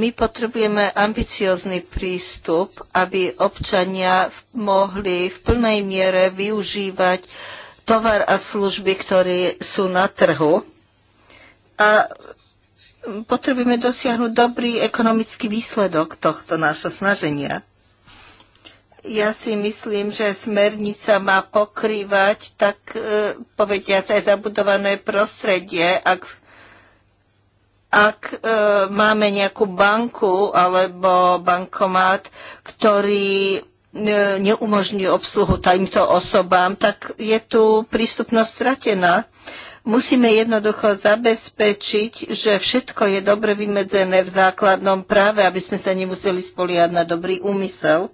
My potrebujeme ambiciózny prístup, aby občania mohli v plnej miere využívať tovar a služby, ktoré sú na trhu. A potrebujeme dosiahnuť dobrý ekonomický výsledok tohto nášho snaženia. Ja si myslím, že smernica má pokrývať, tak e, povediac, aj zabudované prostredie. Ak, ak e, máme nejakú banku alebo bankomat, ktorý e, neumožňuje obsluhu týmto osobám, tak je tu prístupnosť stratená. Musíme jednoducho zabezpečiť, že všetko je dobre vymedzené v základnom práve, aby sme sa nemuseli spoliať na dobrý úmysel.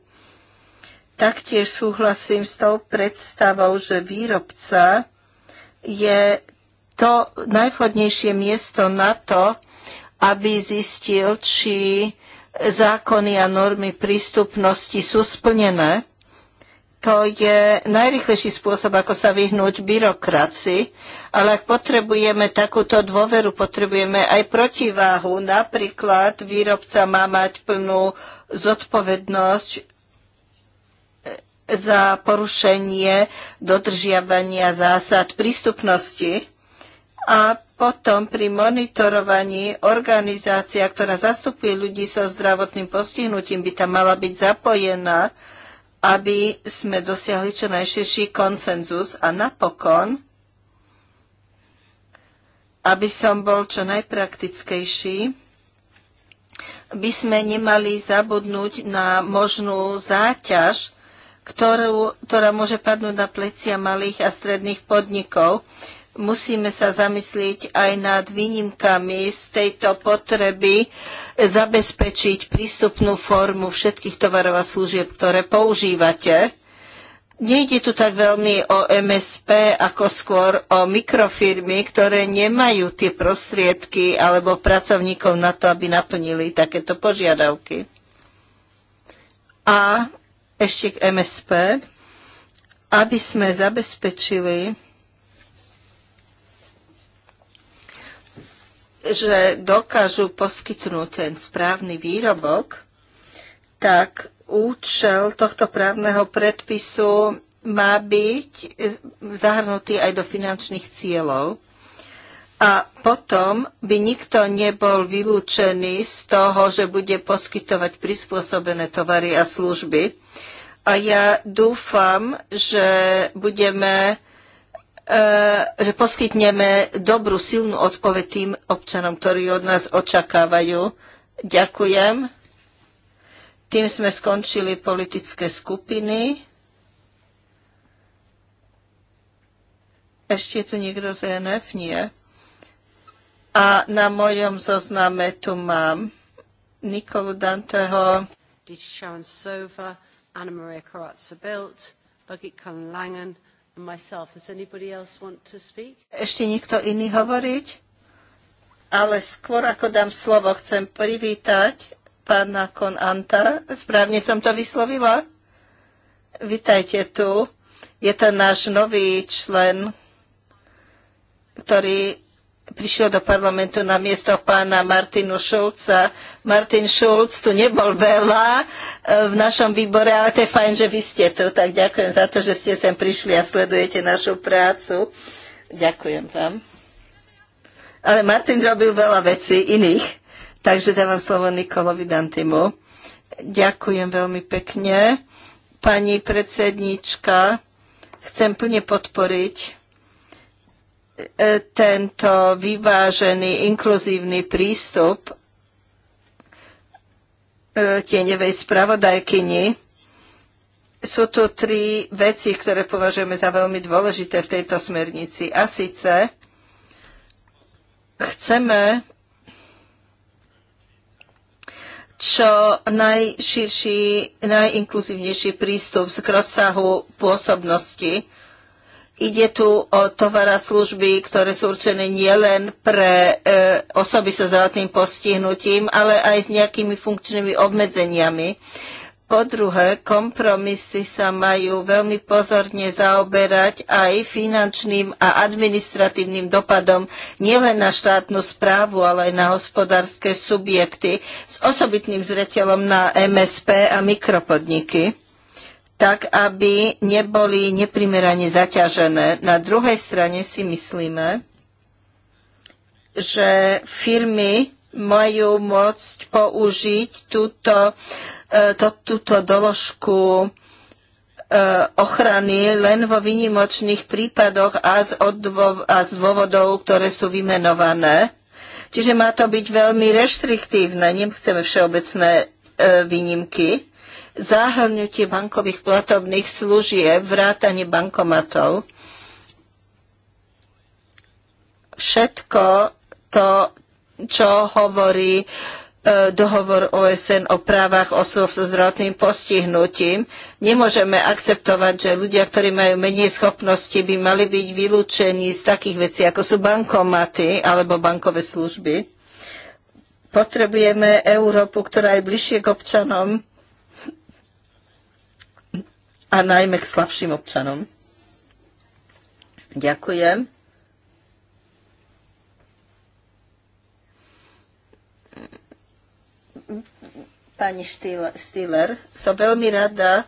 Taktiež súhlasím s tou predstavou, že výrobca je to najvhodnejšie miesto na to, aby zistil, či zákony a normy prístupnosti sú splnené. To je najrychlejší spôsob, ako sa vyhnúť byrokracii, ale ak potrebujeme takúto dôveru, potrebujeme aj protiváhu. Napríklad výrobca má mať plnú zodpovednosť za porušenie dodržiavania zásad prístupnosti a potom pri monitorovaní organizácia, ktorá zastupuje ľudí so zdravotným postihnutím, by tam mala byť zapojená, aby sme dosiahli čo najširší konsenzus a napokon, aby som bol čo najpraktickejší, by sme nemali zabudnúť na možnú záťaž, ktorú, ktorá môže padnúť na plecia malých a stredných podnikov. Musíme sa zamyslieť aj nad výnimkami z tejto potreby zabezpečiť prístupnú formu všetkých tovarov a služieb, ktoré používate. Nejde tu tak veľmi o MSP, ako skôr o mikrofirmy, ktoré nemajú tie prostriedky alebo pracovníkov na to, aby naplnili takéto požiadavky. A ešte k MSP, aby sme zabezpečili, že dokážu poskytnúť ten správny výrobok, tak účel tohto právneho predpisu má byť zahrnutý aj do finančných cieľov a potom by nikto nebol vylúčený z toho, že bude poskytovať prispôsobené tovary a služby. A ja dúfam, že budeme e, že poskytneme dobrú, silnú odpoveď tým občanom, ktorí od nás očakávajú. Ďakujem. Tým sme skončili politické skupiny. Ešte je tu niekto z e NF? Nie. A na mojom zozname tu mám Nikolu Danteho, Dita Sharon Sova, Anna Maria Karatsa Bilt, Birgit Cullen Langen and myself. Does anybody else want to speak? Ešte niekto iný hovoriť? Ale skôr ako dám slovo, chcem privítať pána Konanta. Správne som to vyslovila? Vítajte tu. Je to náš nový člen, ktorý prišiel do parlamentu na miesto pána Martinu Šulca. Martin Šulc tu nebol veľa e, v našom výbore, ale to je fajn, že vy ste tu. Tak ďakujem za to, že ste sem prišli a sledujete našu prácu. Ďakujem vám. Ale Martin robil veľa vecí iných, takže dávam slovo Nikolovi Dantimu. Ďakujem veľmi pekne. Pani predsednička, chcem plne podporiť E, tento vyvážený, inkluzívny prístup e, tieňovej spravodajkyni. Sú tu tri veci, ktoré považujeme za veľmi dôležité v tejto smernici. A síce chceme čo najširší, najinkluzívnejší prístup z rozsahu pôsobnosti Ide tu o tovara služby, ktoré sú určené nielen pre e, osoby so zdravotným postihnutím, ale aj s nejakými funkčnými obmedzeniami. Po druhé, kompromisy sa majú veľmi pozorne zaoberať aj finančným a administratívnym dopadom nielen na štátnu správu, ale aj na hospodárske subjekty s osobitným zreteľom na MSP a mikropodniky tak aby neboli neprimerane zaťažené. Na druhej strane si myslíme, že firmy majú môcť použiť túto, e, to, túto doložku e, ochrany len vo výnimočných prípadoch a z, odvov, a z dôvodov, ktoré sú vymenované. Čiže má to byť veľmi reštriktívne, nechceme všeobecné e, výnimky zahrnutie bankových platobných služieb, vrátanie bankomatov. Všetko to, čo hovorí e, dohovor OSN o právach osôb so zdravotným postihnutím. Nemôžeme akceptovať, že ľudia, ktorí majú menej schopnosti, by mali byť vylúčení z takých vecí, ako sú bankomaty alebo bankové služby. Potrebujeme Európu, ktorá je bližšie k občanom, a najmä k slabším občanom. Ďakujem. Pani Stiller, som veľmi rada,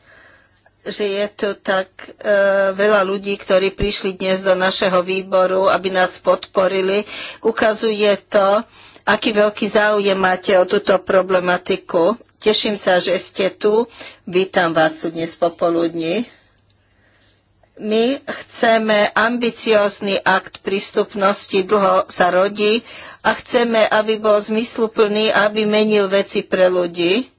že je tu tak e, veľa ľudí, ktorí prišli dnes do našeho výboru, aby nás podporili. Ukazuje to, aký veľký záujem máte o túto problematiku. Teším sa, že ste tu. Vítam vás tu dnes popoludní. My chceme ambiciózny akt prístupnosti, dlho sa rodí a chceme, aby bol zmysluplný, aby menil veci pre ľudí.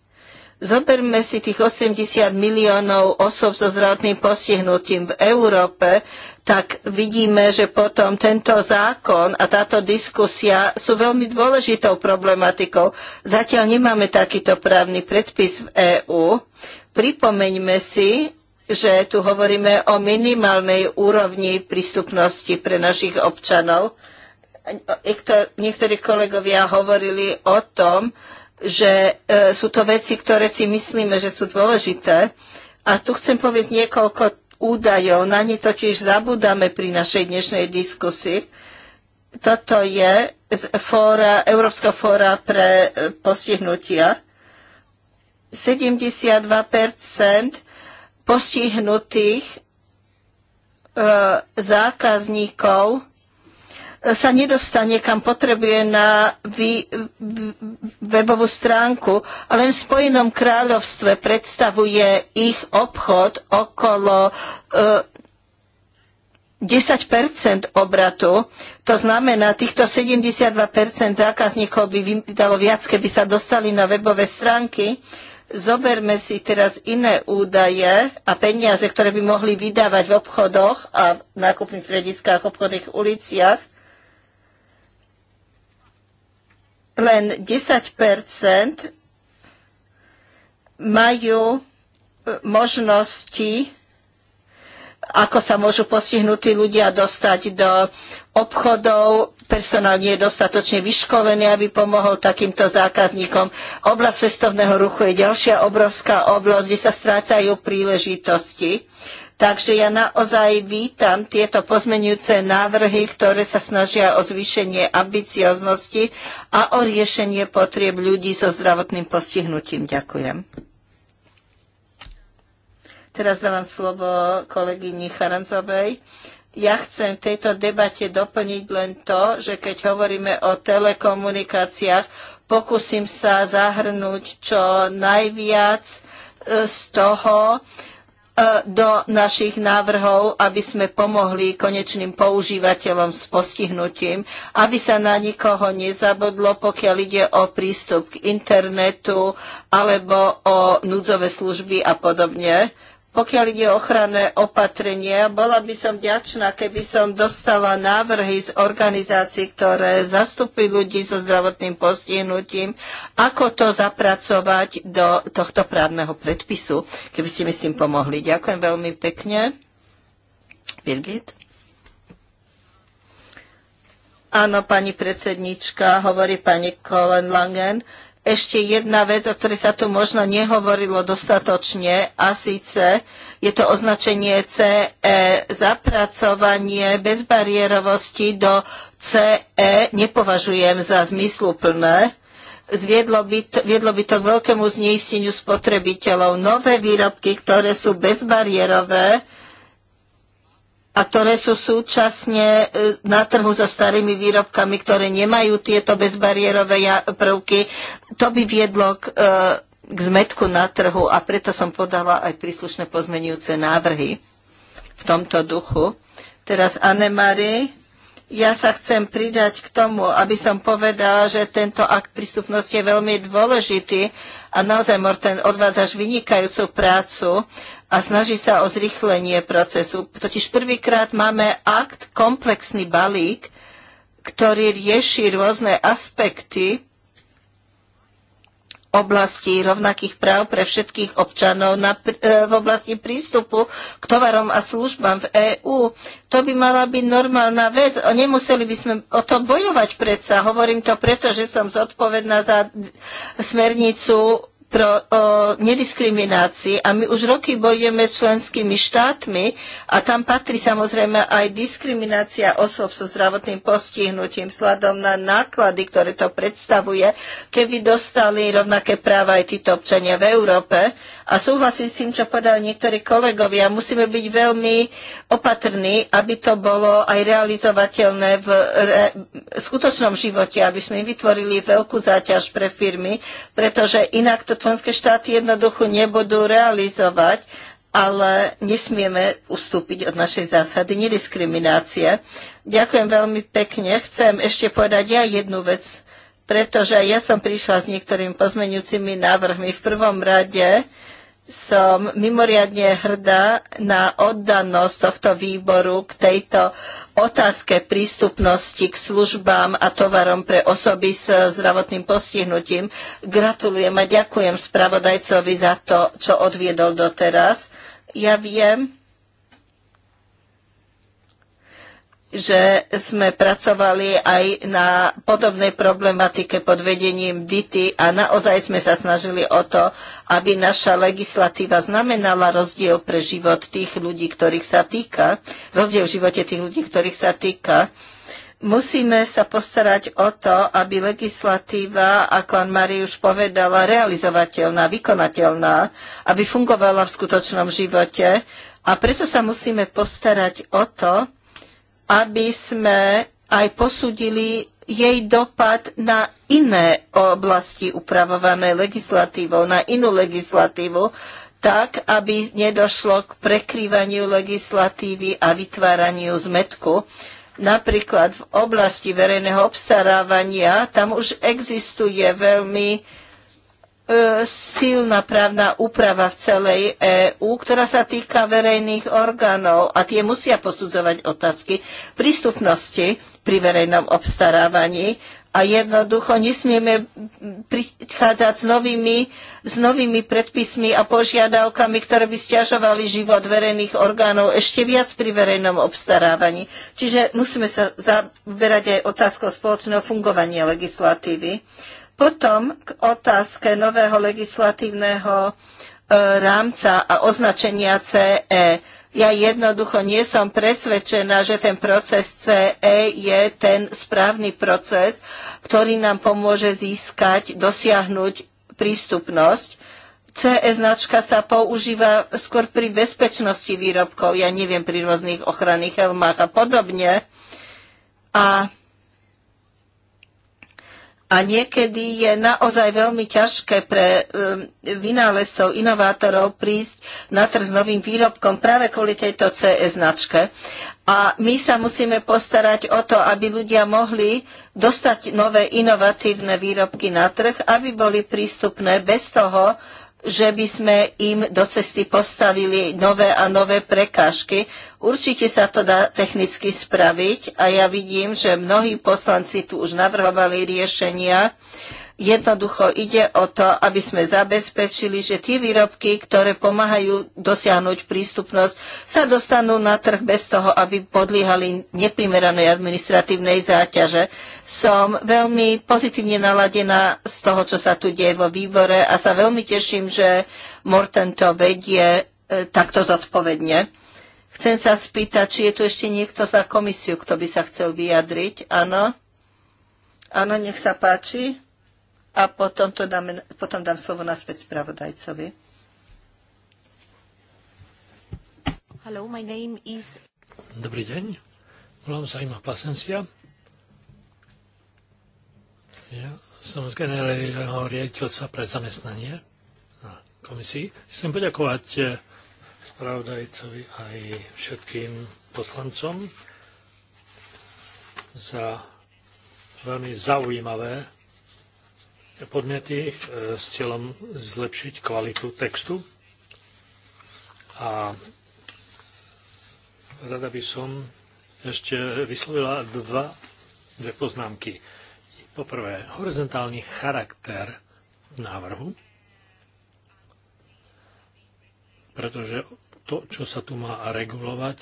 Zoberme si tých 80 miliónov osob so zdravotným postihnutím v Európe, tak vidíme, že potom tento zákon a táto diskusia sú veľmi dôležitou problematikou. Zatiaľ nemáme takýto právny predpis v EÚ. Pripomeňme si, že tu hovoríme o minimálnej úrovni prístupnosti pre našich občanov. Niektorí kolegovia hovorili o tom, že e, sú to veci, ktoré si myslíme, že sú dôležité. A tu chcem povedať niekoľko údajov. Na ne totiž zabudáme pri našej dnešnej diskusii. Toto je z fóra, Európska fóra pre e, postihnutia. 72% postihnutých e, zákazníkov sa nedostane, kam potrebuje na webovú stránku. ale len v Spojenom kráľovstve predstavuje ich obchod okolo e, 10 obratu, to znamená, týchto 72 zákazníkov by vydalo viac, keby sa dostali na webové stránky. Zoberme si teraz iné údaje a peniaze, ktoré by mohli vydávať v obchodoch a v nákupných strediskách, obchodných uliciach len 10 majú e, možnosti, ako sa môžu postihnutí ľudia dostať do obchodov. Personál nie je dostatočne vyškolený, aby pomohol takýmto zákazníkom. Oblasť cestovného ruchu je ďalšia obrovská oblasť, kde sa strácajú príležitosti. Uh, Takže ja naozaj vítam tieto pozmenujúce návrhy, ktoré sa snažia o zvýšenie ambicioznosti a o riešenie potrieb ľudí so zdravotným postihnutím. Ďakujem. Teraz dávam slovo kolegyni Charanzovej. Ja chcem v tejto debate doplniť len to, že keď hovoríme o telekomunikáciách, pokúsim sa zahrnúť čo najviac e, z toho, E, do našich návrhov, aby sme pomohli konečným používateľom s postihnutím, aby sa na nikoho nezabodlo, pokiaľ ide o prístup k internetu alebo o núdzové služby a podobne. Pokiaľ ide o ochranné opatrenia, bola by som vďačná, keby som dostala návrhy z organizácií, ktoré zastupujú ľudí so zdravotným postihnutím, ako to zapracovať do tohto právneho predpisu, keby ste mi s tým pomohli. Ďakujem veľmi pekne. Birgit? Áno, pani predsednička, hovorí pani Colin Langen ešte jedna vec, o ktorej sa tu možno nehovorilo dostatočne, a síce je to označenie CE, zapracovanie bezbariérovosti do CE nepovažujem za zmysluplné. Zviedlo by to, viedlo by to k veľkému zneisteniu spotrebiteľov. Nové výrobky, ktoré sú bezbariérové, a ktoré sú súčasne e, na trhu so starými výrobkami, ktoré nemajú tieto bezbariérové prvky, to by viedlo k, e, k zmetku na trhu a preto som podala aj príslušné pozmenujúce návrhy v tomto duchu. Teraz Anne-Marie. Ja sa chcem pridať k tomu, aby som povedala, že tento akt prístupnosti je veľmi dôležitý a naozaj, Morten, odvádzaš vynikajúcu prácu a snaží sa o zrychlenie procesu. Totiž prvýkrát máme akt, komplexný balík, ktorý rieši rôzne aspekty oblasti rovnakých práv pre všetkých občanov na, e, v oblasti prístupu k tovarom a službám v EÚ. To by mala byť normálna vec. Nemuseli by sme o tom bojovať predsa. Hovorím to preto, že som zodpovedná za smernicu pro, o nediskriminácii a my už roky bojujeme s členskými štátmi a tam patrí samozrejme aj diskriminácia osôb so zdravotným postihnutím sladom na náklady, ktoré to predstavuje, keby dostali rovnaké práva aj títo občania v Európe. A súhlasím s tým, čo povedali niektorí kolegovia. Musíme byť veľmi opatrní, aby to bolo aj realizovateľné v re- skutočnom živote, aby sme vytvorili veľkú záťaž pre firmy, pretože inak to členské štáty jednoducho nebudú realizovať ale nesmieme ustúpiť od našej zásady nediskriminácie. Ďakujem veľmi pekne. Chcem ešte povedať ja jednu vec, pretože ja som prišla s niektorými pozmeňujúcimi návrhmi. V prvom rade som mimoriadne hrdá na oddanosť tohto výboru k tejto otázke prístupnosti k službám a tovarom pre osoby s zdravotným postihnutím. Gratulujem a ďakujem spravodajcovi za to, čo odviedol doteraz. Ja viem, že sme pracovali aj na podobnej problematike pod vedením DITY a naozaj sme sa snažili o to, aby naša legislatíva znamenala rozdiel pre život tých ľudí, ktorých sa týka, rozdiel v živote tých ľudí, ktorých sa týka. Musíme sa postarať o to, aby legislatíva, ako Ann Marie už povedala, realizovateľná, vykonateľná, aby fungovala v skutočnom živote. A preto sa musíme postarať o to, aby sme aj posúdili jej dopad na iné oblasti upravované legislatívou, na inú legislatívu, tak, aby nedošlo k prekrývaniu legislatívy a vytváraniu zmetku. Napríklad v oblasti verejného obstarávania tam už existuje veľmi E, silná právna úprava v celej EÚ, ktorá sa týka verejných orgánov a tie musia posudzovať otázky prístupnosti pri verejnom obstarávaní a jednoducho nesmieme prichádzať s novými, s novými predpismi a požiadavkami, ktoré by stiažovali život verejných orgánov ešte viac pri verejnom obstarávaní. Čiže musíme sa zaberať aj otázkou spoločného fungovania legislatívy. Potom k otázke nového legislatívneho e, rámca a označenia CE. Ja jednoducho nie som presvedčená, že ten proces CE je ten správny proces, ktorý nám pomôže získať, dosiahnuť prístupnosť. CE značka sa používa skôr pri bezpečnosti výrobkov, ja neviem, pri rôznych ochranných helmách a podobne. A a niekedy je naozaj veľmi ťažké pre um, vynálezcov, inovátorov prísť na trh s novým výrobkom práve kvôli tejto CS značke. A my sa musíme postarať o to, aby ľudia mohli dostať nové inovatívne výrobky na trh, aby boli prístupné bez toho, že by sme im do cesty postavili nové a nové prekážky. Určite sa to dá technicky spraviť a ja vidím, že mnohí poslanci tu už navrhovali riešenia, Jednoducho ide o to, aby sme zabezpečili, že tie výrobky, ktoré pomáhajú dosiahnuť prístupnosť, sa dostanú na trh bez toho, aby podliehali neprimeranej administratívnej záťaže. Som veľmi pozitívne naladená z toho, čo sa tu deje vo výbore a sa veľmi teším, že Morten to vedie e, takto zodpovedne. Chcem sa spýtať, či je tu ešte niekto za komisiu, kto by sa chcel vyjadriť. Áno? Áno, nech sa páči a potom, to dám, potom dám slovo naspäť spravodajcovi. Hello, my name is... Dobrý deň, volám sa Ima Plasencia. Ja som z generálneho riaditeľstva pre zamestnanie na komisii. Chcem poďakovať eh, spravodajcovi aj všetkým poslancom za veľmi zaujímavé podnety e, s cieľom zlepšiť kvalitu textu. A rada by som ešte vyslovila dva, dve poznámky. Poprvé, horizontálny charakter návrhu, pretože to, čo sa tu má regulovať,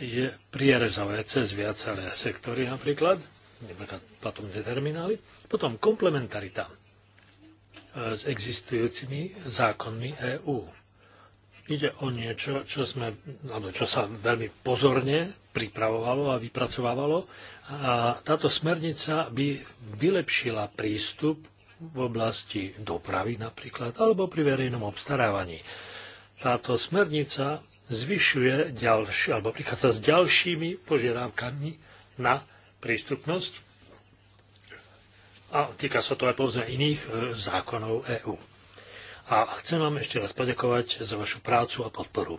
je prierezové cez viaceré sektory napríklad, napríklad platobné terminály. Potom komplementarita s existujúcimi zákonmi EÚ. Ide o niečo, čo, sme, alebo čo sa veľmi pozorne pripravovalo a vypracovávalo. A táto smernica by vylepšila prístup v oblasti dopravy napríklad, alebo pri verejnom obstarávaní. Táto smernica zvyšuje ďalšie, alebo prichádza s ďalšími požiadavkami na prístupnosť a týka sa to aj povedzme iných e, zákonov EÚ. A chcem vám ešte raz poďakovať za vašu prácu a podporu.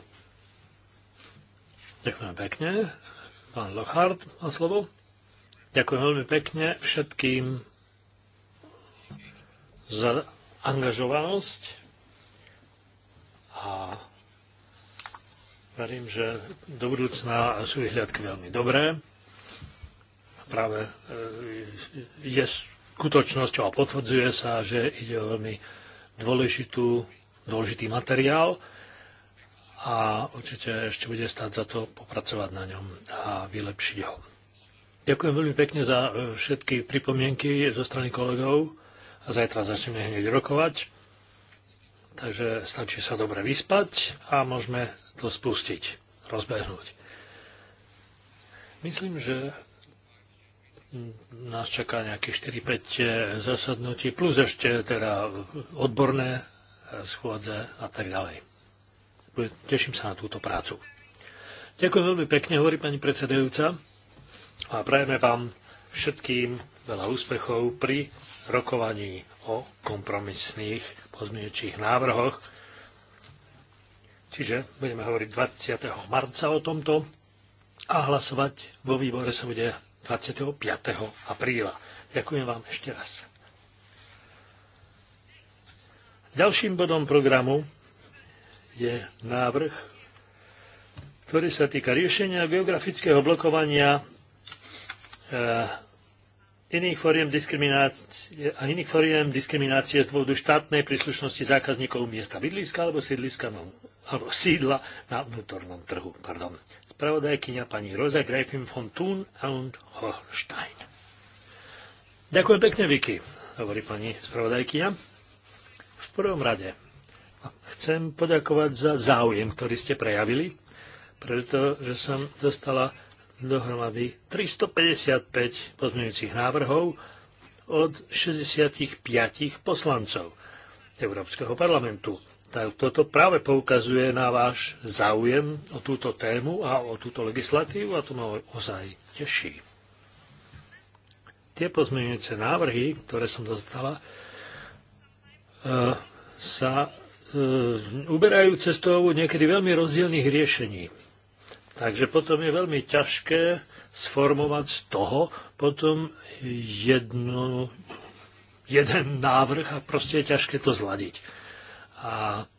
Ďakujem pekne. Pán Lochard má slovo. Ďakujem veľmi pekne všetkým za angažovanosť a verím, že do budúcna sú vyhľadky veľmi dobré. Práve e, je skutočnosťou a potvrdzuje sa, že ide o veľmi dôležitú, dôležitý materiál a určite ešte bude stáť za to popracovať na ňom a vylepšiť ho. Ďakujem veľmi pekne za e, všetky pripomienky zo strany kolegov a zajtra začneme hneď rokovať. Takže stačí sa dobre vyspať a môžeme to spustiť, rozbehnúť. Myslím, že nás čaká nejakých 4-5 e, zasadnutí, plus ešte teda odborné e, schôdze a tak ďalej. Teším sa na túto prácu. Ďakujem veľmi pekne, hovorí pani predsedajúca a prajeme vám všetkým veľa úspechov pri rokovaní o kompromisných pozmeňujúcich návrhoch. Čiže budeme hovoriť 20. marca o tomto a hlasovať vo výbore sa bude 25. apríla. Ďakujem vám ešte raz. Ďalším bodom programu je návrh, ktorý sa týka riešenia geografického blokovania eh, iných foriem diskriminácie, a iných foriem diskriminácie z dôvodu štátnej príslušnosti zákazníkov miesta bydliska alebo sídliska, alebo sídla na vnútornom trhu. Pardon spravodajkyňa pani Rosa Greifin von Thun und Holstein. Ďakujem pekne, Vicky, hovorí pani spravodajkyňa. V prvom rade chcem poďakovať za záujem, ktorý ste prejavili, pretože som dostala dohromady 355 pozmeňujúcich návrhov od 65 poslancov Európskeho parlamentu tak toto práve poukazuje na váš záujem o túto tému a o túto legislatívu a to ma ozaj teší. Tie pozmeňujúce návrhy, ktoré som dostala, eh, sa eh, uberajú cestou niekedy veľmi rozdielných riešení. Takže potom je veľmi ťažké sformovať z toho potom jedno, jeden návrh a proste je ťažké to zladiť. A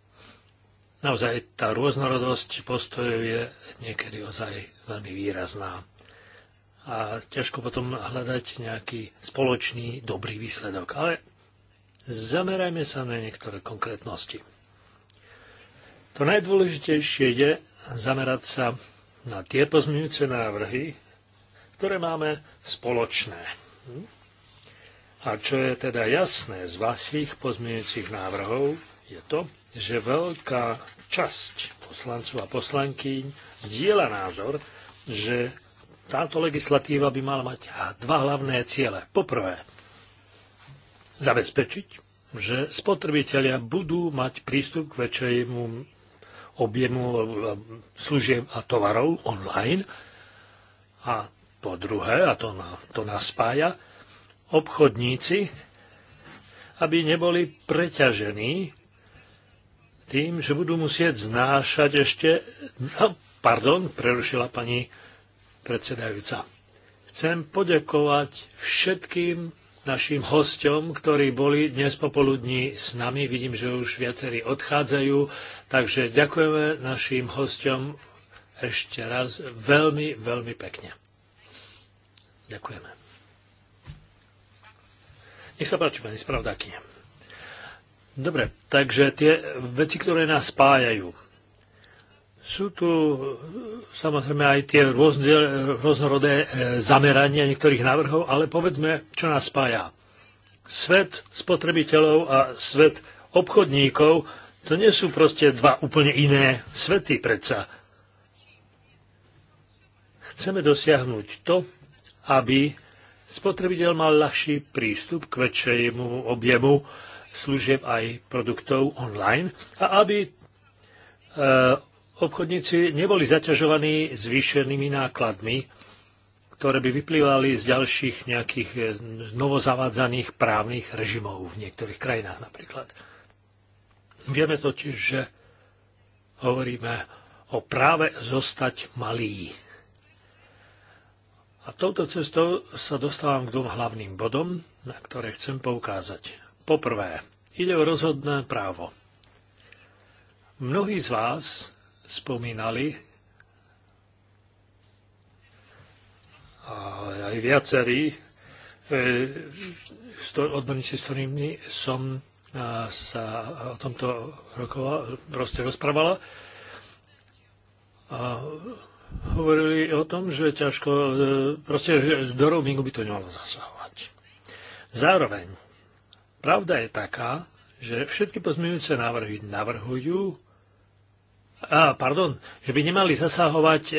naozaj tá rôznorodosť postojov je niekedy ozaj veľmi výrazná. A ťažko potom hľadať nejaký spoločný dobrý výsledok. Ale zamerajme sa na niektoré konkrétnosti. To najdôležitejšie je zamerať sa na tie pozmeňujúce návrhy, ktoré máme spoločné. Hm? A čo je teda jasné z vašich pozmeňujúcich návrhov, je to, že veľká časť poslancov a poslankyň zdieľa názor, že táto legislatíva by mala mať dva hlavné ciele. Poprvé, zabezpečiť, že spotrebitelia budú mať prístup k väčšiemu objemu eh, služieb a tovarov online. A po druhé, a to, na, to nás spája, obchodníci, aby neboli preťažení tým, že budú musieť znášať ešte... No, pardon, prerušila pani predsedajúca. Chcem poďakovať všetkým našim hostom, ktorí boli dnes popoludní s nami. Vidím, že už viacerí odchádzajú, takže ďakujeme našim hostom ešte raz veľmi, veľmi pekne. Ďakujeme. Nech sa páči, pani spravodajkyňa. Dobre, takže tie veci, ktoré nás spájajú. Sú tu eh, samozrejme aj tie rôzne, rôznorodé eh, zamerania niektorých návrhov, ale povedzme, čo nás spája. Svet spotrebiteľov a svet obchodníkov, to nie sú proste dva úplne iné svety predsa. Chceme dosiahnuť to, aby spotrebiteľ mal ľahší prístup k väčšiemu objemu služieb aj produktov online a aby e, obchodníci neboli zaťažovaní zvýšenými nákladmi, ktoré by vyplývali z ďalších nejakých e, novozavádzaných právnych režimov v niektorých krajinách napríklad. Vieme totiž, že hovoríme o práve zostať malý. A touto cestou sa dostávam k dvom hlavným bodom, na ktoré chcem poukázať. Poprvé, ide o rozhodné právo. Mnohí z vás spomínali, a aj viacerí, e, odborníci, s ktorými som e, sa o tomto rokoval, proste rozprávala, a hovorili o tom, že ťažko, e, proste, že do roamingu by to nemalo zasahovať. Zároveň Pravda je taká, že všetky pozmeňujúce návrhy navrhujú, a, pardon, že by nemali zasahovať e, e,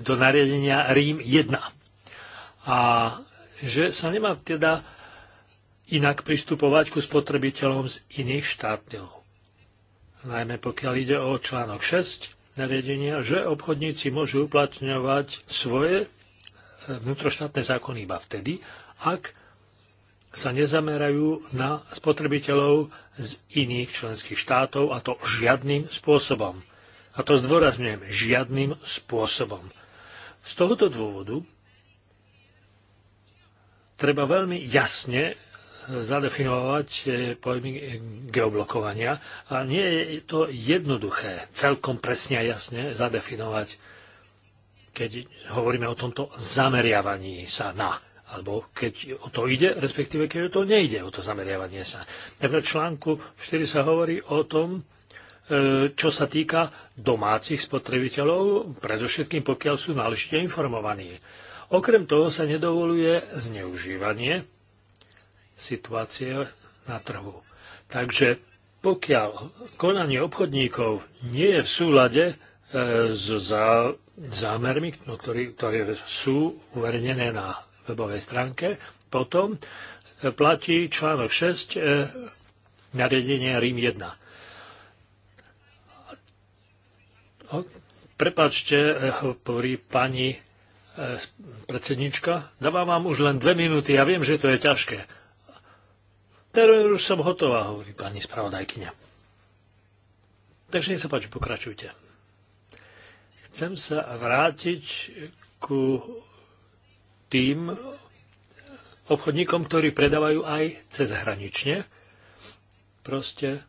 do nariadenia Rím 1. A že sa nemá teda inak pristupovať ku spotrebiteľom z iných štátov. Najmä pokiaľ ide o článok 6 nariadenia, že obchodníci môžu uplatňovať svoje e, vnútroštátne zákony iba vtedy, ak sa nezamerajú na spotrebiteľov z iných členských štátov a to žiadnym spôsobom. A to zdôrazňujem, žiadnym spôsobom. Z tohoto dôvodu treba veľmi jasne zadefinovať eh, pojmy geoblokovania a nie je to jednoduché celkom presne a jasne zadefinovať, keď hovoríme o tomto zameriavaní sa na alebo keď o to ide, respektíve keď o to nejde, o to zameriavanie sa. Tak v článku 4 sa hovorí o tom, e, čo sa týka domácich spotrebiteľov, predovšetkým pokiaľ sú náležite informovaní. Okrem toho sa nedovoluje zneužívanie situácie na trhu. Takže pokiaľ konanie obchodníkov nie je v súlade e, s zámermi, no, ktoré sú uverejnené na webovej stránke. Potom e, platí článok 6 e, nariadenia Rím 1. Prepačte, e, hovorí pani predsednička, dávam vám už len dve minúty, ja viem, že to je ťažké. Teraz už som hotová, hovorí pani spravodajkyňa. Takže nech sa páči, pokračujte. Chcem sa vrátiť ku tým obchodníkom, ktorí predávajú aj cezhranične. Proste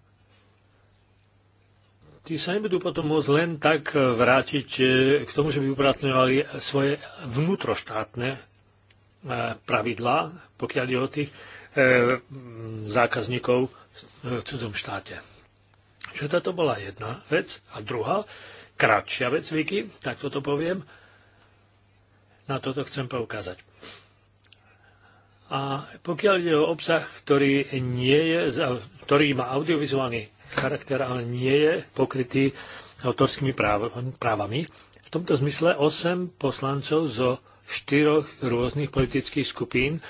tí sa nebudú potom môcť len tak vrátiť e, k tomu, že by uprátňovali svoje vnútroštátne e, pravidlá, pokiaľ je o tých e, zákazníkov v cudzom štáte. Čiže táto bola jedna vec. A druhá, kratšia vec, Viki, tak toto poviem, na toto chcem poukázať. A pokiaľ ide o obsah, ktorý, nie je, ktorý má audiovizuálny charakter, ale nie je pokrytý autorskými práv, právami, v tomto zmysle 8 poslancov zo štyroch rôznych politických skupín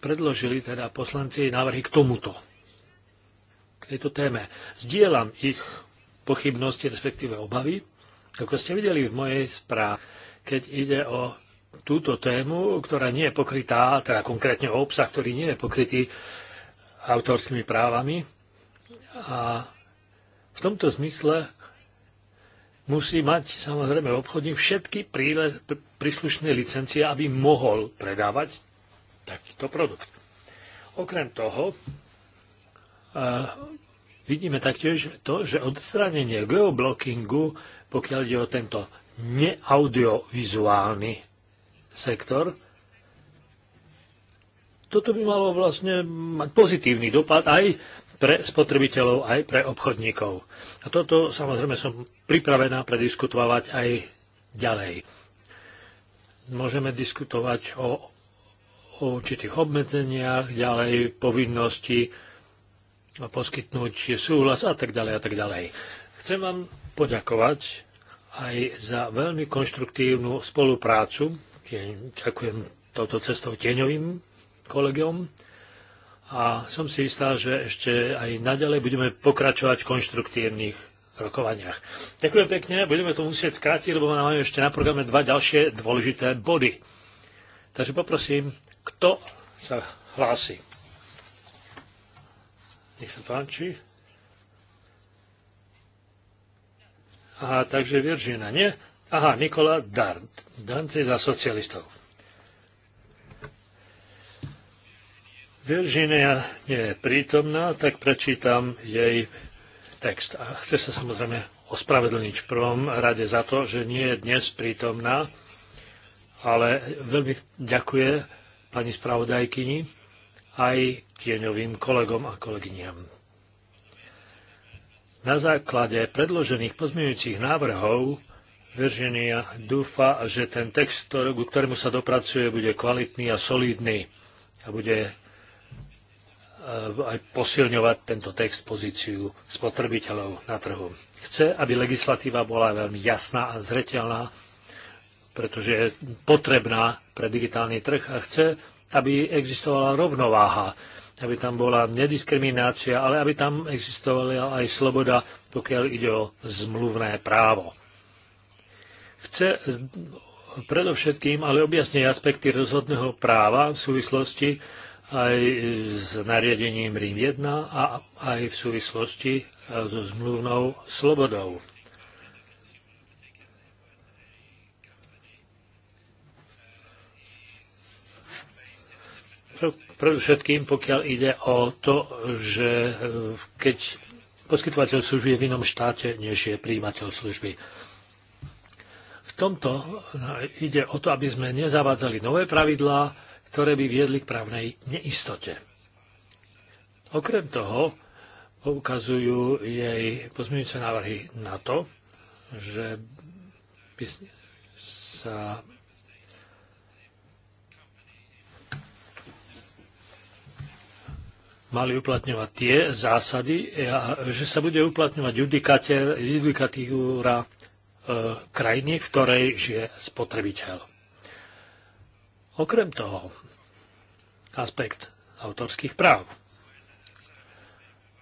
predložili teda poslanci návrhy k tomuto, k tejto téme. Zdieľam ich pochybnosti, respektíve obavy, ako ste videli v mojej správe keď ide o túto tému, ktorá nie je pokrytá, teda konkrétne o obsah, ktorý nie je pokrytý autorskými právami. A v tomto zmysle musí mať samozrejme obchodník všetky príle, príslušné licencie, aby mohol predávať takýto produkt. Okrem toho, vidíme taktiež to, že odstránenie geoblockingu, pokiaľ ide o tento neaudiovizuálny sektor. Toto by malo vlastne mať pozitívny dopad aj pre spotrebiteľov, aj pre obchodníkov. A toto samozrejme som pripravená prediskutovať aj ďalej. Môžeme diskutovať o, o určitých obmedzeniach, ďalej povinnosti poskytnúť súhlas a tak ďalej a tak ďalej. Chcem vám poďakovať aj za veľmi konštruktívnu spoluprácu. Ďakujem touto cestou tieňovým kolegom a som si istá, že ešte aj naďalej budeme pokračovať v konštruktívnych rokovaniach. Ďakujem pekne, budeme to musieť skrátiť, lebo máme ešte na programe dva ďalšie dôležité body. Takže poprosím, kto sa hlási? Nech sa páči. Aha, takže Virginia, nie? Aha, Nikola Dant. Dant za socialistov. Virginia nie je prítomná, tak prečítam jej text. A chce sa samozrejme ospravedlniť v prvom rade za to, že nie je dnes prítomná, ale veľmi ďakuje pani spravodajkyni aj tieňovým kolegom a kolegyniam. Na základe predložených pozmeňujúcich návrhov Virginia dúfa, že ten text, ku ktorému sa dopracuje, bude kvalitný a solidný a bude e, aj posilňovať tento text pozíciu spotrebiteľov na trhu. Chce, aby legislatíva bola veľmi jasná a zreteľná, pretože je potrebná pre digitálny trh a chce, aby existovala rovnováha aby tam bola nediskriminácia, ale aby tam existovala aj sloboda, pokiaľ ide o zmluvné právo. Chce predovšetkým ale objasniť aspekty rozhodného práva v súvislosti aj s nariadením Rím 1 a aj v súvislosti e, so zmluvnou slobodou. Predovšetkým, pokiaľ ide o to, že eh, keď poskytovateľ služby je v inom štáte, než je príjimateľ služby. V tomto eh, ide o to, aby sme nezavádzali nové pravidlá, ktoré by viedli k právnej neistote. Okrem toho poukazujú jej pozmeňujúce návrhy na to, že by sa mali uplatňovať tie zásady, e, že sa bude uplatňovať judikatúra e, krajiny, v ktorej žije spotrebiteľ. Okrem toho, aspekt autorských práv.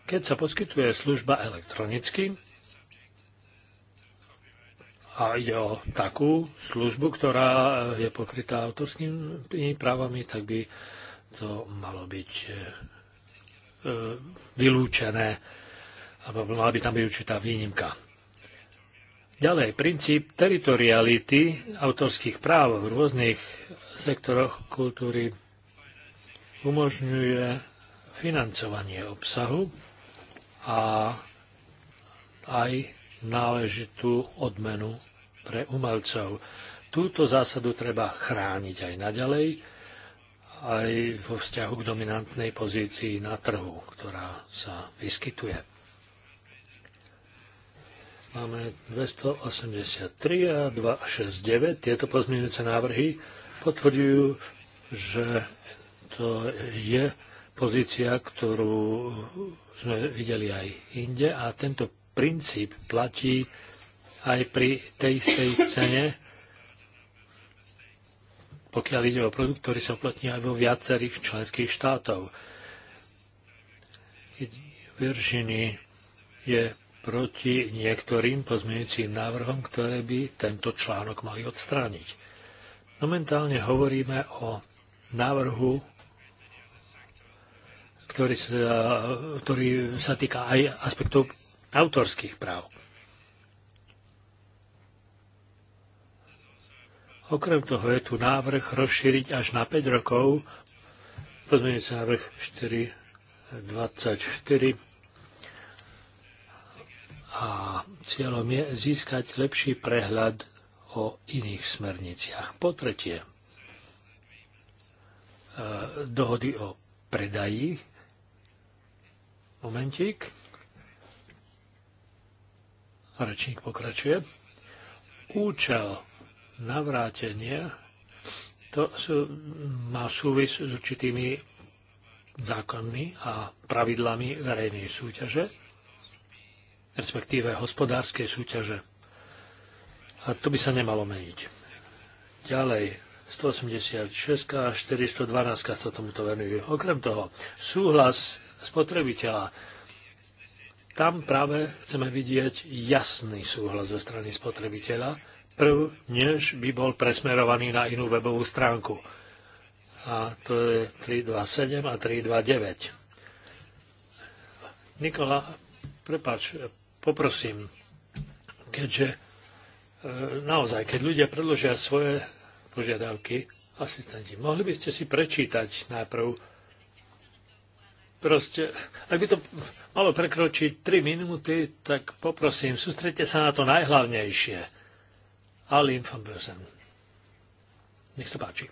Keď sa poskytuje služba elektronicky, a ide o takú službu, ktorá e, je pokrytá autorskými právami, tak by to malo byť e, E, vylúčené, alebo mala by tam byť určitá výnimka. Ďalej, princíp teritoriality autorských práv v rôznych sektoroch kultúry umožňuje financovanie obsahu a aj náležitú odmenu pre umelcov. Túto zásadu treba chrániť aj naďalej aj vo vzťahu k dominantnej pozícii na trhu, ktorá sa vyskytuje. Máme 283 a 269. Tieto pozmeňujúce návrhy potvrdujú, že to je pozícia, ktorú sme videli aj inde a tento princíp platí aj pri tej istej cene pokiaľ ide o produkt, ktorý sa uplatní aj vo viacerých členských štátov. Virginie je proti niektorým pozmeňujúcim návrhom, ktoré by tento článok mali odstrániť. Momentálne hovoríme o návrhu, ktorý sa, ktorý sa týka aj aspektov autorských práv. Okrem toho je tu návrh rozšíriť až na 5 rokov pozmeňujúci návrh 424 a cieľom je získať lepší prehľad o iných smerniciach. Po tretie, e, dohody o predaji. Momentík. Rečník pokračuje. Účel navrátenie to sú, má súvis s určitými zákonmi a pravidlami verejnej súťaže, respektíve hospodárskej súťaže. A to by sa nemalo meniť. Ďalej, 186 a 412 sa tomuto venujú. Okrem toho, súhlas spotrebiteľa. Tam práve chceme vidieť jasný súhlas zo strany spotrebiteľa, prv, než by bol presmerovaný na inú webovú stránku. A to je 327 a 329. Nikola, prepáč, poprosím, keďže e, naozaj, keď ľudia predložia svoje požiadavky, asistenti, mohli by ste si prečítať najprv proste, ak by to malo prekročiť 3 minúty, tak poprosím, sústrete sa na to najhlavnejšie. Alim van Bösen. Nech sa páči.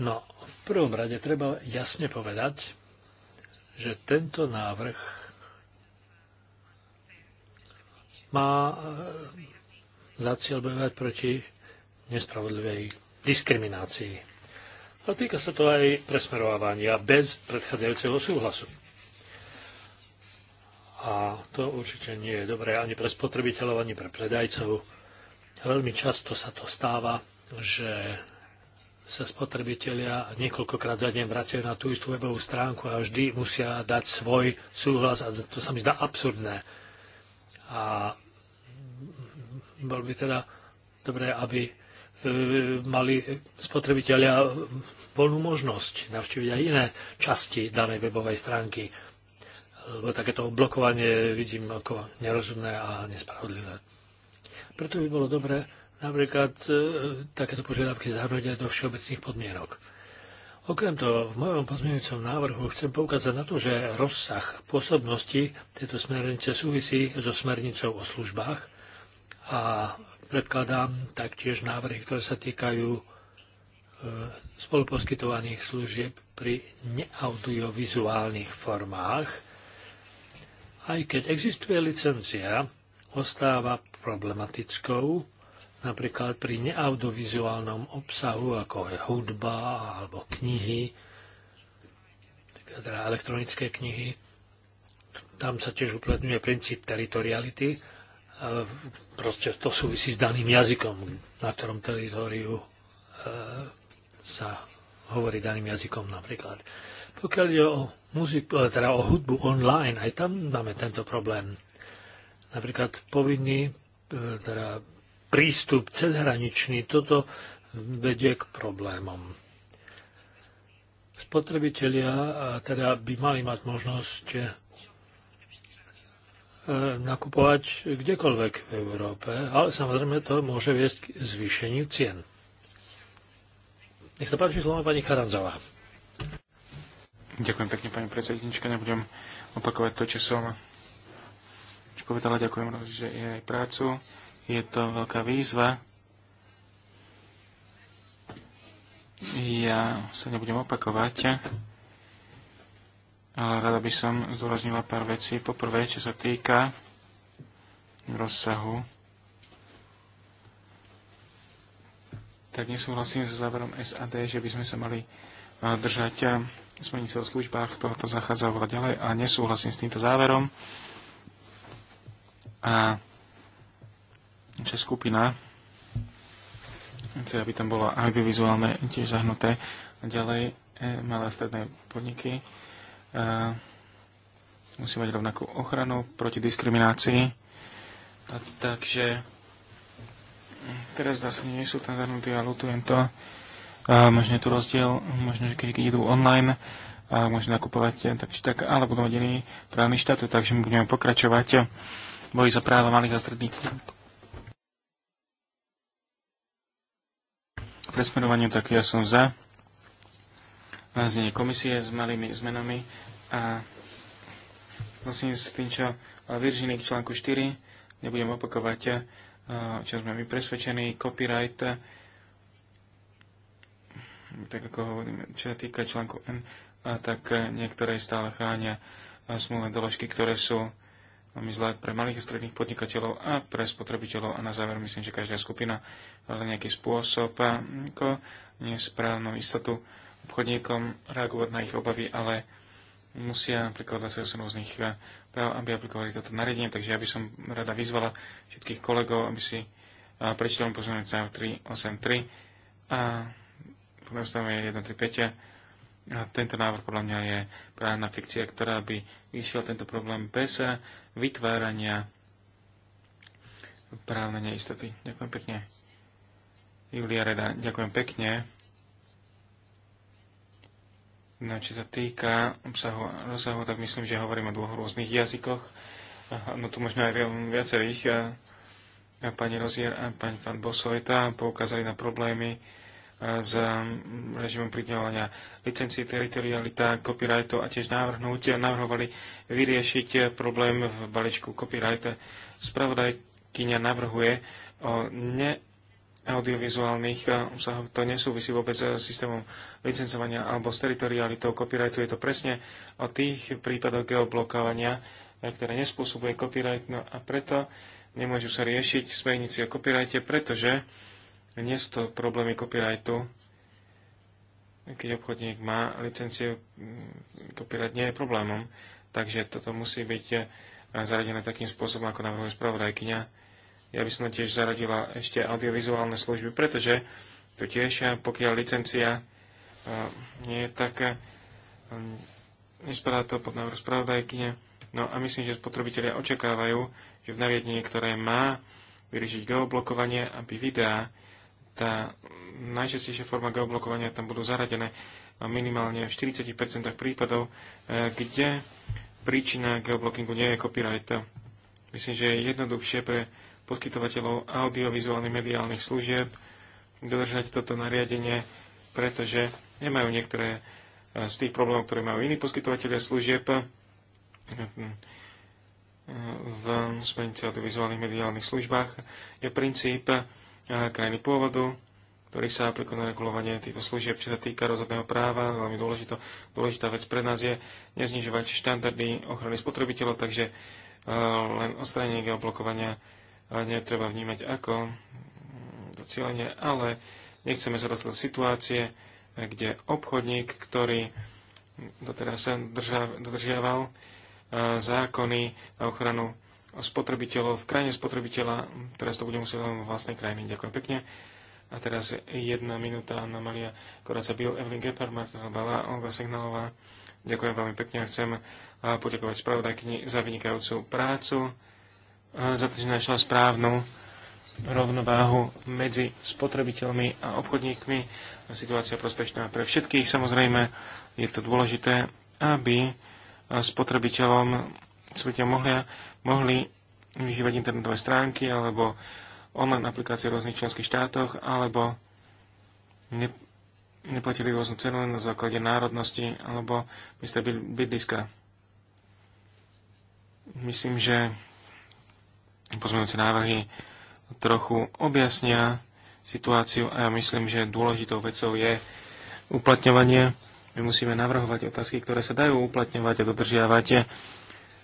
No, v prvom rade treba jasne povedať, že tento návrh má e, za cieľ bojovať proti nespravodlivej diskriminácii. A týka sa to aj presmerovania bez predchádzajúceho súhlasu. A to určite nie je dobré ani pre spotrebiteľov, ani pre predajcov. Veľmi často sa to stáva, že sa spotrebitelia niekoľkokrát za deň vracajú na tú istú webovú stránku a vždy musia dať svoj súhlas a to sa mi zdá absurdné. A bol by teda dobré, aby e, mali spotrebitelia voľnú možnosť navštíviť aj iné časti danej webovej stránky lebo takéto blokovanie vidím ako nerozumné a nespravodlivé. Preto by bolo dobré napríklad e, takéto požiadavky zahrnúť aj do všeobecných podmienok. Okrem toho, v mojom pozmeňujúcom návrhu chcem poukázať na to, že rozsah pôsobnosti tejto smernice súvisí so smernicou o službách a predkladám taktiež návrhy, ktoré sa týkajú e, spoluposkytovaných služieb pri neaudiovizuálnych formách aj keď existuje licencia, ostáva problematickou napríklad pri neaudovizuálnom obsahu, ako je hudba alebo knihy, teda elektronické knihy. Tam sa tiež uplatňuje princíp teritoriality. E, proste to súvisí s daným jazykom, na ktorom teritoriu e, sa hovorí daným jazykom napríklad. Pokiaľ ide o muziku, e, teda o hudbu online, aj tam máme tento problém. Napríklad povinný e, teda prístup cezhraničný, toto vedie k problémom. Spotrebitelia e, teda by mali mať možnosť nakupovať kdekoľvek v Európe, ale samozrejme to môže viesť k zvýšeniu cien. Nech sa páči slovo pani Charanzová. Ďakujem pekne, pani predsednička. Nebudem opakovať to, čo som čo povedala. Ďakujem že je aj prácu. Je to veľká výzva. Ja sa nebudem opakovať, ale rada by som zdôraznila pár vecí. Poprvé, čo sa týka rozsahu, tak nesúhlasím so záverom SAD, že by sme sa mali eh, držať eh, sa o službách tohoto zachádza oveľa ďalej a nesúhlasím s týmto záverom. A naša skupina chcem, aby tam bolo audiovizuálne tiež zahnuté. A ďalej e, malé a stredné podniky e, musí mať rovnakú ochranu proti diskriminácii. A takže e, teraz zase nie sú tam zahrnutí a lutujem to. A možno je tu rozdiel, možno, že keď idú online, a možno nakupovať e, tak či tak, ale budú hodení právny štát, takže my budeme pokračovať boji za práva malých a stredných presmerovaniu, tak ja som za znenie komisie s malými zmenami a vlastne s tým, čo Virginie k článku 4, nebudem opakovať, e, čo sme my presvedčení, copyright tak ako hovoríme, čo sa týka článku N, a tak e, niektoré stále chránia e, smluvné doložky, ktoré sú veľmi zlé pre malých a stredných podnikateľov a pre spotrebiteľov. A na záver myslím, že každá skupina hľadá nejaký spôsob, a nesprávnu istotu obchodníkom reagovať na ich obavy, ale musia aplikovať 28 rôznych e, práv, aby aplikovali toto nariadenie. Takže ja by som rada vyzvala všetkých kolegov, aby si prečítali pozornosť 383 a 3, 5. A tento návrh podľa mňa je právna fikcia, ktorá by vyšiel tento problém bez vytvárania právne neistoty. Ďakujem pekne. Julia Reda, ďakujem pekne. No, čo sa týka obsahu a rozsahu, tak myslím, že hovorím o dvoch rôznych jazykoch. Aha, no tu možno aj viacerých. A, a pani Rozier a pani Fan Bosojta poukázali na problémy s um, režimom pridelovania licencií, teritorialita, copyrightov a tiež navrhnúť, navrhovali vyriešiť problém v balíčku copyright. Spravodajkyňa navrhuje o ne audiovizuálnych obsahov. To nesúvisí vôbec s systémom licencovania alebo s teritorialitou copyrightu. Je to presne o tých prípadoch geoblokovania, ktoré nespôsobuje copyright, no a preto nemôžu sa riešiť smernici o copyrighte, pretože nie sú to problémy copyrightu. Keď obchodník má licenciu, mm, copyright nie je problémom. Takže toto musí byť eh, zaradené takým spôsobom, ako navrhuje spravodajkyňa. Ja by som tiež zaradila ešte audiovizuálne služby, pretože to tiež, eh, pokiaľ licencia eh, nie je taká mm, nespadá to pod návrh spravodajkyne. No a myslím, že spotrebitelia očakávajú, že v nariadení, ktoré má vyriešiť geoblokovanie, aby videá tá najčastejšia forma geoblokovania tam budú zaradené minimálne v 40% prípadov, e, kde príčina geoblockingu nie je copyright. Myslím, že je jednoduchšie pre poskytovateľov audiovizuálnych mediálnych služieb dodržať toto nariadenie, pretože nemajú niektoré e, z tých problémov, ktoré majú iní poskytovateľia služieb e, v smernici audiovizuálnych mediálnych službách, je princíp krajiny pôvodu, ktorý sa aplikujú na regulovanie týchto služieb, čo sa týka rozhodného práva. Veľmi dôležitá, dôležitá vec pre nás je neznižovať štandardy ochrany spotrebiteľov, takže e, len odstránenie geoblokovania e, netreba vnímať ako zacielenie, ale nechceme sa dostať do situácie, kde obchodník, ktorý doteraz sa dodržiaval e, zákony na ochranu spotrebiteľov v krajine spotrebiteľa. Teraz to bude musieť len v vlastnej krajine. Ďakujem pekne. A teraz jedna minúta Anna Maria Koraca Bill, Evelyn Gepard, Martina Bala, Olga Signalová. Ďakujem veľmi pekne a chcem poďakovať spravodajkyni za vynikajúcu prácu, za to, že našla správnu rovnováhu medzi spotrebiteľmi a obchodníkmi. Situácia prospešná pre všetkých. Samozrejme, je to dôležité, aby spotrebiteľom sú ľudia mohli, mohli vyžívať internetové stránky alebo online aplikácie v rôznych členských štátoch alebo ne, neplatili rôznu cenu na základe národnosti alebo miesta bydliska. Myslím, že pozmeňujúce návrhy trochu objasnia situáciu a ja myslím, že dôležitou vecou je uplatňovanie. My musíme navrhovať otázky, ktoré sa dajú uplatňovať a dodržiavať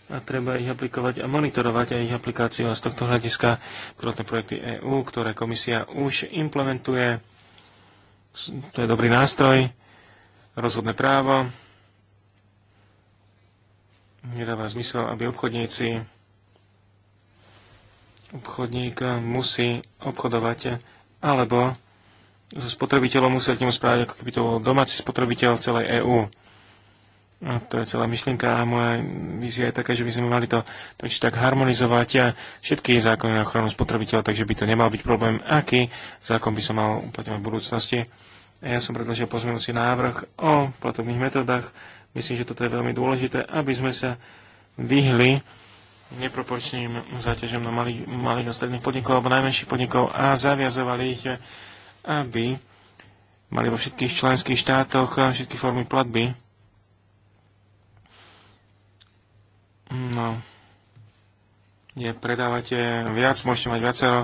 a treba ich aplikovať a monitorovať aj ich aplikáciu. A z tohto hľadiska pilotné projekty EÚ, ktoré komisia už implementuje, to je dobrý nástroj, rozhodné právo. Nedáva zmysel, aby obchodníci obchodník musí obchodovať alebo so spotrebiteľom musia k nemu správať, ako keby to bol domáci spotrebiteľ celej EÚ to je celá myšlienka a moja vízia je taká, že by sme mali to tak, tak harmonizovať a všetky zákony na ochranu spotrebiteľa, takže by to nemal byť problém, aký zákon by sa mal uplatňovať v budúcnosti. Ja som predložil pozmeňujúci návrh o platobných metodách. Myslím, že toto je veľmi dôležité, aby sme sa vyhli neproporčným záťažom na malých, malých a stredných podnikov alebo najmenších podnikov a zaviazovali ich, aby mali vo všetkých členských štátoch všetky formy platby No. Je, predávate viac, môžete mať viacero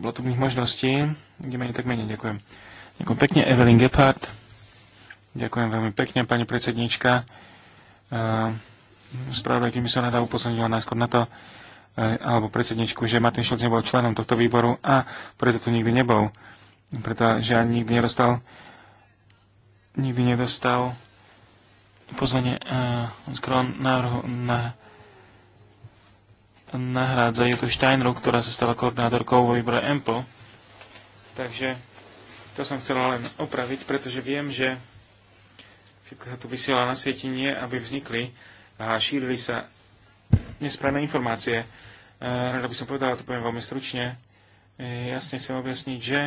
blotovných možností. Kde menej, tak menej. Ďakujem. Ďakujem pekne, Evelyn Gephardt. Ďakujem veľmi pekne, pani predsednička. Spravodajky mi sa rada upozornila najskôr na to, e, alebo predsedničku, že Martin Šulc nebol členom tohto výboru a preto tu nikdy nebol. Pretože ani nikdy nedostal nikdy nedostal pozvanie skron e, návrhu na nahrádza Jutu Steinru, ktorá sa stala koordinátorkou vo výbore EMPL. Takže to som chcela len opraviť, pretože viem, že všetko sa tu vysiela na sieti nie, aby vznikli a šírili sa nesprávne informácie. E, rada by som povedala, to poviem veľmi stručne. E, jasne chcem objasniť, že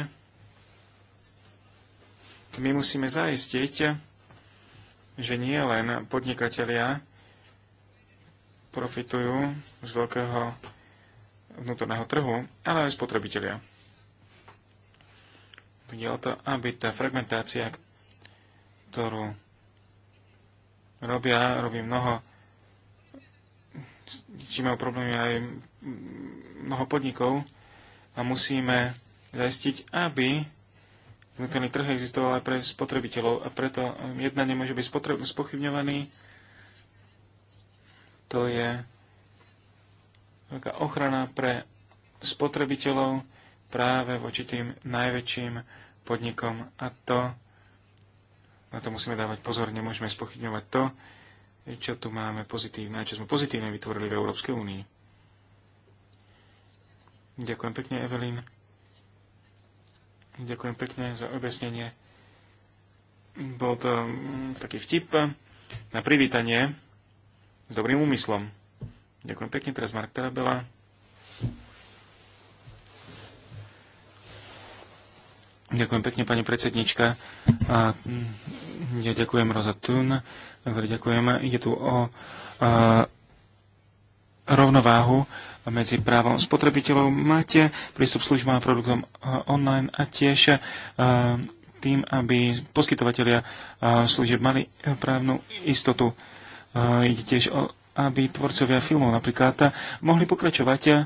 my musíme zaistiť, že nie len podnikatelia profitujú z veľkého vnútorného trhu, ale aj spotrebitelia. Ide o to, aby tá fragmentácia, ktorú robia, robí mnoho, či čím majú problémy aj mnoho podnikov, a musíme zajistiť, aby vnútorný trh existoval aj pre spotrebiteľov a preto um, jedna nemôže byť spotreb- spochybňovaný. To je veľká ochrana pre spotrebiteľov práve voči tým najväčším podnikom a to na to musíme dávať pozor, nemôžeme spochybňovať to, čo tu máme pozitívne, čo sme pozitívne vytvorili v Európskej únii. Ďakujem pekne, Evelyn. Ďakujem pekne za objasnenie. Bol to mm, taký vtip na privítanie s dobrým úmyslom. Ďakujem pekne, teraz Mark Tarabela. Ďakujem pekne, pani predsednička. A, mm, ja ďakujem Roza Thun. Ďakujem. Ide tu o a, rovnováhu medzi právom spotrebiteľov. Máte prístup službám a produktom eh, online a tiež eh, tým, aby poskytovateľia eh, služieb mali právnu istotu. Ide tiež o aby tvorcovia filmov napríklad mohli pokračovať a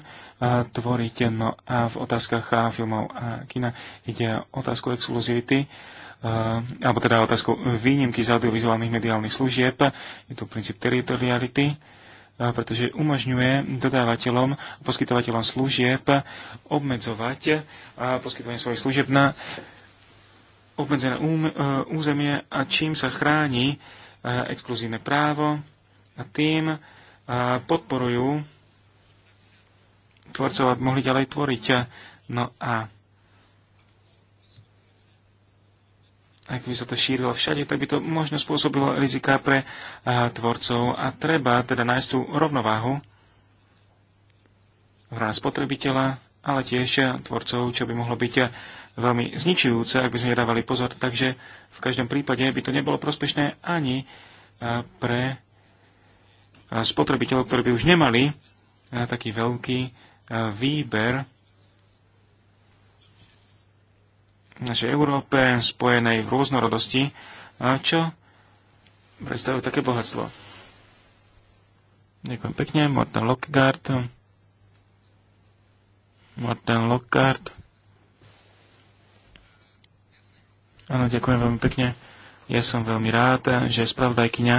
tvoriť. No a v otázkach a filmov a kina ide o otázku exkluzivity, alebo teda otázku výnimky z audiovizuálnych mediálnych služieb. Je tu princíp teritoriality pretože umožňuje dodávateľom a poskytovateľom služieb obmedzovať a poskytovanie svojich služieb na obmedzené e, územie a čím sa chráni e, exkluzívne právo a tým e, podporujú tvorcov, aby mohli ďalej tvoriť. No a ak by sa to šírilo všade, tak by to možno spôsobilo rizika pre a, tvorcov a treba teda nájsť tú rovnováhu rámci spotrebiteľa, ale tiež tvorcov, čo by mohlo byť veľmi zničujúce, ak by sme nedávali pozor. Takže v každom prípade by to nebolo prospešné ani pre spotrebiteľov, ktorí by už nemali taký veľký výber našej Európe, spojenej v rôznorodosti, čo predstavuje také bohatstvo. Ďakujem pekne, Morten Lockhart. Morten Lockhart. Áno, ďakujem veľmi pekne. Ja som veľmi rád, že spravodajkyňa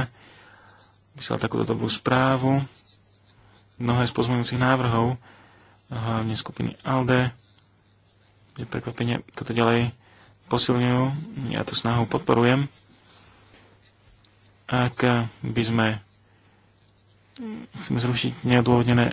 vyslala takúto dobrú správu. Mnohé z pozmeňujúcich návrhov, hlavne skupiny ALDE, že prekvapenie toto ďalej posilňujú. Ja tú snahu podporujem. Ak by sme chceme zrušiť neodôvodnené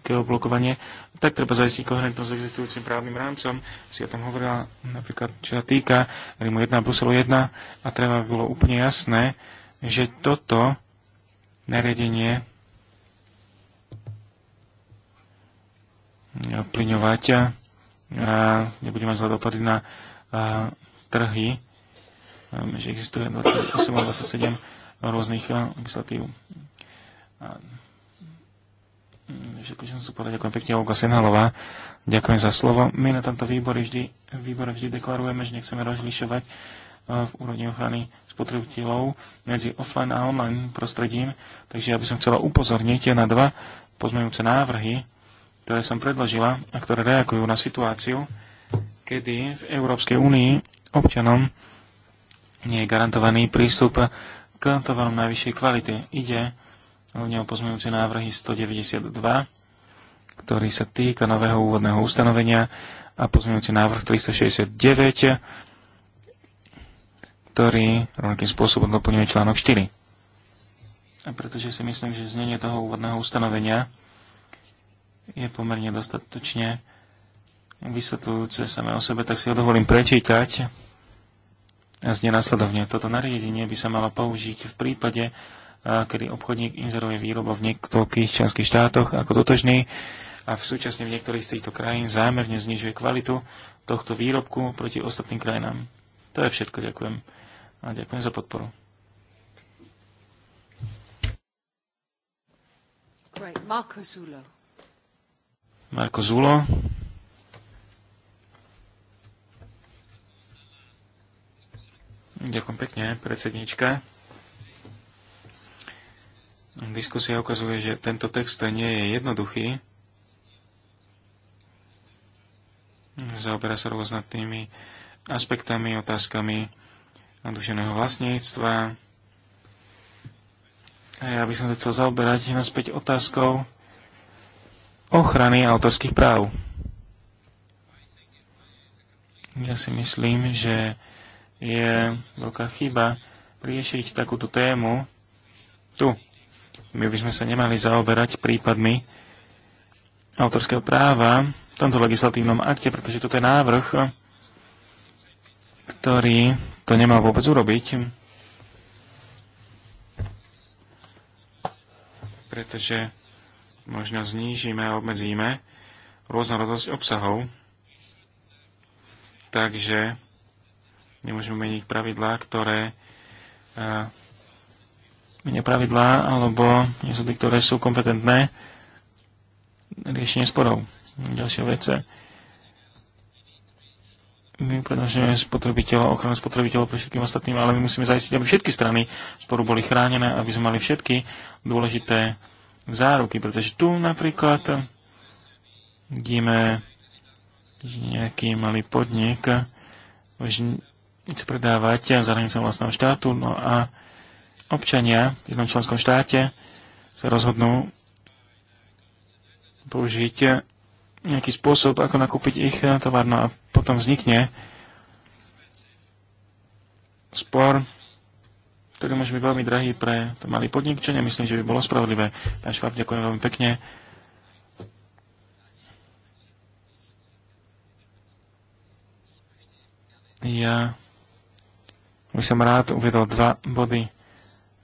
geoblokovanie, tak treba zaistiť koherentnosť s existujúcim právnym rámcom. Si ja tam hovorila napríklad, čo sa týka Rimu 1 a Bruselu 1 a treba by bolo úplne jasné, že toto nariadenie plyňovať nebude mať zle dopady na trhy, že existuje 28 a 27 rôznych legislatív. Mm, všetko, čo som chcel povedať, ďakujem pekne, Olga Senhalová. Ďakujem za slovo. My na tomto výbore vždy, výbore vždy deklarujeme, že nechceme rozlišovať v úrovni ochrany spotrebiteľov medzi offline a online prostredím. Takže ja by som chcela upozorniť na dva pozmeňujúce návrhy, ktoré som predložila a ktoré reagujú na situáciu, kedy v Európskej únii občanom nie je garantovaný prístup k tovarom najvyššej kvality. Ide hlavne o pozmeňujúce návrhy 192, ktorý sa týka nového úvodného ustanovenia a pozmeňujúci návrh 369, ktorý rovnakým spôsobom doplňuje článok 4. A pretože si myslím, že znenie toho úvodného ustanovenia je pomerne dostatočne vysvetľujúce samé o sebe, tak si ho dovolím prečítať a znie následovne. Toto nariadenie by sa malo použiť v prípade, kedy obchodník inzeruje výrobu v niektorých členských štátoch ako totožný a v súčasne v niektorých z týchto krajín zámerne znižuje kvalitu tohto výrobku proti ostatným krajinám. To je všetko, ďakujem. A ďakujem za podporu. Great. Marco Zulo. Marko Zulo. Ďakujem pekne, predsednička. Diskusia ukazuje, že tento text nie je jednoduchý. Zaoberá sa rôznatými tými aspektami, otázkami dušeného vlastníctva. A ja by som sa chcel zaoberať naspäť otázkou, ochrany autorských práv. Ja si myslím, že je veľká chyba riešiť takúto tému tu. My by sme sa nemali zaoberať prípadmi autorského práva v tomto legislatívnom akte, pretože toto je návrh, ktorý to nemá vôbec urobiť. Pretože možno znížime a obmedzíme rôznorodosť obsahov. Takže nemôžeme meniť pravidlá, ktoré menia pravidlá alebo súdy, ktoré sú kompetentné riešenie sporov. Ďalšie vece. My prednášame spotrebiteľa, ochranu spotrebiteľov pre všetkým ostatným, ale my musíme zaistiť, aby všetky strany sporu boli chránené, aby sme mali všetky dôležité záruky, pretože tu napríklad vidíme, nejaký malý podnik už chce predávať za hranicou vlastného štátu, no a občania v jednom členskom štáte sa rozhodnú použiť nejaký spôsob, ako nakúpiť ich tovar, no a potom vznikne spor ktorý môže byť veľmi drahý pre to malý podnik, čo nemyslím, že by bolo spravodlivé. Pán Šváb, ďakujem veľmi pekne. Ja by som rád uvedol dva body.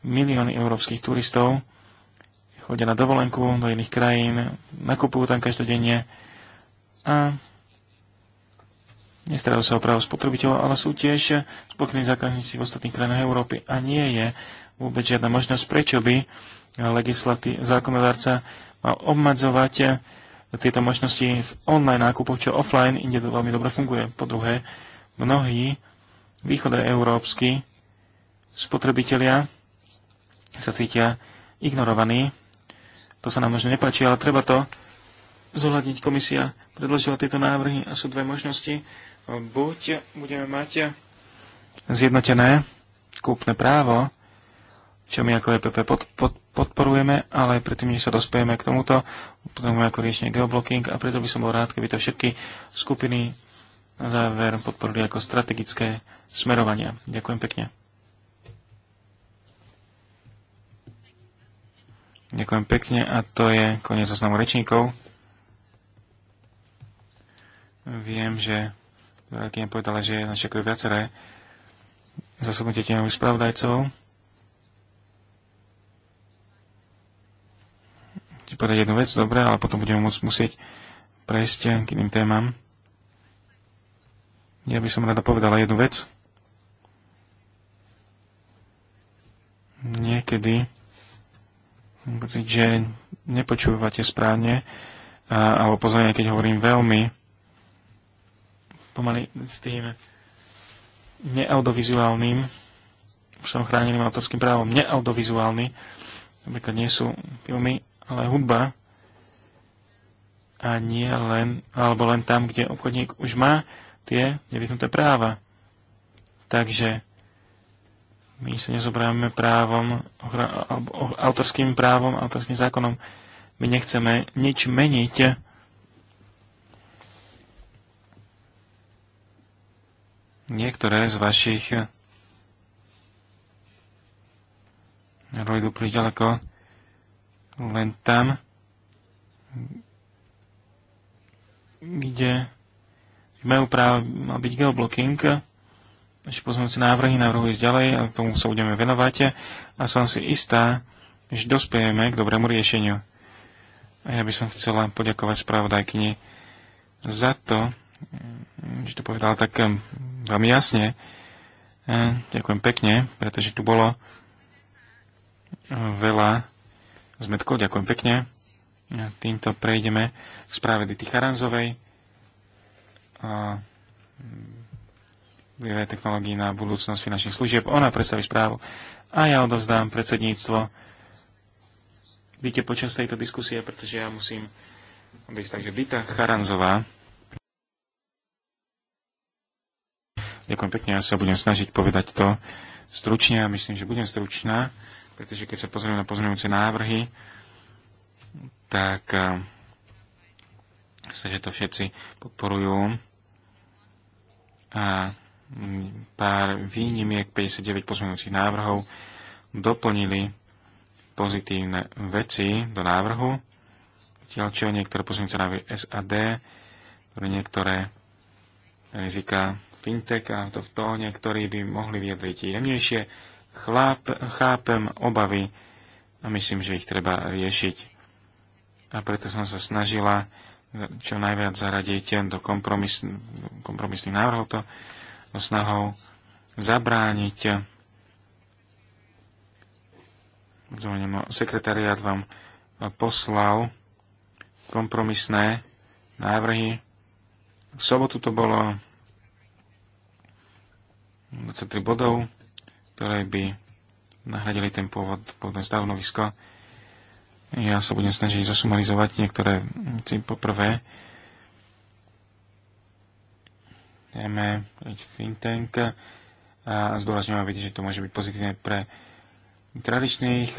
Milióny európskych turistov chodia na dovolenku do iných krajín, nakupujú tam každodenne a nestarajú sa o právo spotrebiteľov, ale sú tiež spokojní zákazníci v ostatných krajinách Európy. A nie je vôbec žiadna možnosť, prečo by legislatí- zákonodárca mal obmedzovať tieto možnosti v online nákupoch, čo offline inde to veľmi dobre funguje. Po druhé, mnohí európsky spotrebitelia sa cítia ignorovaní. To sa nám možno nepáči, ale treba to zohľadniť. Komisia predložila tieto návrhy a sú dve možnosti buď budeme mať zjednotené kúpne právo, čo my ako EPP pod, pod, podporujeme, ale predtým, než sa dospejeme k tomuto, potrebujeme ako riešenie geoblocking a preto by som bol rád, keby to všetky skupiny na záver podporili ako strategické smerovania. Ďakujem pekne. Ďakujem pekne a to je koniec zoznamu rečníkov. Viem, že mi povedala, že nás čakajú viaceré zasadnutie tieňových spravodajcov. Chci povedať jednu vec, dobre, ale potom budeme môcť musieť prejsť k iným témam. Ja by som rada povedala jednu vec. Niekedy mám pocit, že nepočúvate správne, alebo pozorne, keď hovorím veľmi, pomaly s tým neaudovizuálnym, už som chráneným autorským právom, neaudovizuálny, napríklad nie sú filmy, ale hudba a nie len, alebo len tam, kde obchodník už má tie nevyhnuté práva. Takže my sa nezobráme právom, autorským právom, autorským zákonom. My nechceme nič meniť niektoré z vašich rojdu príliš ďaleko len tam, kde majú právo byť geoblocking, ešte si návrhy, návrhu ísť ďalej, a tomu sa budeme venovať a som si istá, že dospejeme k dobrému riešeniu. A ja by som chcela poďakovať spravodajkyni za to, Mm, že to povedala tak veľmi jasne. E, ďakujem pekne, pretože tu bolo e, veľa zmetkov. Ďakujem pekne. E, týmto prejdeme k správe Dity Charanzovej mm, vývoje technológií na budúcnosť finančných služieb. Ona predstaví správu a ja odovzdám predsedníctvo. Víte počas tejto diskusie, pretože ja musím odísť. Takže Dita Charanzová. Ďakujem pekne, ja sa budem snažiť povedať to stručne a myslím, že budem stručná, pretože keď sa pozrieme na pozmeňujúce návrhy, tak eh, sa, že to všetci podporujú. A mm, pár výnimiek 59 pozmeňujúcich návrhov doplnili pozitívne veci do návrhu. Tiaľ čo niektoré pozmeňujúce návrhy SAD, ktoré niektoré rizika fintech a to v tóne, ktorý by mohli vyjadriť jemnejšie. Chláp, chápem obavy a myslím, že ich treba riešiť. A preto som sa snažila čo najviac zaradiť do kompromis, kompromisných návrhov to snahou zabrániť zvoním sekretariat vám poslal kompromisné návrhy. V sobotu to bolo, 23 bodov, ktoré by nahradili ten pôvod, pôvodné stanovisko. Ja sa budem snažiť zosumarizovať niektoré veci. Poprvé, téme think tank a zdôrazňujem, že to môže byť pozitívne pre tradičných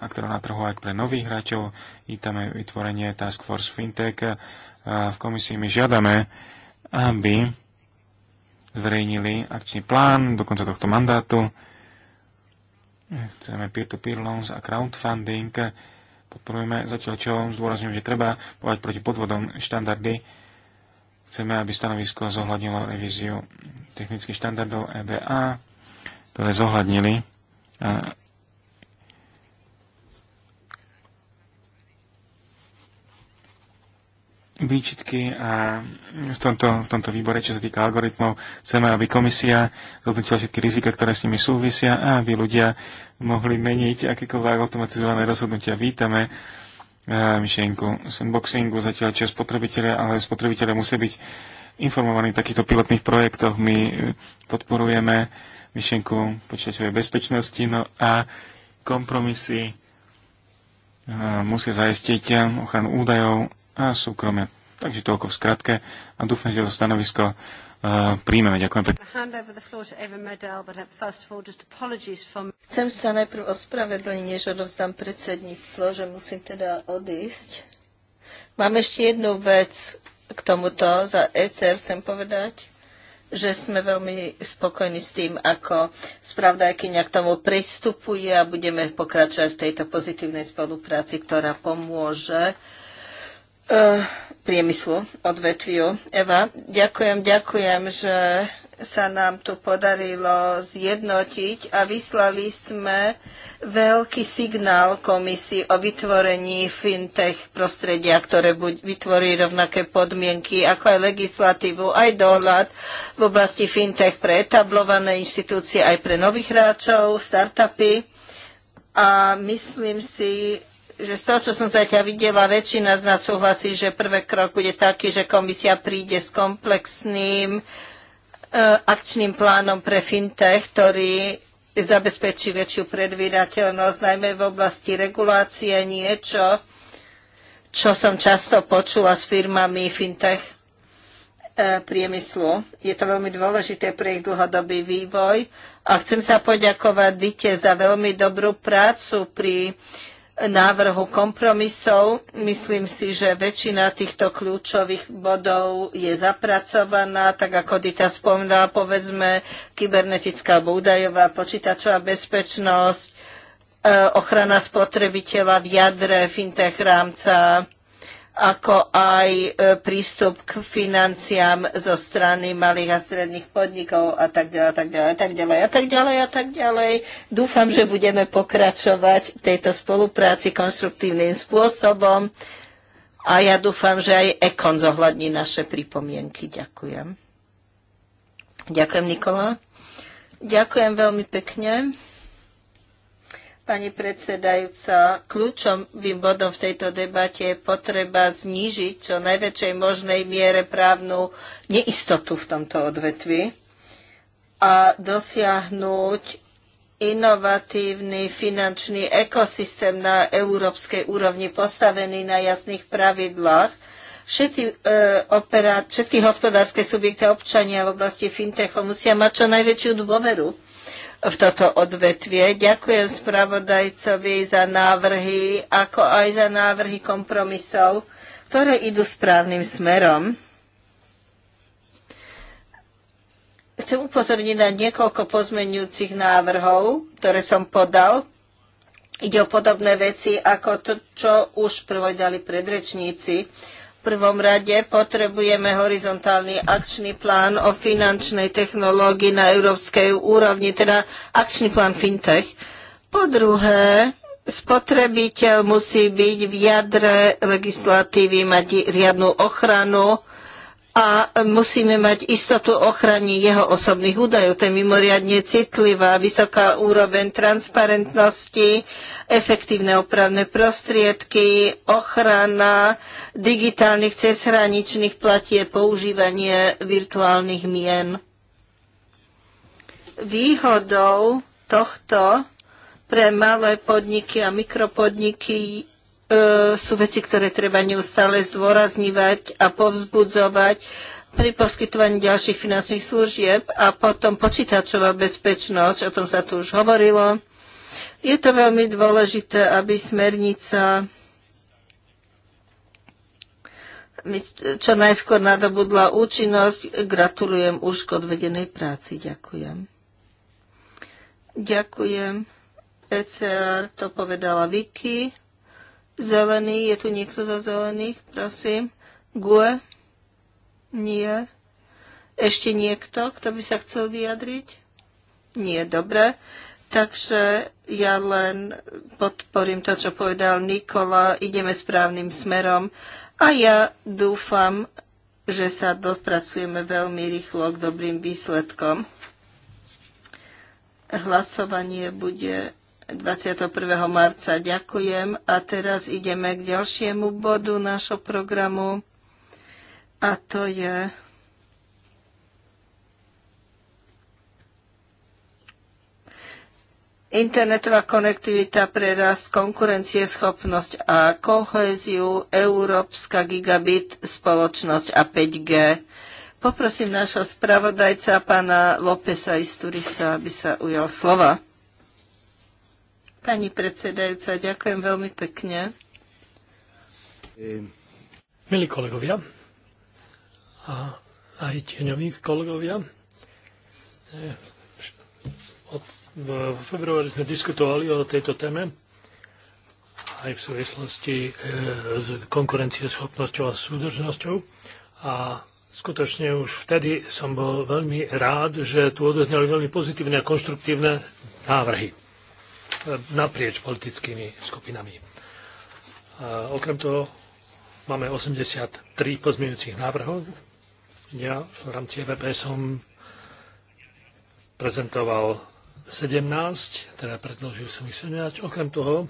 aktorov na trhu, aj pre nových hráčov. je vytvorenie Task Force Fintech. V komisii my žiadame, aby zverejnili akčný plán do konca tohto mandátu. Chceme peer-to-peer loans a crowdfunding. Podporujeme zatiaľ, čo zdôrazňujem, že treba bojať proti podvodom štandardy. Chceme, aby stanovisko zohľadnilo revíziu technických štandardov EBA, ktoré zohľadnili výčitky a v tomto, v tomto výbore, čo sa týka algoritmov, chceme, aby komisia zhodnotila všetky rizika, ktoré s nimi súvisia a aby ľudia mohli meniť akékoľvek automatizované rozhodnutia. Vítame e, myšlienku sandboxingu, zatiaľ čo spotrebitelia, ale spotrebitelia musia byť informovaní v takýchto pilotných projektoch. My podporujeme myšlienku počítačovej bezpečnosti no a kompromisy e, musia zaistiť ochranu údajov a súkromia. Takže toľko v skratke a dúfam, že to stanovisko Uh, príjmeme. Ďakujem pekne. Uh, chcem sa najprv ospravedlniť, než odovzdám predsedníctvo, že musím teda odísť. Mám ešte jednu vec k tomuto za ECR chcem povedať že sme veľmi spokojní s tým, ako spravdajkyňa k tomu pristupuje a budeme pokračovať v tejto pozitívnej spolupráci, ktorá pomôže Eh, priemyslu, odvetviu. Eva, ďakujem, ďakujem, že sa nám tu podarilo zjednotiť a vyslali sme veľký signál komisii o vytvorení fintech prostredia, ktoré buď vytvorí rovnaké podmienky ako aj legislatívu, aj dohľad v oblasti fintech pre etablované inštitúcie, aj pre nových hráčov, startupy. A myslím si, že z toho, čo som zatiaľ videla, väčšina z nás súhlasí, že prvý krok bude taký, že komisia príde s komplexným e, akčným plánom pre fintech, ktorý zabezpečí väčšiu predvídateľnosť, najmä v oblasti regulácie niečo, čo som často počula s firmami fintech e, priemyslu. Je to veľmi dôležité pre ich dlhodobý vývoj a chcem sa poďakovať Dite za veľmi dobrú prácu pri návrhu kompromisov. Myslím si, že väčšina týchto kľúčových bodov je zapracovaná, tak ako Dita spomínala, povedzme kybernetická alebo údajová počítačová bezpečnosť, eh, ochrana spotrebiteľa v jadre fintech rámca, ako aj e, prístup k financiám zo strany malých a stredných podnikov a tak ďalej, a tak ďalej, a tak ďalej, a tak ďalej, a tak ďalej. Dúfam, že budeme pokračovať v tejto spolupráci konstruktívnym spôsobom a ja dúfam, že aj Ekon zohľadní naše pripomienky. Ďakujem. Ďakujem, Nikola. Ďakujem veľmi pekne. Pani predsedajúca, kľúčovým bodom v tejto debate je potreba znížiť čo najväčšej možnej miere právnu neistotu v tomto odvetvi a dosiahnuť inovatívny finančný ekosystém na európskej úrovni postavený na jasných pravidlách. Všetci, e, opera, všetky hospodárske subjekty a občania v oblasti fintechu musia mať čo najväčšiu dôveru v toto odvetvie. Ďakujem spravodajcovi za návrhy, ako aj za návrhy kompromisov, ktoré idú správnym smerom. Chcem upozorniť na niekoľko pozmenujúcich návrhov, ktoré som podal. Ide o podobné veci ako to, čo už prvojdali predrečníci prvom rade potrebujeme horizontálny akčný plán o finančnej technológii na európskej úrovni, teda akčný plán fintech. Po druhé, spotrebiteľ musí byť v jadre legislatívy, mať riadnu ochranu, a musíme mať istotu ochrany jeho osobných údajov. To je mimoriadne citlivá, vysoká úroveň transparentnosti, efektívne opravné prostriedky, ochrana digitálnych cezhraničných platie, používanie virtuálnych mien. Výhodou tohto pre malé podniky a mikropodniky E, sú veci, ktoré treba neustále zdôrazňovať a povzbudzovať pri poskytovaní ďalších finančných služieb a potom počítačová bezpečnosť, o tom sa tu už hovorilo. Je to veľmi dôležité, aby smernica čo najskôr nadobudla účinnosť. Gratulujem už k odvedenej práci. Ďakujem. Ďakujem. ECR to povedala Vicky. Zelený, je tu niekto za zelených, prosím. Gue? Nie. Ešte niekto, kto by sa chcel vyjadriť? Nie, dobre. Takže ja len podporím to, čo povedal Nikola, ideme správnym smerom a ja dúfam, že sa dopracujeme veľmi rýchlo k dobrým výsledkom. Hlasovanie bude 21. marca. Ďakujem a teraz ideme k ďalšiemu bodu nášho programu a to je Internetová konektivita pre rast, konkurencieschopnosť a kohéziu, Európska gigabit, spoločnosť a 5G. Poprosím nášho spravodajca, pána Lópeza Isturisa, aby sa ujal slova. Pani predsedajúca, ďakujem veľmi pekne. Milí kolegovia a aj tieňoví kolegovia, eh, v februári sme diskutovali o tejto téme aj v súvislosti eh, s konkurencieschopnosťou a súdržnosťou a skutočne už vtedy som bol veľmi rád, že tu odezneli veľmi pozitívne a konštruktívne návrhy naprieč politickými skupinami. A okrem toho máme 83 pozmeňujúcich návrhov. Ja v rámci EVP som prezentoval 17, teda predložil som ich 17. Okrem toho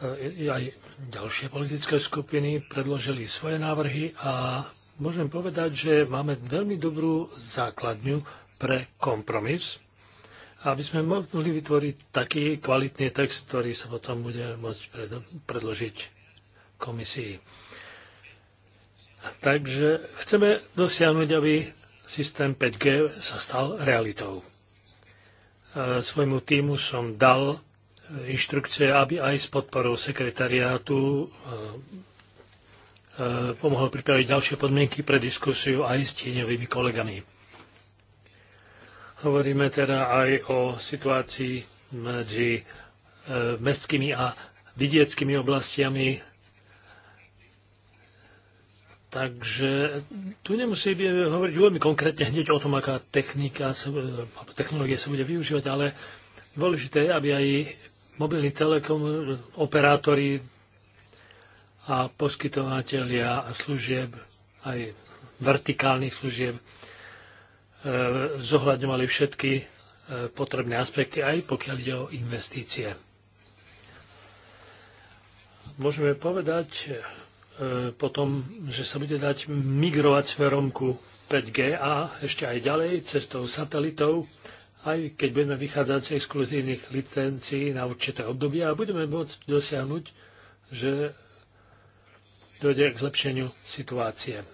e, aj ďalšie politické skupiny predložili svoje návrhy a môžem povedať, že máme veľmi dobrú základňu pre kompromis aby sme mohli vytvoriť taký kvalitný text, ktorý sa potom bude môcť predložiť komisii. Takže chceme dosiahnuť, aby systém 5G sa stal realitou. E, svojmu týmu som dal e, inštrukcie, aby aj s podporou sekretariátu e, pomohol pripraviť ďalšie podmienky pre diskusiu aj s tieňovými kolegami. Hovoríme teda aj o situácii medzi e, mestskými a vidieckými oblastiami. Takže tu nemusí hovoriť veľmi konkrétne hneď o tom, aká technika, e, technológia sa bude využívať, ale dôležité je, aby aj mobilní telekom operátori a poskytovateľia služieb, aj vertikálnych služieb, E, zohľadňovali všetky e, potrebné aspekty, aj pokiaľ ide o investície. Môžeme povedať e, potom, že sa bude dať migrovať smerom ku 5G a ešte aj ďalej cestou satelitov, aj keď budeme vychádzať z exkluzívnych licencií na určité obdobie a budeme môcť dosiahnuť, že dojde k zlepšeniu situácie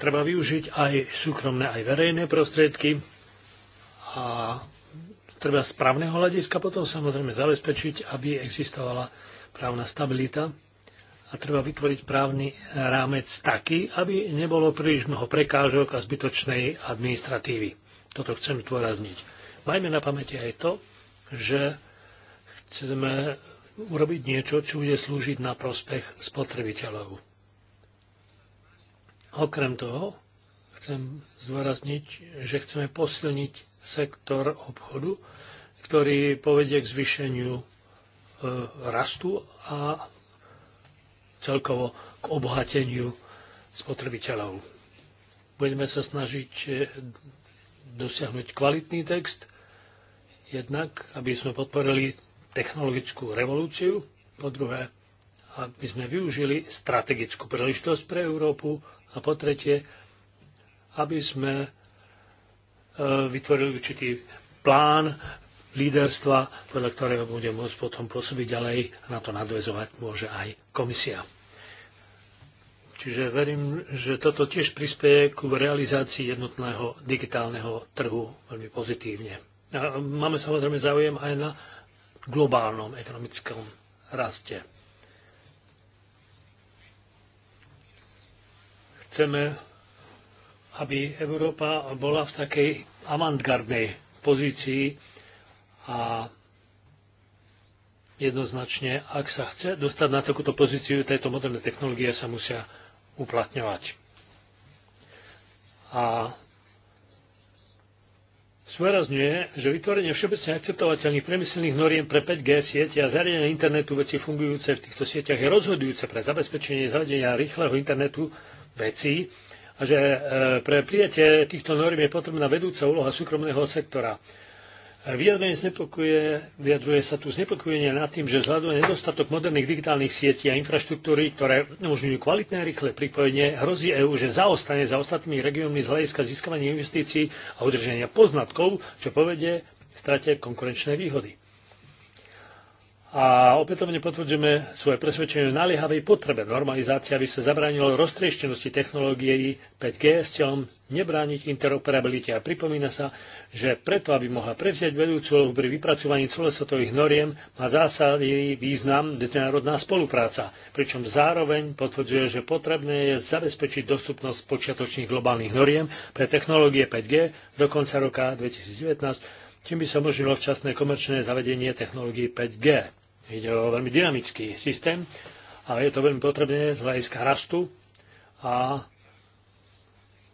treba využiť aj súkromné, aj verejné prostriedky a treba správneho hľadiska potom samozrejme zabezpečiť, aby existovala právna stabilita a treba vytvoriť právny rámec taký, aby nebolo príliš mnoho prekážok a zbytočnej administratívy. Toto chcem zdôrazniť. Majme na pamäti aj to, že chceme urobiť niečo, čo bude slúžiť na prospech spotrebiteľov. Okrem toho chcem zvorazniť, že chceme posilniť sektor obchodu, ktorý povedie k zvýšeniu e, rastu a celkovo k obohateniu spotrebiteľov. Budeme sa snažiť e, dosiahnuť kvalitný text, jednak aby sme podporili technologickú revolúciu, po druhé, aby sme využili strategickú príležitosť pre Európu a po tretie, aby sme e, vytvorili určitý plán líderstva, podľa ktorého bude môcť potom pôsobiť ďalej. a Na to nadvezovať môže aj komisia. Čiže verím, že toto tiež prispieje ku realizácii jednotného digitálneho trhu veľmi pozitívne. A máme samozrejme záujem aj na globálnom ekonomickom raste. Chceme, aby Európa bola v takej avantgardnej pozícii a jednoznačne, ak sa chce dostať na takúto pozíciu, tieto moderné technológie sa musia uplatňovať. A Zúrazňuje, že vytvorenie všeobecne akceptovateľných priemyselných noriem pre 5G siete a zariadenie internetu veci fungujúce v týchto sieťach je rozhodujúce pre zabezpečenie zavedenia rýchleho internetu vecí a že e, pre prijatie týchto noriem je potrebná vedúca úloha súkromného sektora. E, vyjadrenie znepokuje, vyjadruje sa tu znepokojenie nad tým, že vzhľadom nedostatok moderných digitálnych sietí a infraštruktúry, ktoré umožňujú kvalitné a rýchle pripojenie, hrozí EÚ, že zaostane za ostatnými regiónmi z hľadiska získavania investícií a udrženia poznatkov, čo povedie strate konkurenčnej výhody a opätovne potvrdzujeme svoje presvedčenie o naliehavej potrebe normalizácie, aby sa zabránilo roztrieštenosti technológií 5G s cieľom nebrániť interoperabilite. A pripomína sa, že preto, aby mohla prevziať vedúcu úlohu pri vypracovaní celosvetových noriem, má zásadný význam medzinárodná spolupráca, pričom zároveň potvrdzuje, že potrebné je zabezpečiť dostupnosť počiatočných globálnych noriem pre technológie 5G do konca roka 2019, čím by sa možnilo včasné komerčné zavedenie technológií 5G. Ide o veľmi dynamický systém a je to veľmi potrebné z hľadiska rastu a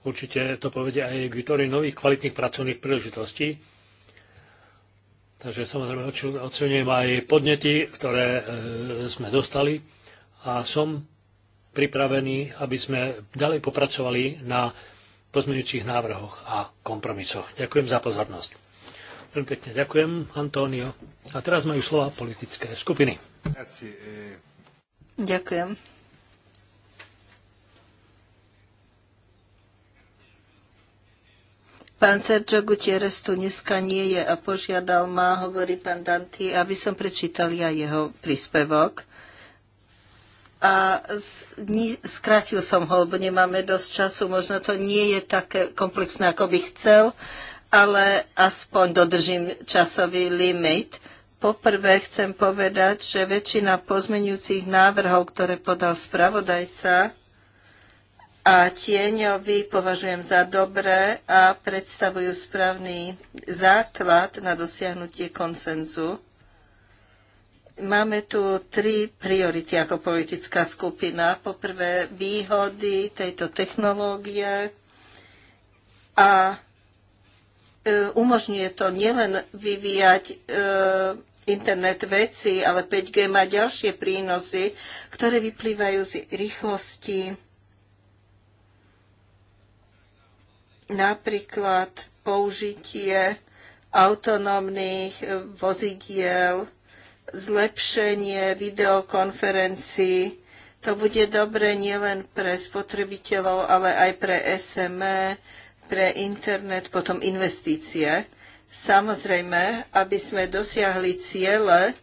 určite to povedie aj k vytvoreniu nových kvalitných pracovných príležitostí. Takže samozrejme ocenujem aj podnety, ktoré e, sme dostali a som pripravený, aby sme ďalej popracovali na pozmeňujúcich návrhoch a kompromisoch. Ďakujem za pozornosť. Veľmi pekne ďakujem, António. A teraz majú slova politické skupiny. Ďakujem. Pán Sergio Gutierrez tu dneska nie je a požiadal ma, hovorí pán Danti, aby som prečítal ja jeho príspevok. A skrátil som ho, lebo nemáme dosť času. Možno to nie je také komplexné, ako by chcel, ale aspoň dodržím časový limit. Poprvé chcem povedať, že väčšina pozmenujúcich návrhov, ktoré podal spravodajca a tieňovi, považujem za dobré a predstavujú správny základ na dosiahnutie konsenzu. Máme tu tri priority ako politická skupina. Poprvé výhody tejto technológie a e, umožňuje to nielen vyvíjať e, internet veci, ale 5G má ďalšie prínosy, ktoré vyplývajú z rýchlosti. Napríklad použitie autonómnych vozidiel, zlepšenie videokonferencií. To bude dobre nielen pre spotrebiteľov, ale aj pre SME, pre internet, potom investície Samozrejme, aby sme dosiahli ciele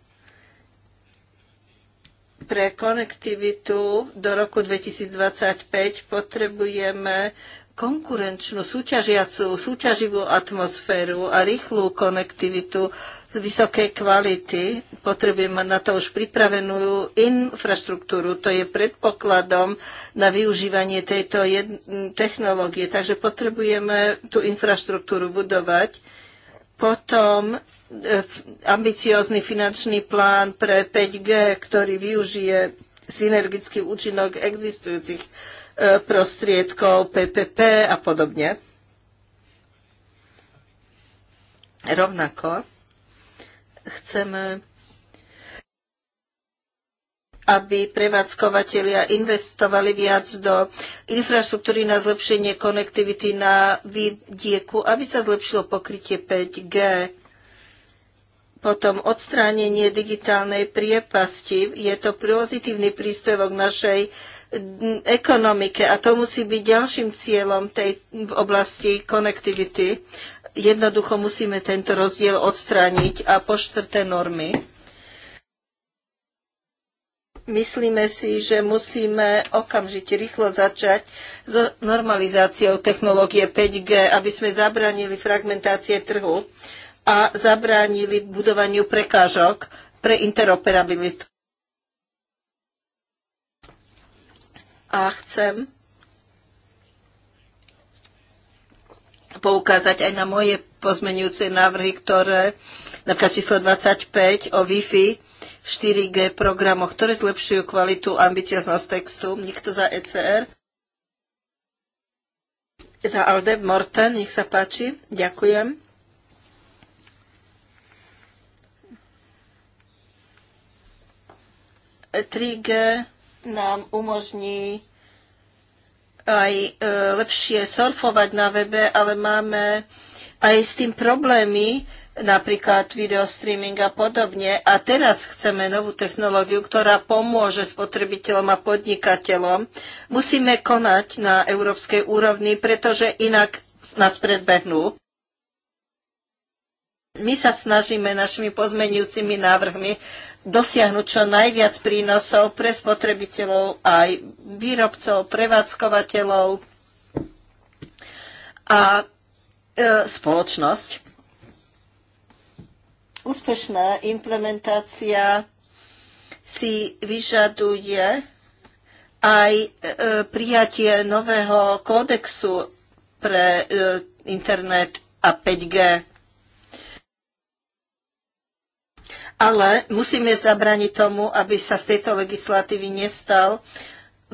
pre konektivitu do roku 2025, potrebujeme konkurenčnú, súťažiacu, súťaživú atmosféru a rýchlu konektivitu z vysokej kvality. Potrebujeme na to už pripravenú infraštruktúru. To je predpokladom na využívanie tejto technológie. Takže potrebujeme tú infraštruktúru budovať. Potom e, ambiciózny finančný plán pre 5G, ktorý využije synergický účinok existujúcich e, prostriedkov PPP a podobne. Rovnako chceme aby prevádzkovateľia investovali viac do infraštruktúry na zlepšenie konektivity na vidieku, aby sa zlepšilo pokrytie 5G. Potom odstránenie digitálnej priepasti. Je to pozitívny príspevok našej ekonomike a to musí byť ďalším cieľom tej v oblasti konektivity. Jednoducho musíme tento rozdiel odstrániť a po normy myslíme si, že musíme okamžite rýchlo začať s normalizáciou technológie 5G, aby sme zabránili fragmentácie trhu a zabránili budovaniu prekážok pre interoperabilitu. A chcem poukázať aj na moje pozmenujúce návrhy, ktoré napríklad číslo 25 o Wi-Fi 4G programoch, ktoré zlepšujú kvalitu a ambicioznosť textu. Nikto za ECR? Za Alde Morten, nech sa páči. Ďakujem. E 3G nám umožní aj e, lepšie surfovať na webe, ale máme aj s tým problémy, napríklad video streaming a podobne. A teraz chceme novú technológiu, ktorá pomôže spotrebiteľom a podnikateľom. Musíme konať na európskej úrovni, pretože inak nás predbehnú. My sa snažíme našimi pozmenujúcimi návrhmi dosiahnuť čo najviac prínosov pre spotrebiteľov, aj výrobcov, prevádzkovateľov a e, spoločnosť. Úspešná implementácia si vyžaduje aj e, prijatie nového kódexu pre e, internet a 5G. Ale musíme zabraniť tomu, aby sa z tejto legislatívy nestal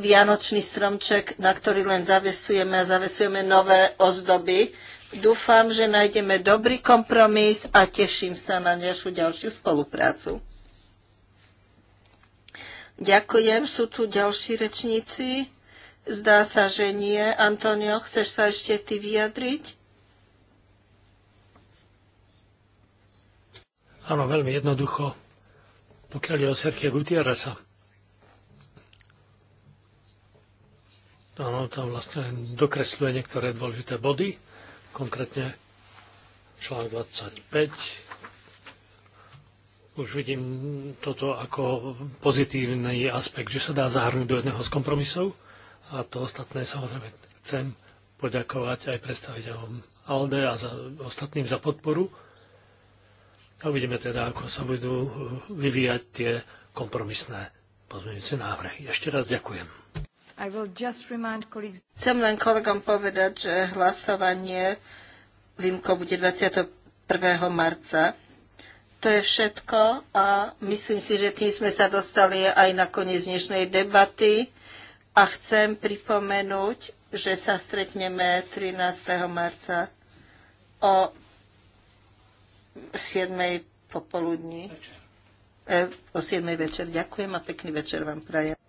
vianočný stromček, na ktorý len zavesujeme a zavesujeme nové ozdoby. Dúfam, že nájdeme dobrý kompromis a teším sa na našu ďalšiu spoluprácu. Ďakujem. Sú tu ďalší rečníci? Zdá sa, že nie. Antonio, chceš sa ešte ty vyjadriť? Áno, veľmi jednoducho. Pokiaľ je o Serkia Gutierreza. Áno, tam vlastne dokresľuje niektoré dôležité body konkrétne článok 25. Už vidím toto ako pozitívny aspekt, že sa dá zahrnúť do jedného z kompromisov a to ostatné samozrejme chcem poďakovať aj predstaviteľom ALDE a za, ostatným za podporu. A uvidíme teda, ako sa budú vyvíjať tie kompromisné pozmeňujúce návrhy. Ešte raz ďakujem. Chcem len kolegom povedať, že hlasovanie výmko bude 21. marca. To je všetko a myslím si, že tým sme sa dostali aj na koniec dnešnej debaty a chcem pripomenúť, že sa stretneme 13. marca o 7. popoludní. E, o 7. večer. Ďakujem a pekný večer vám prajem.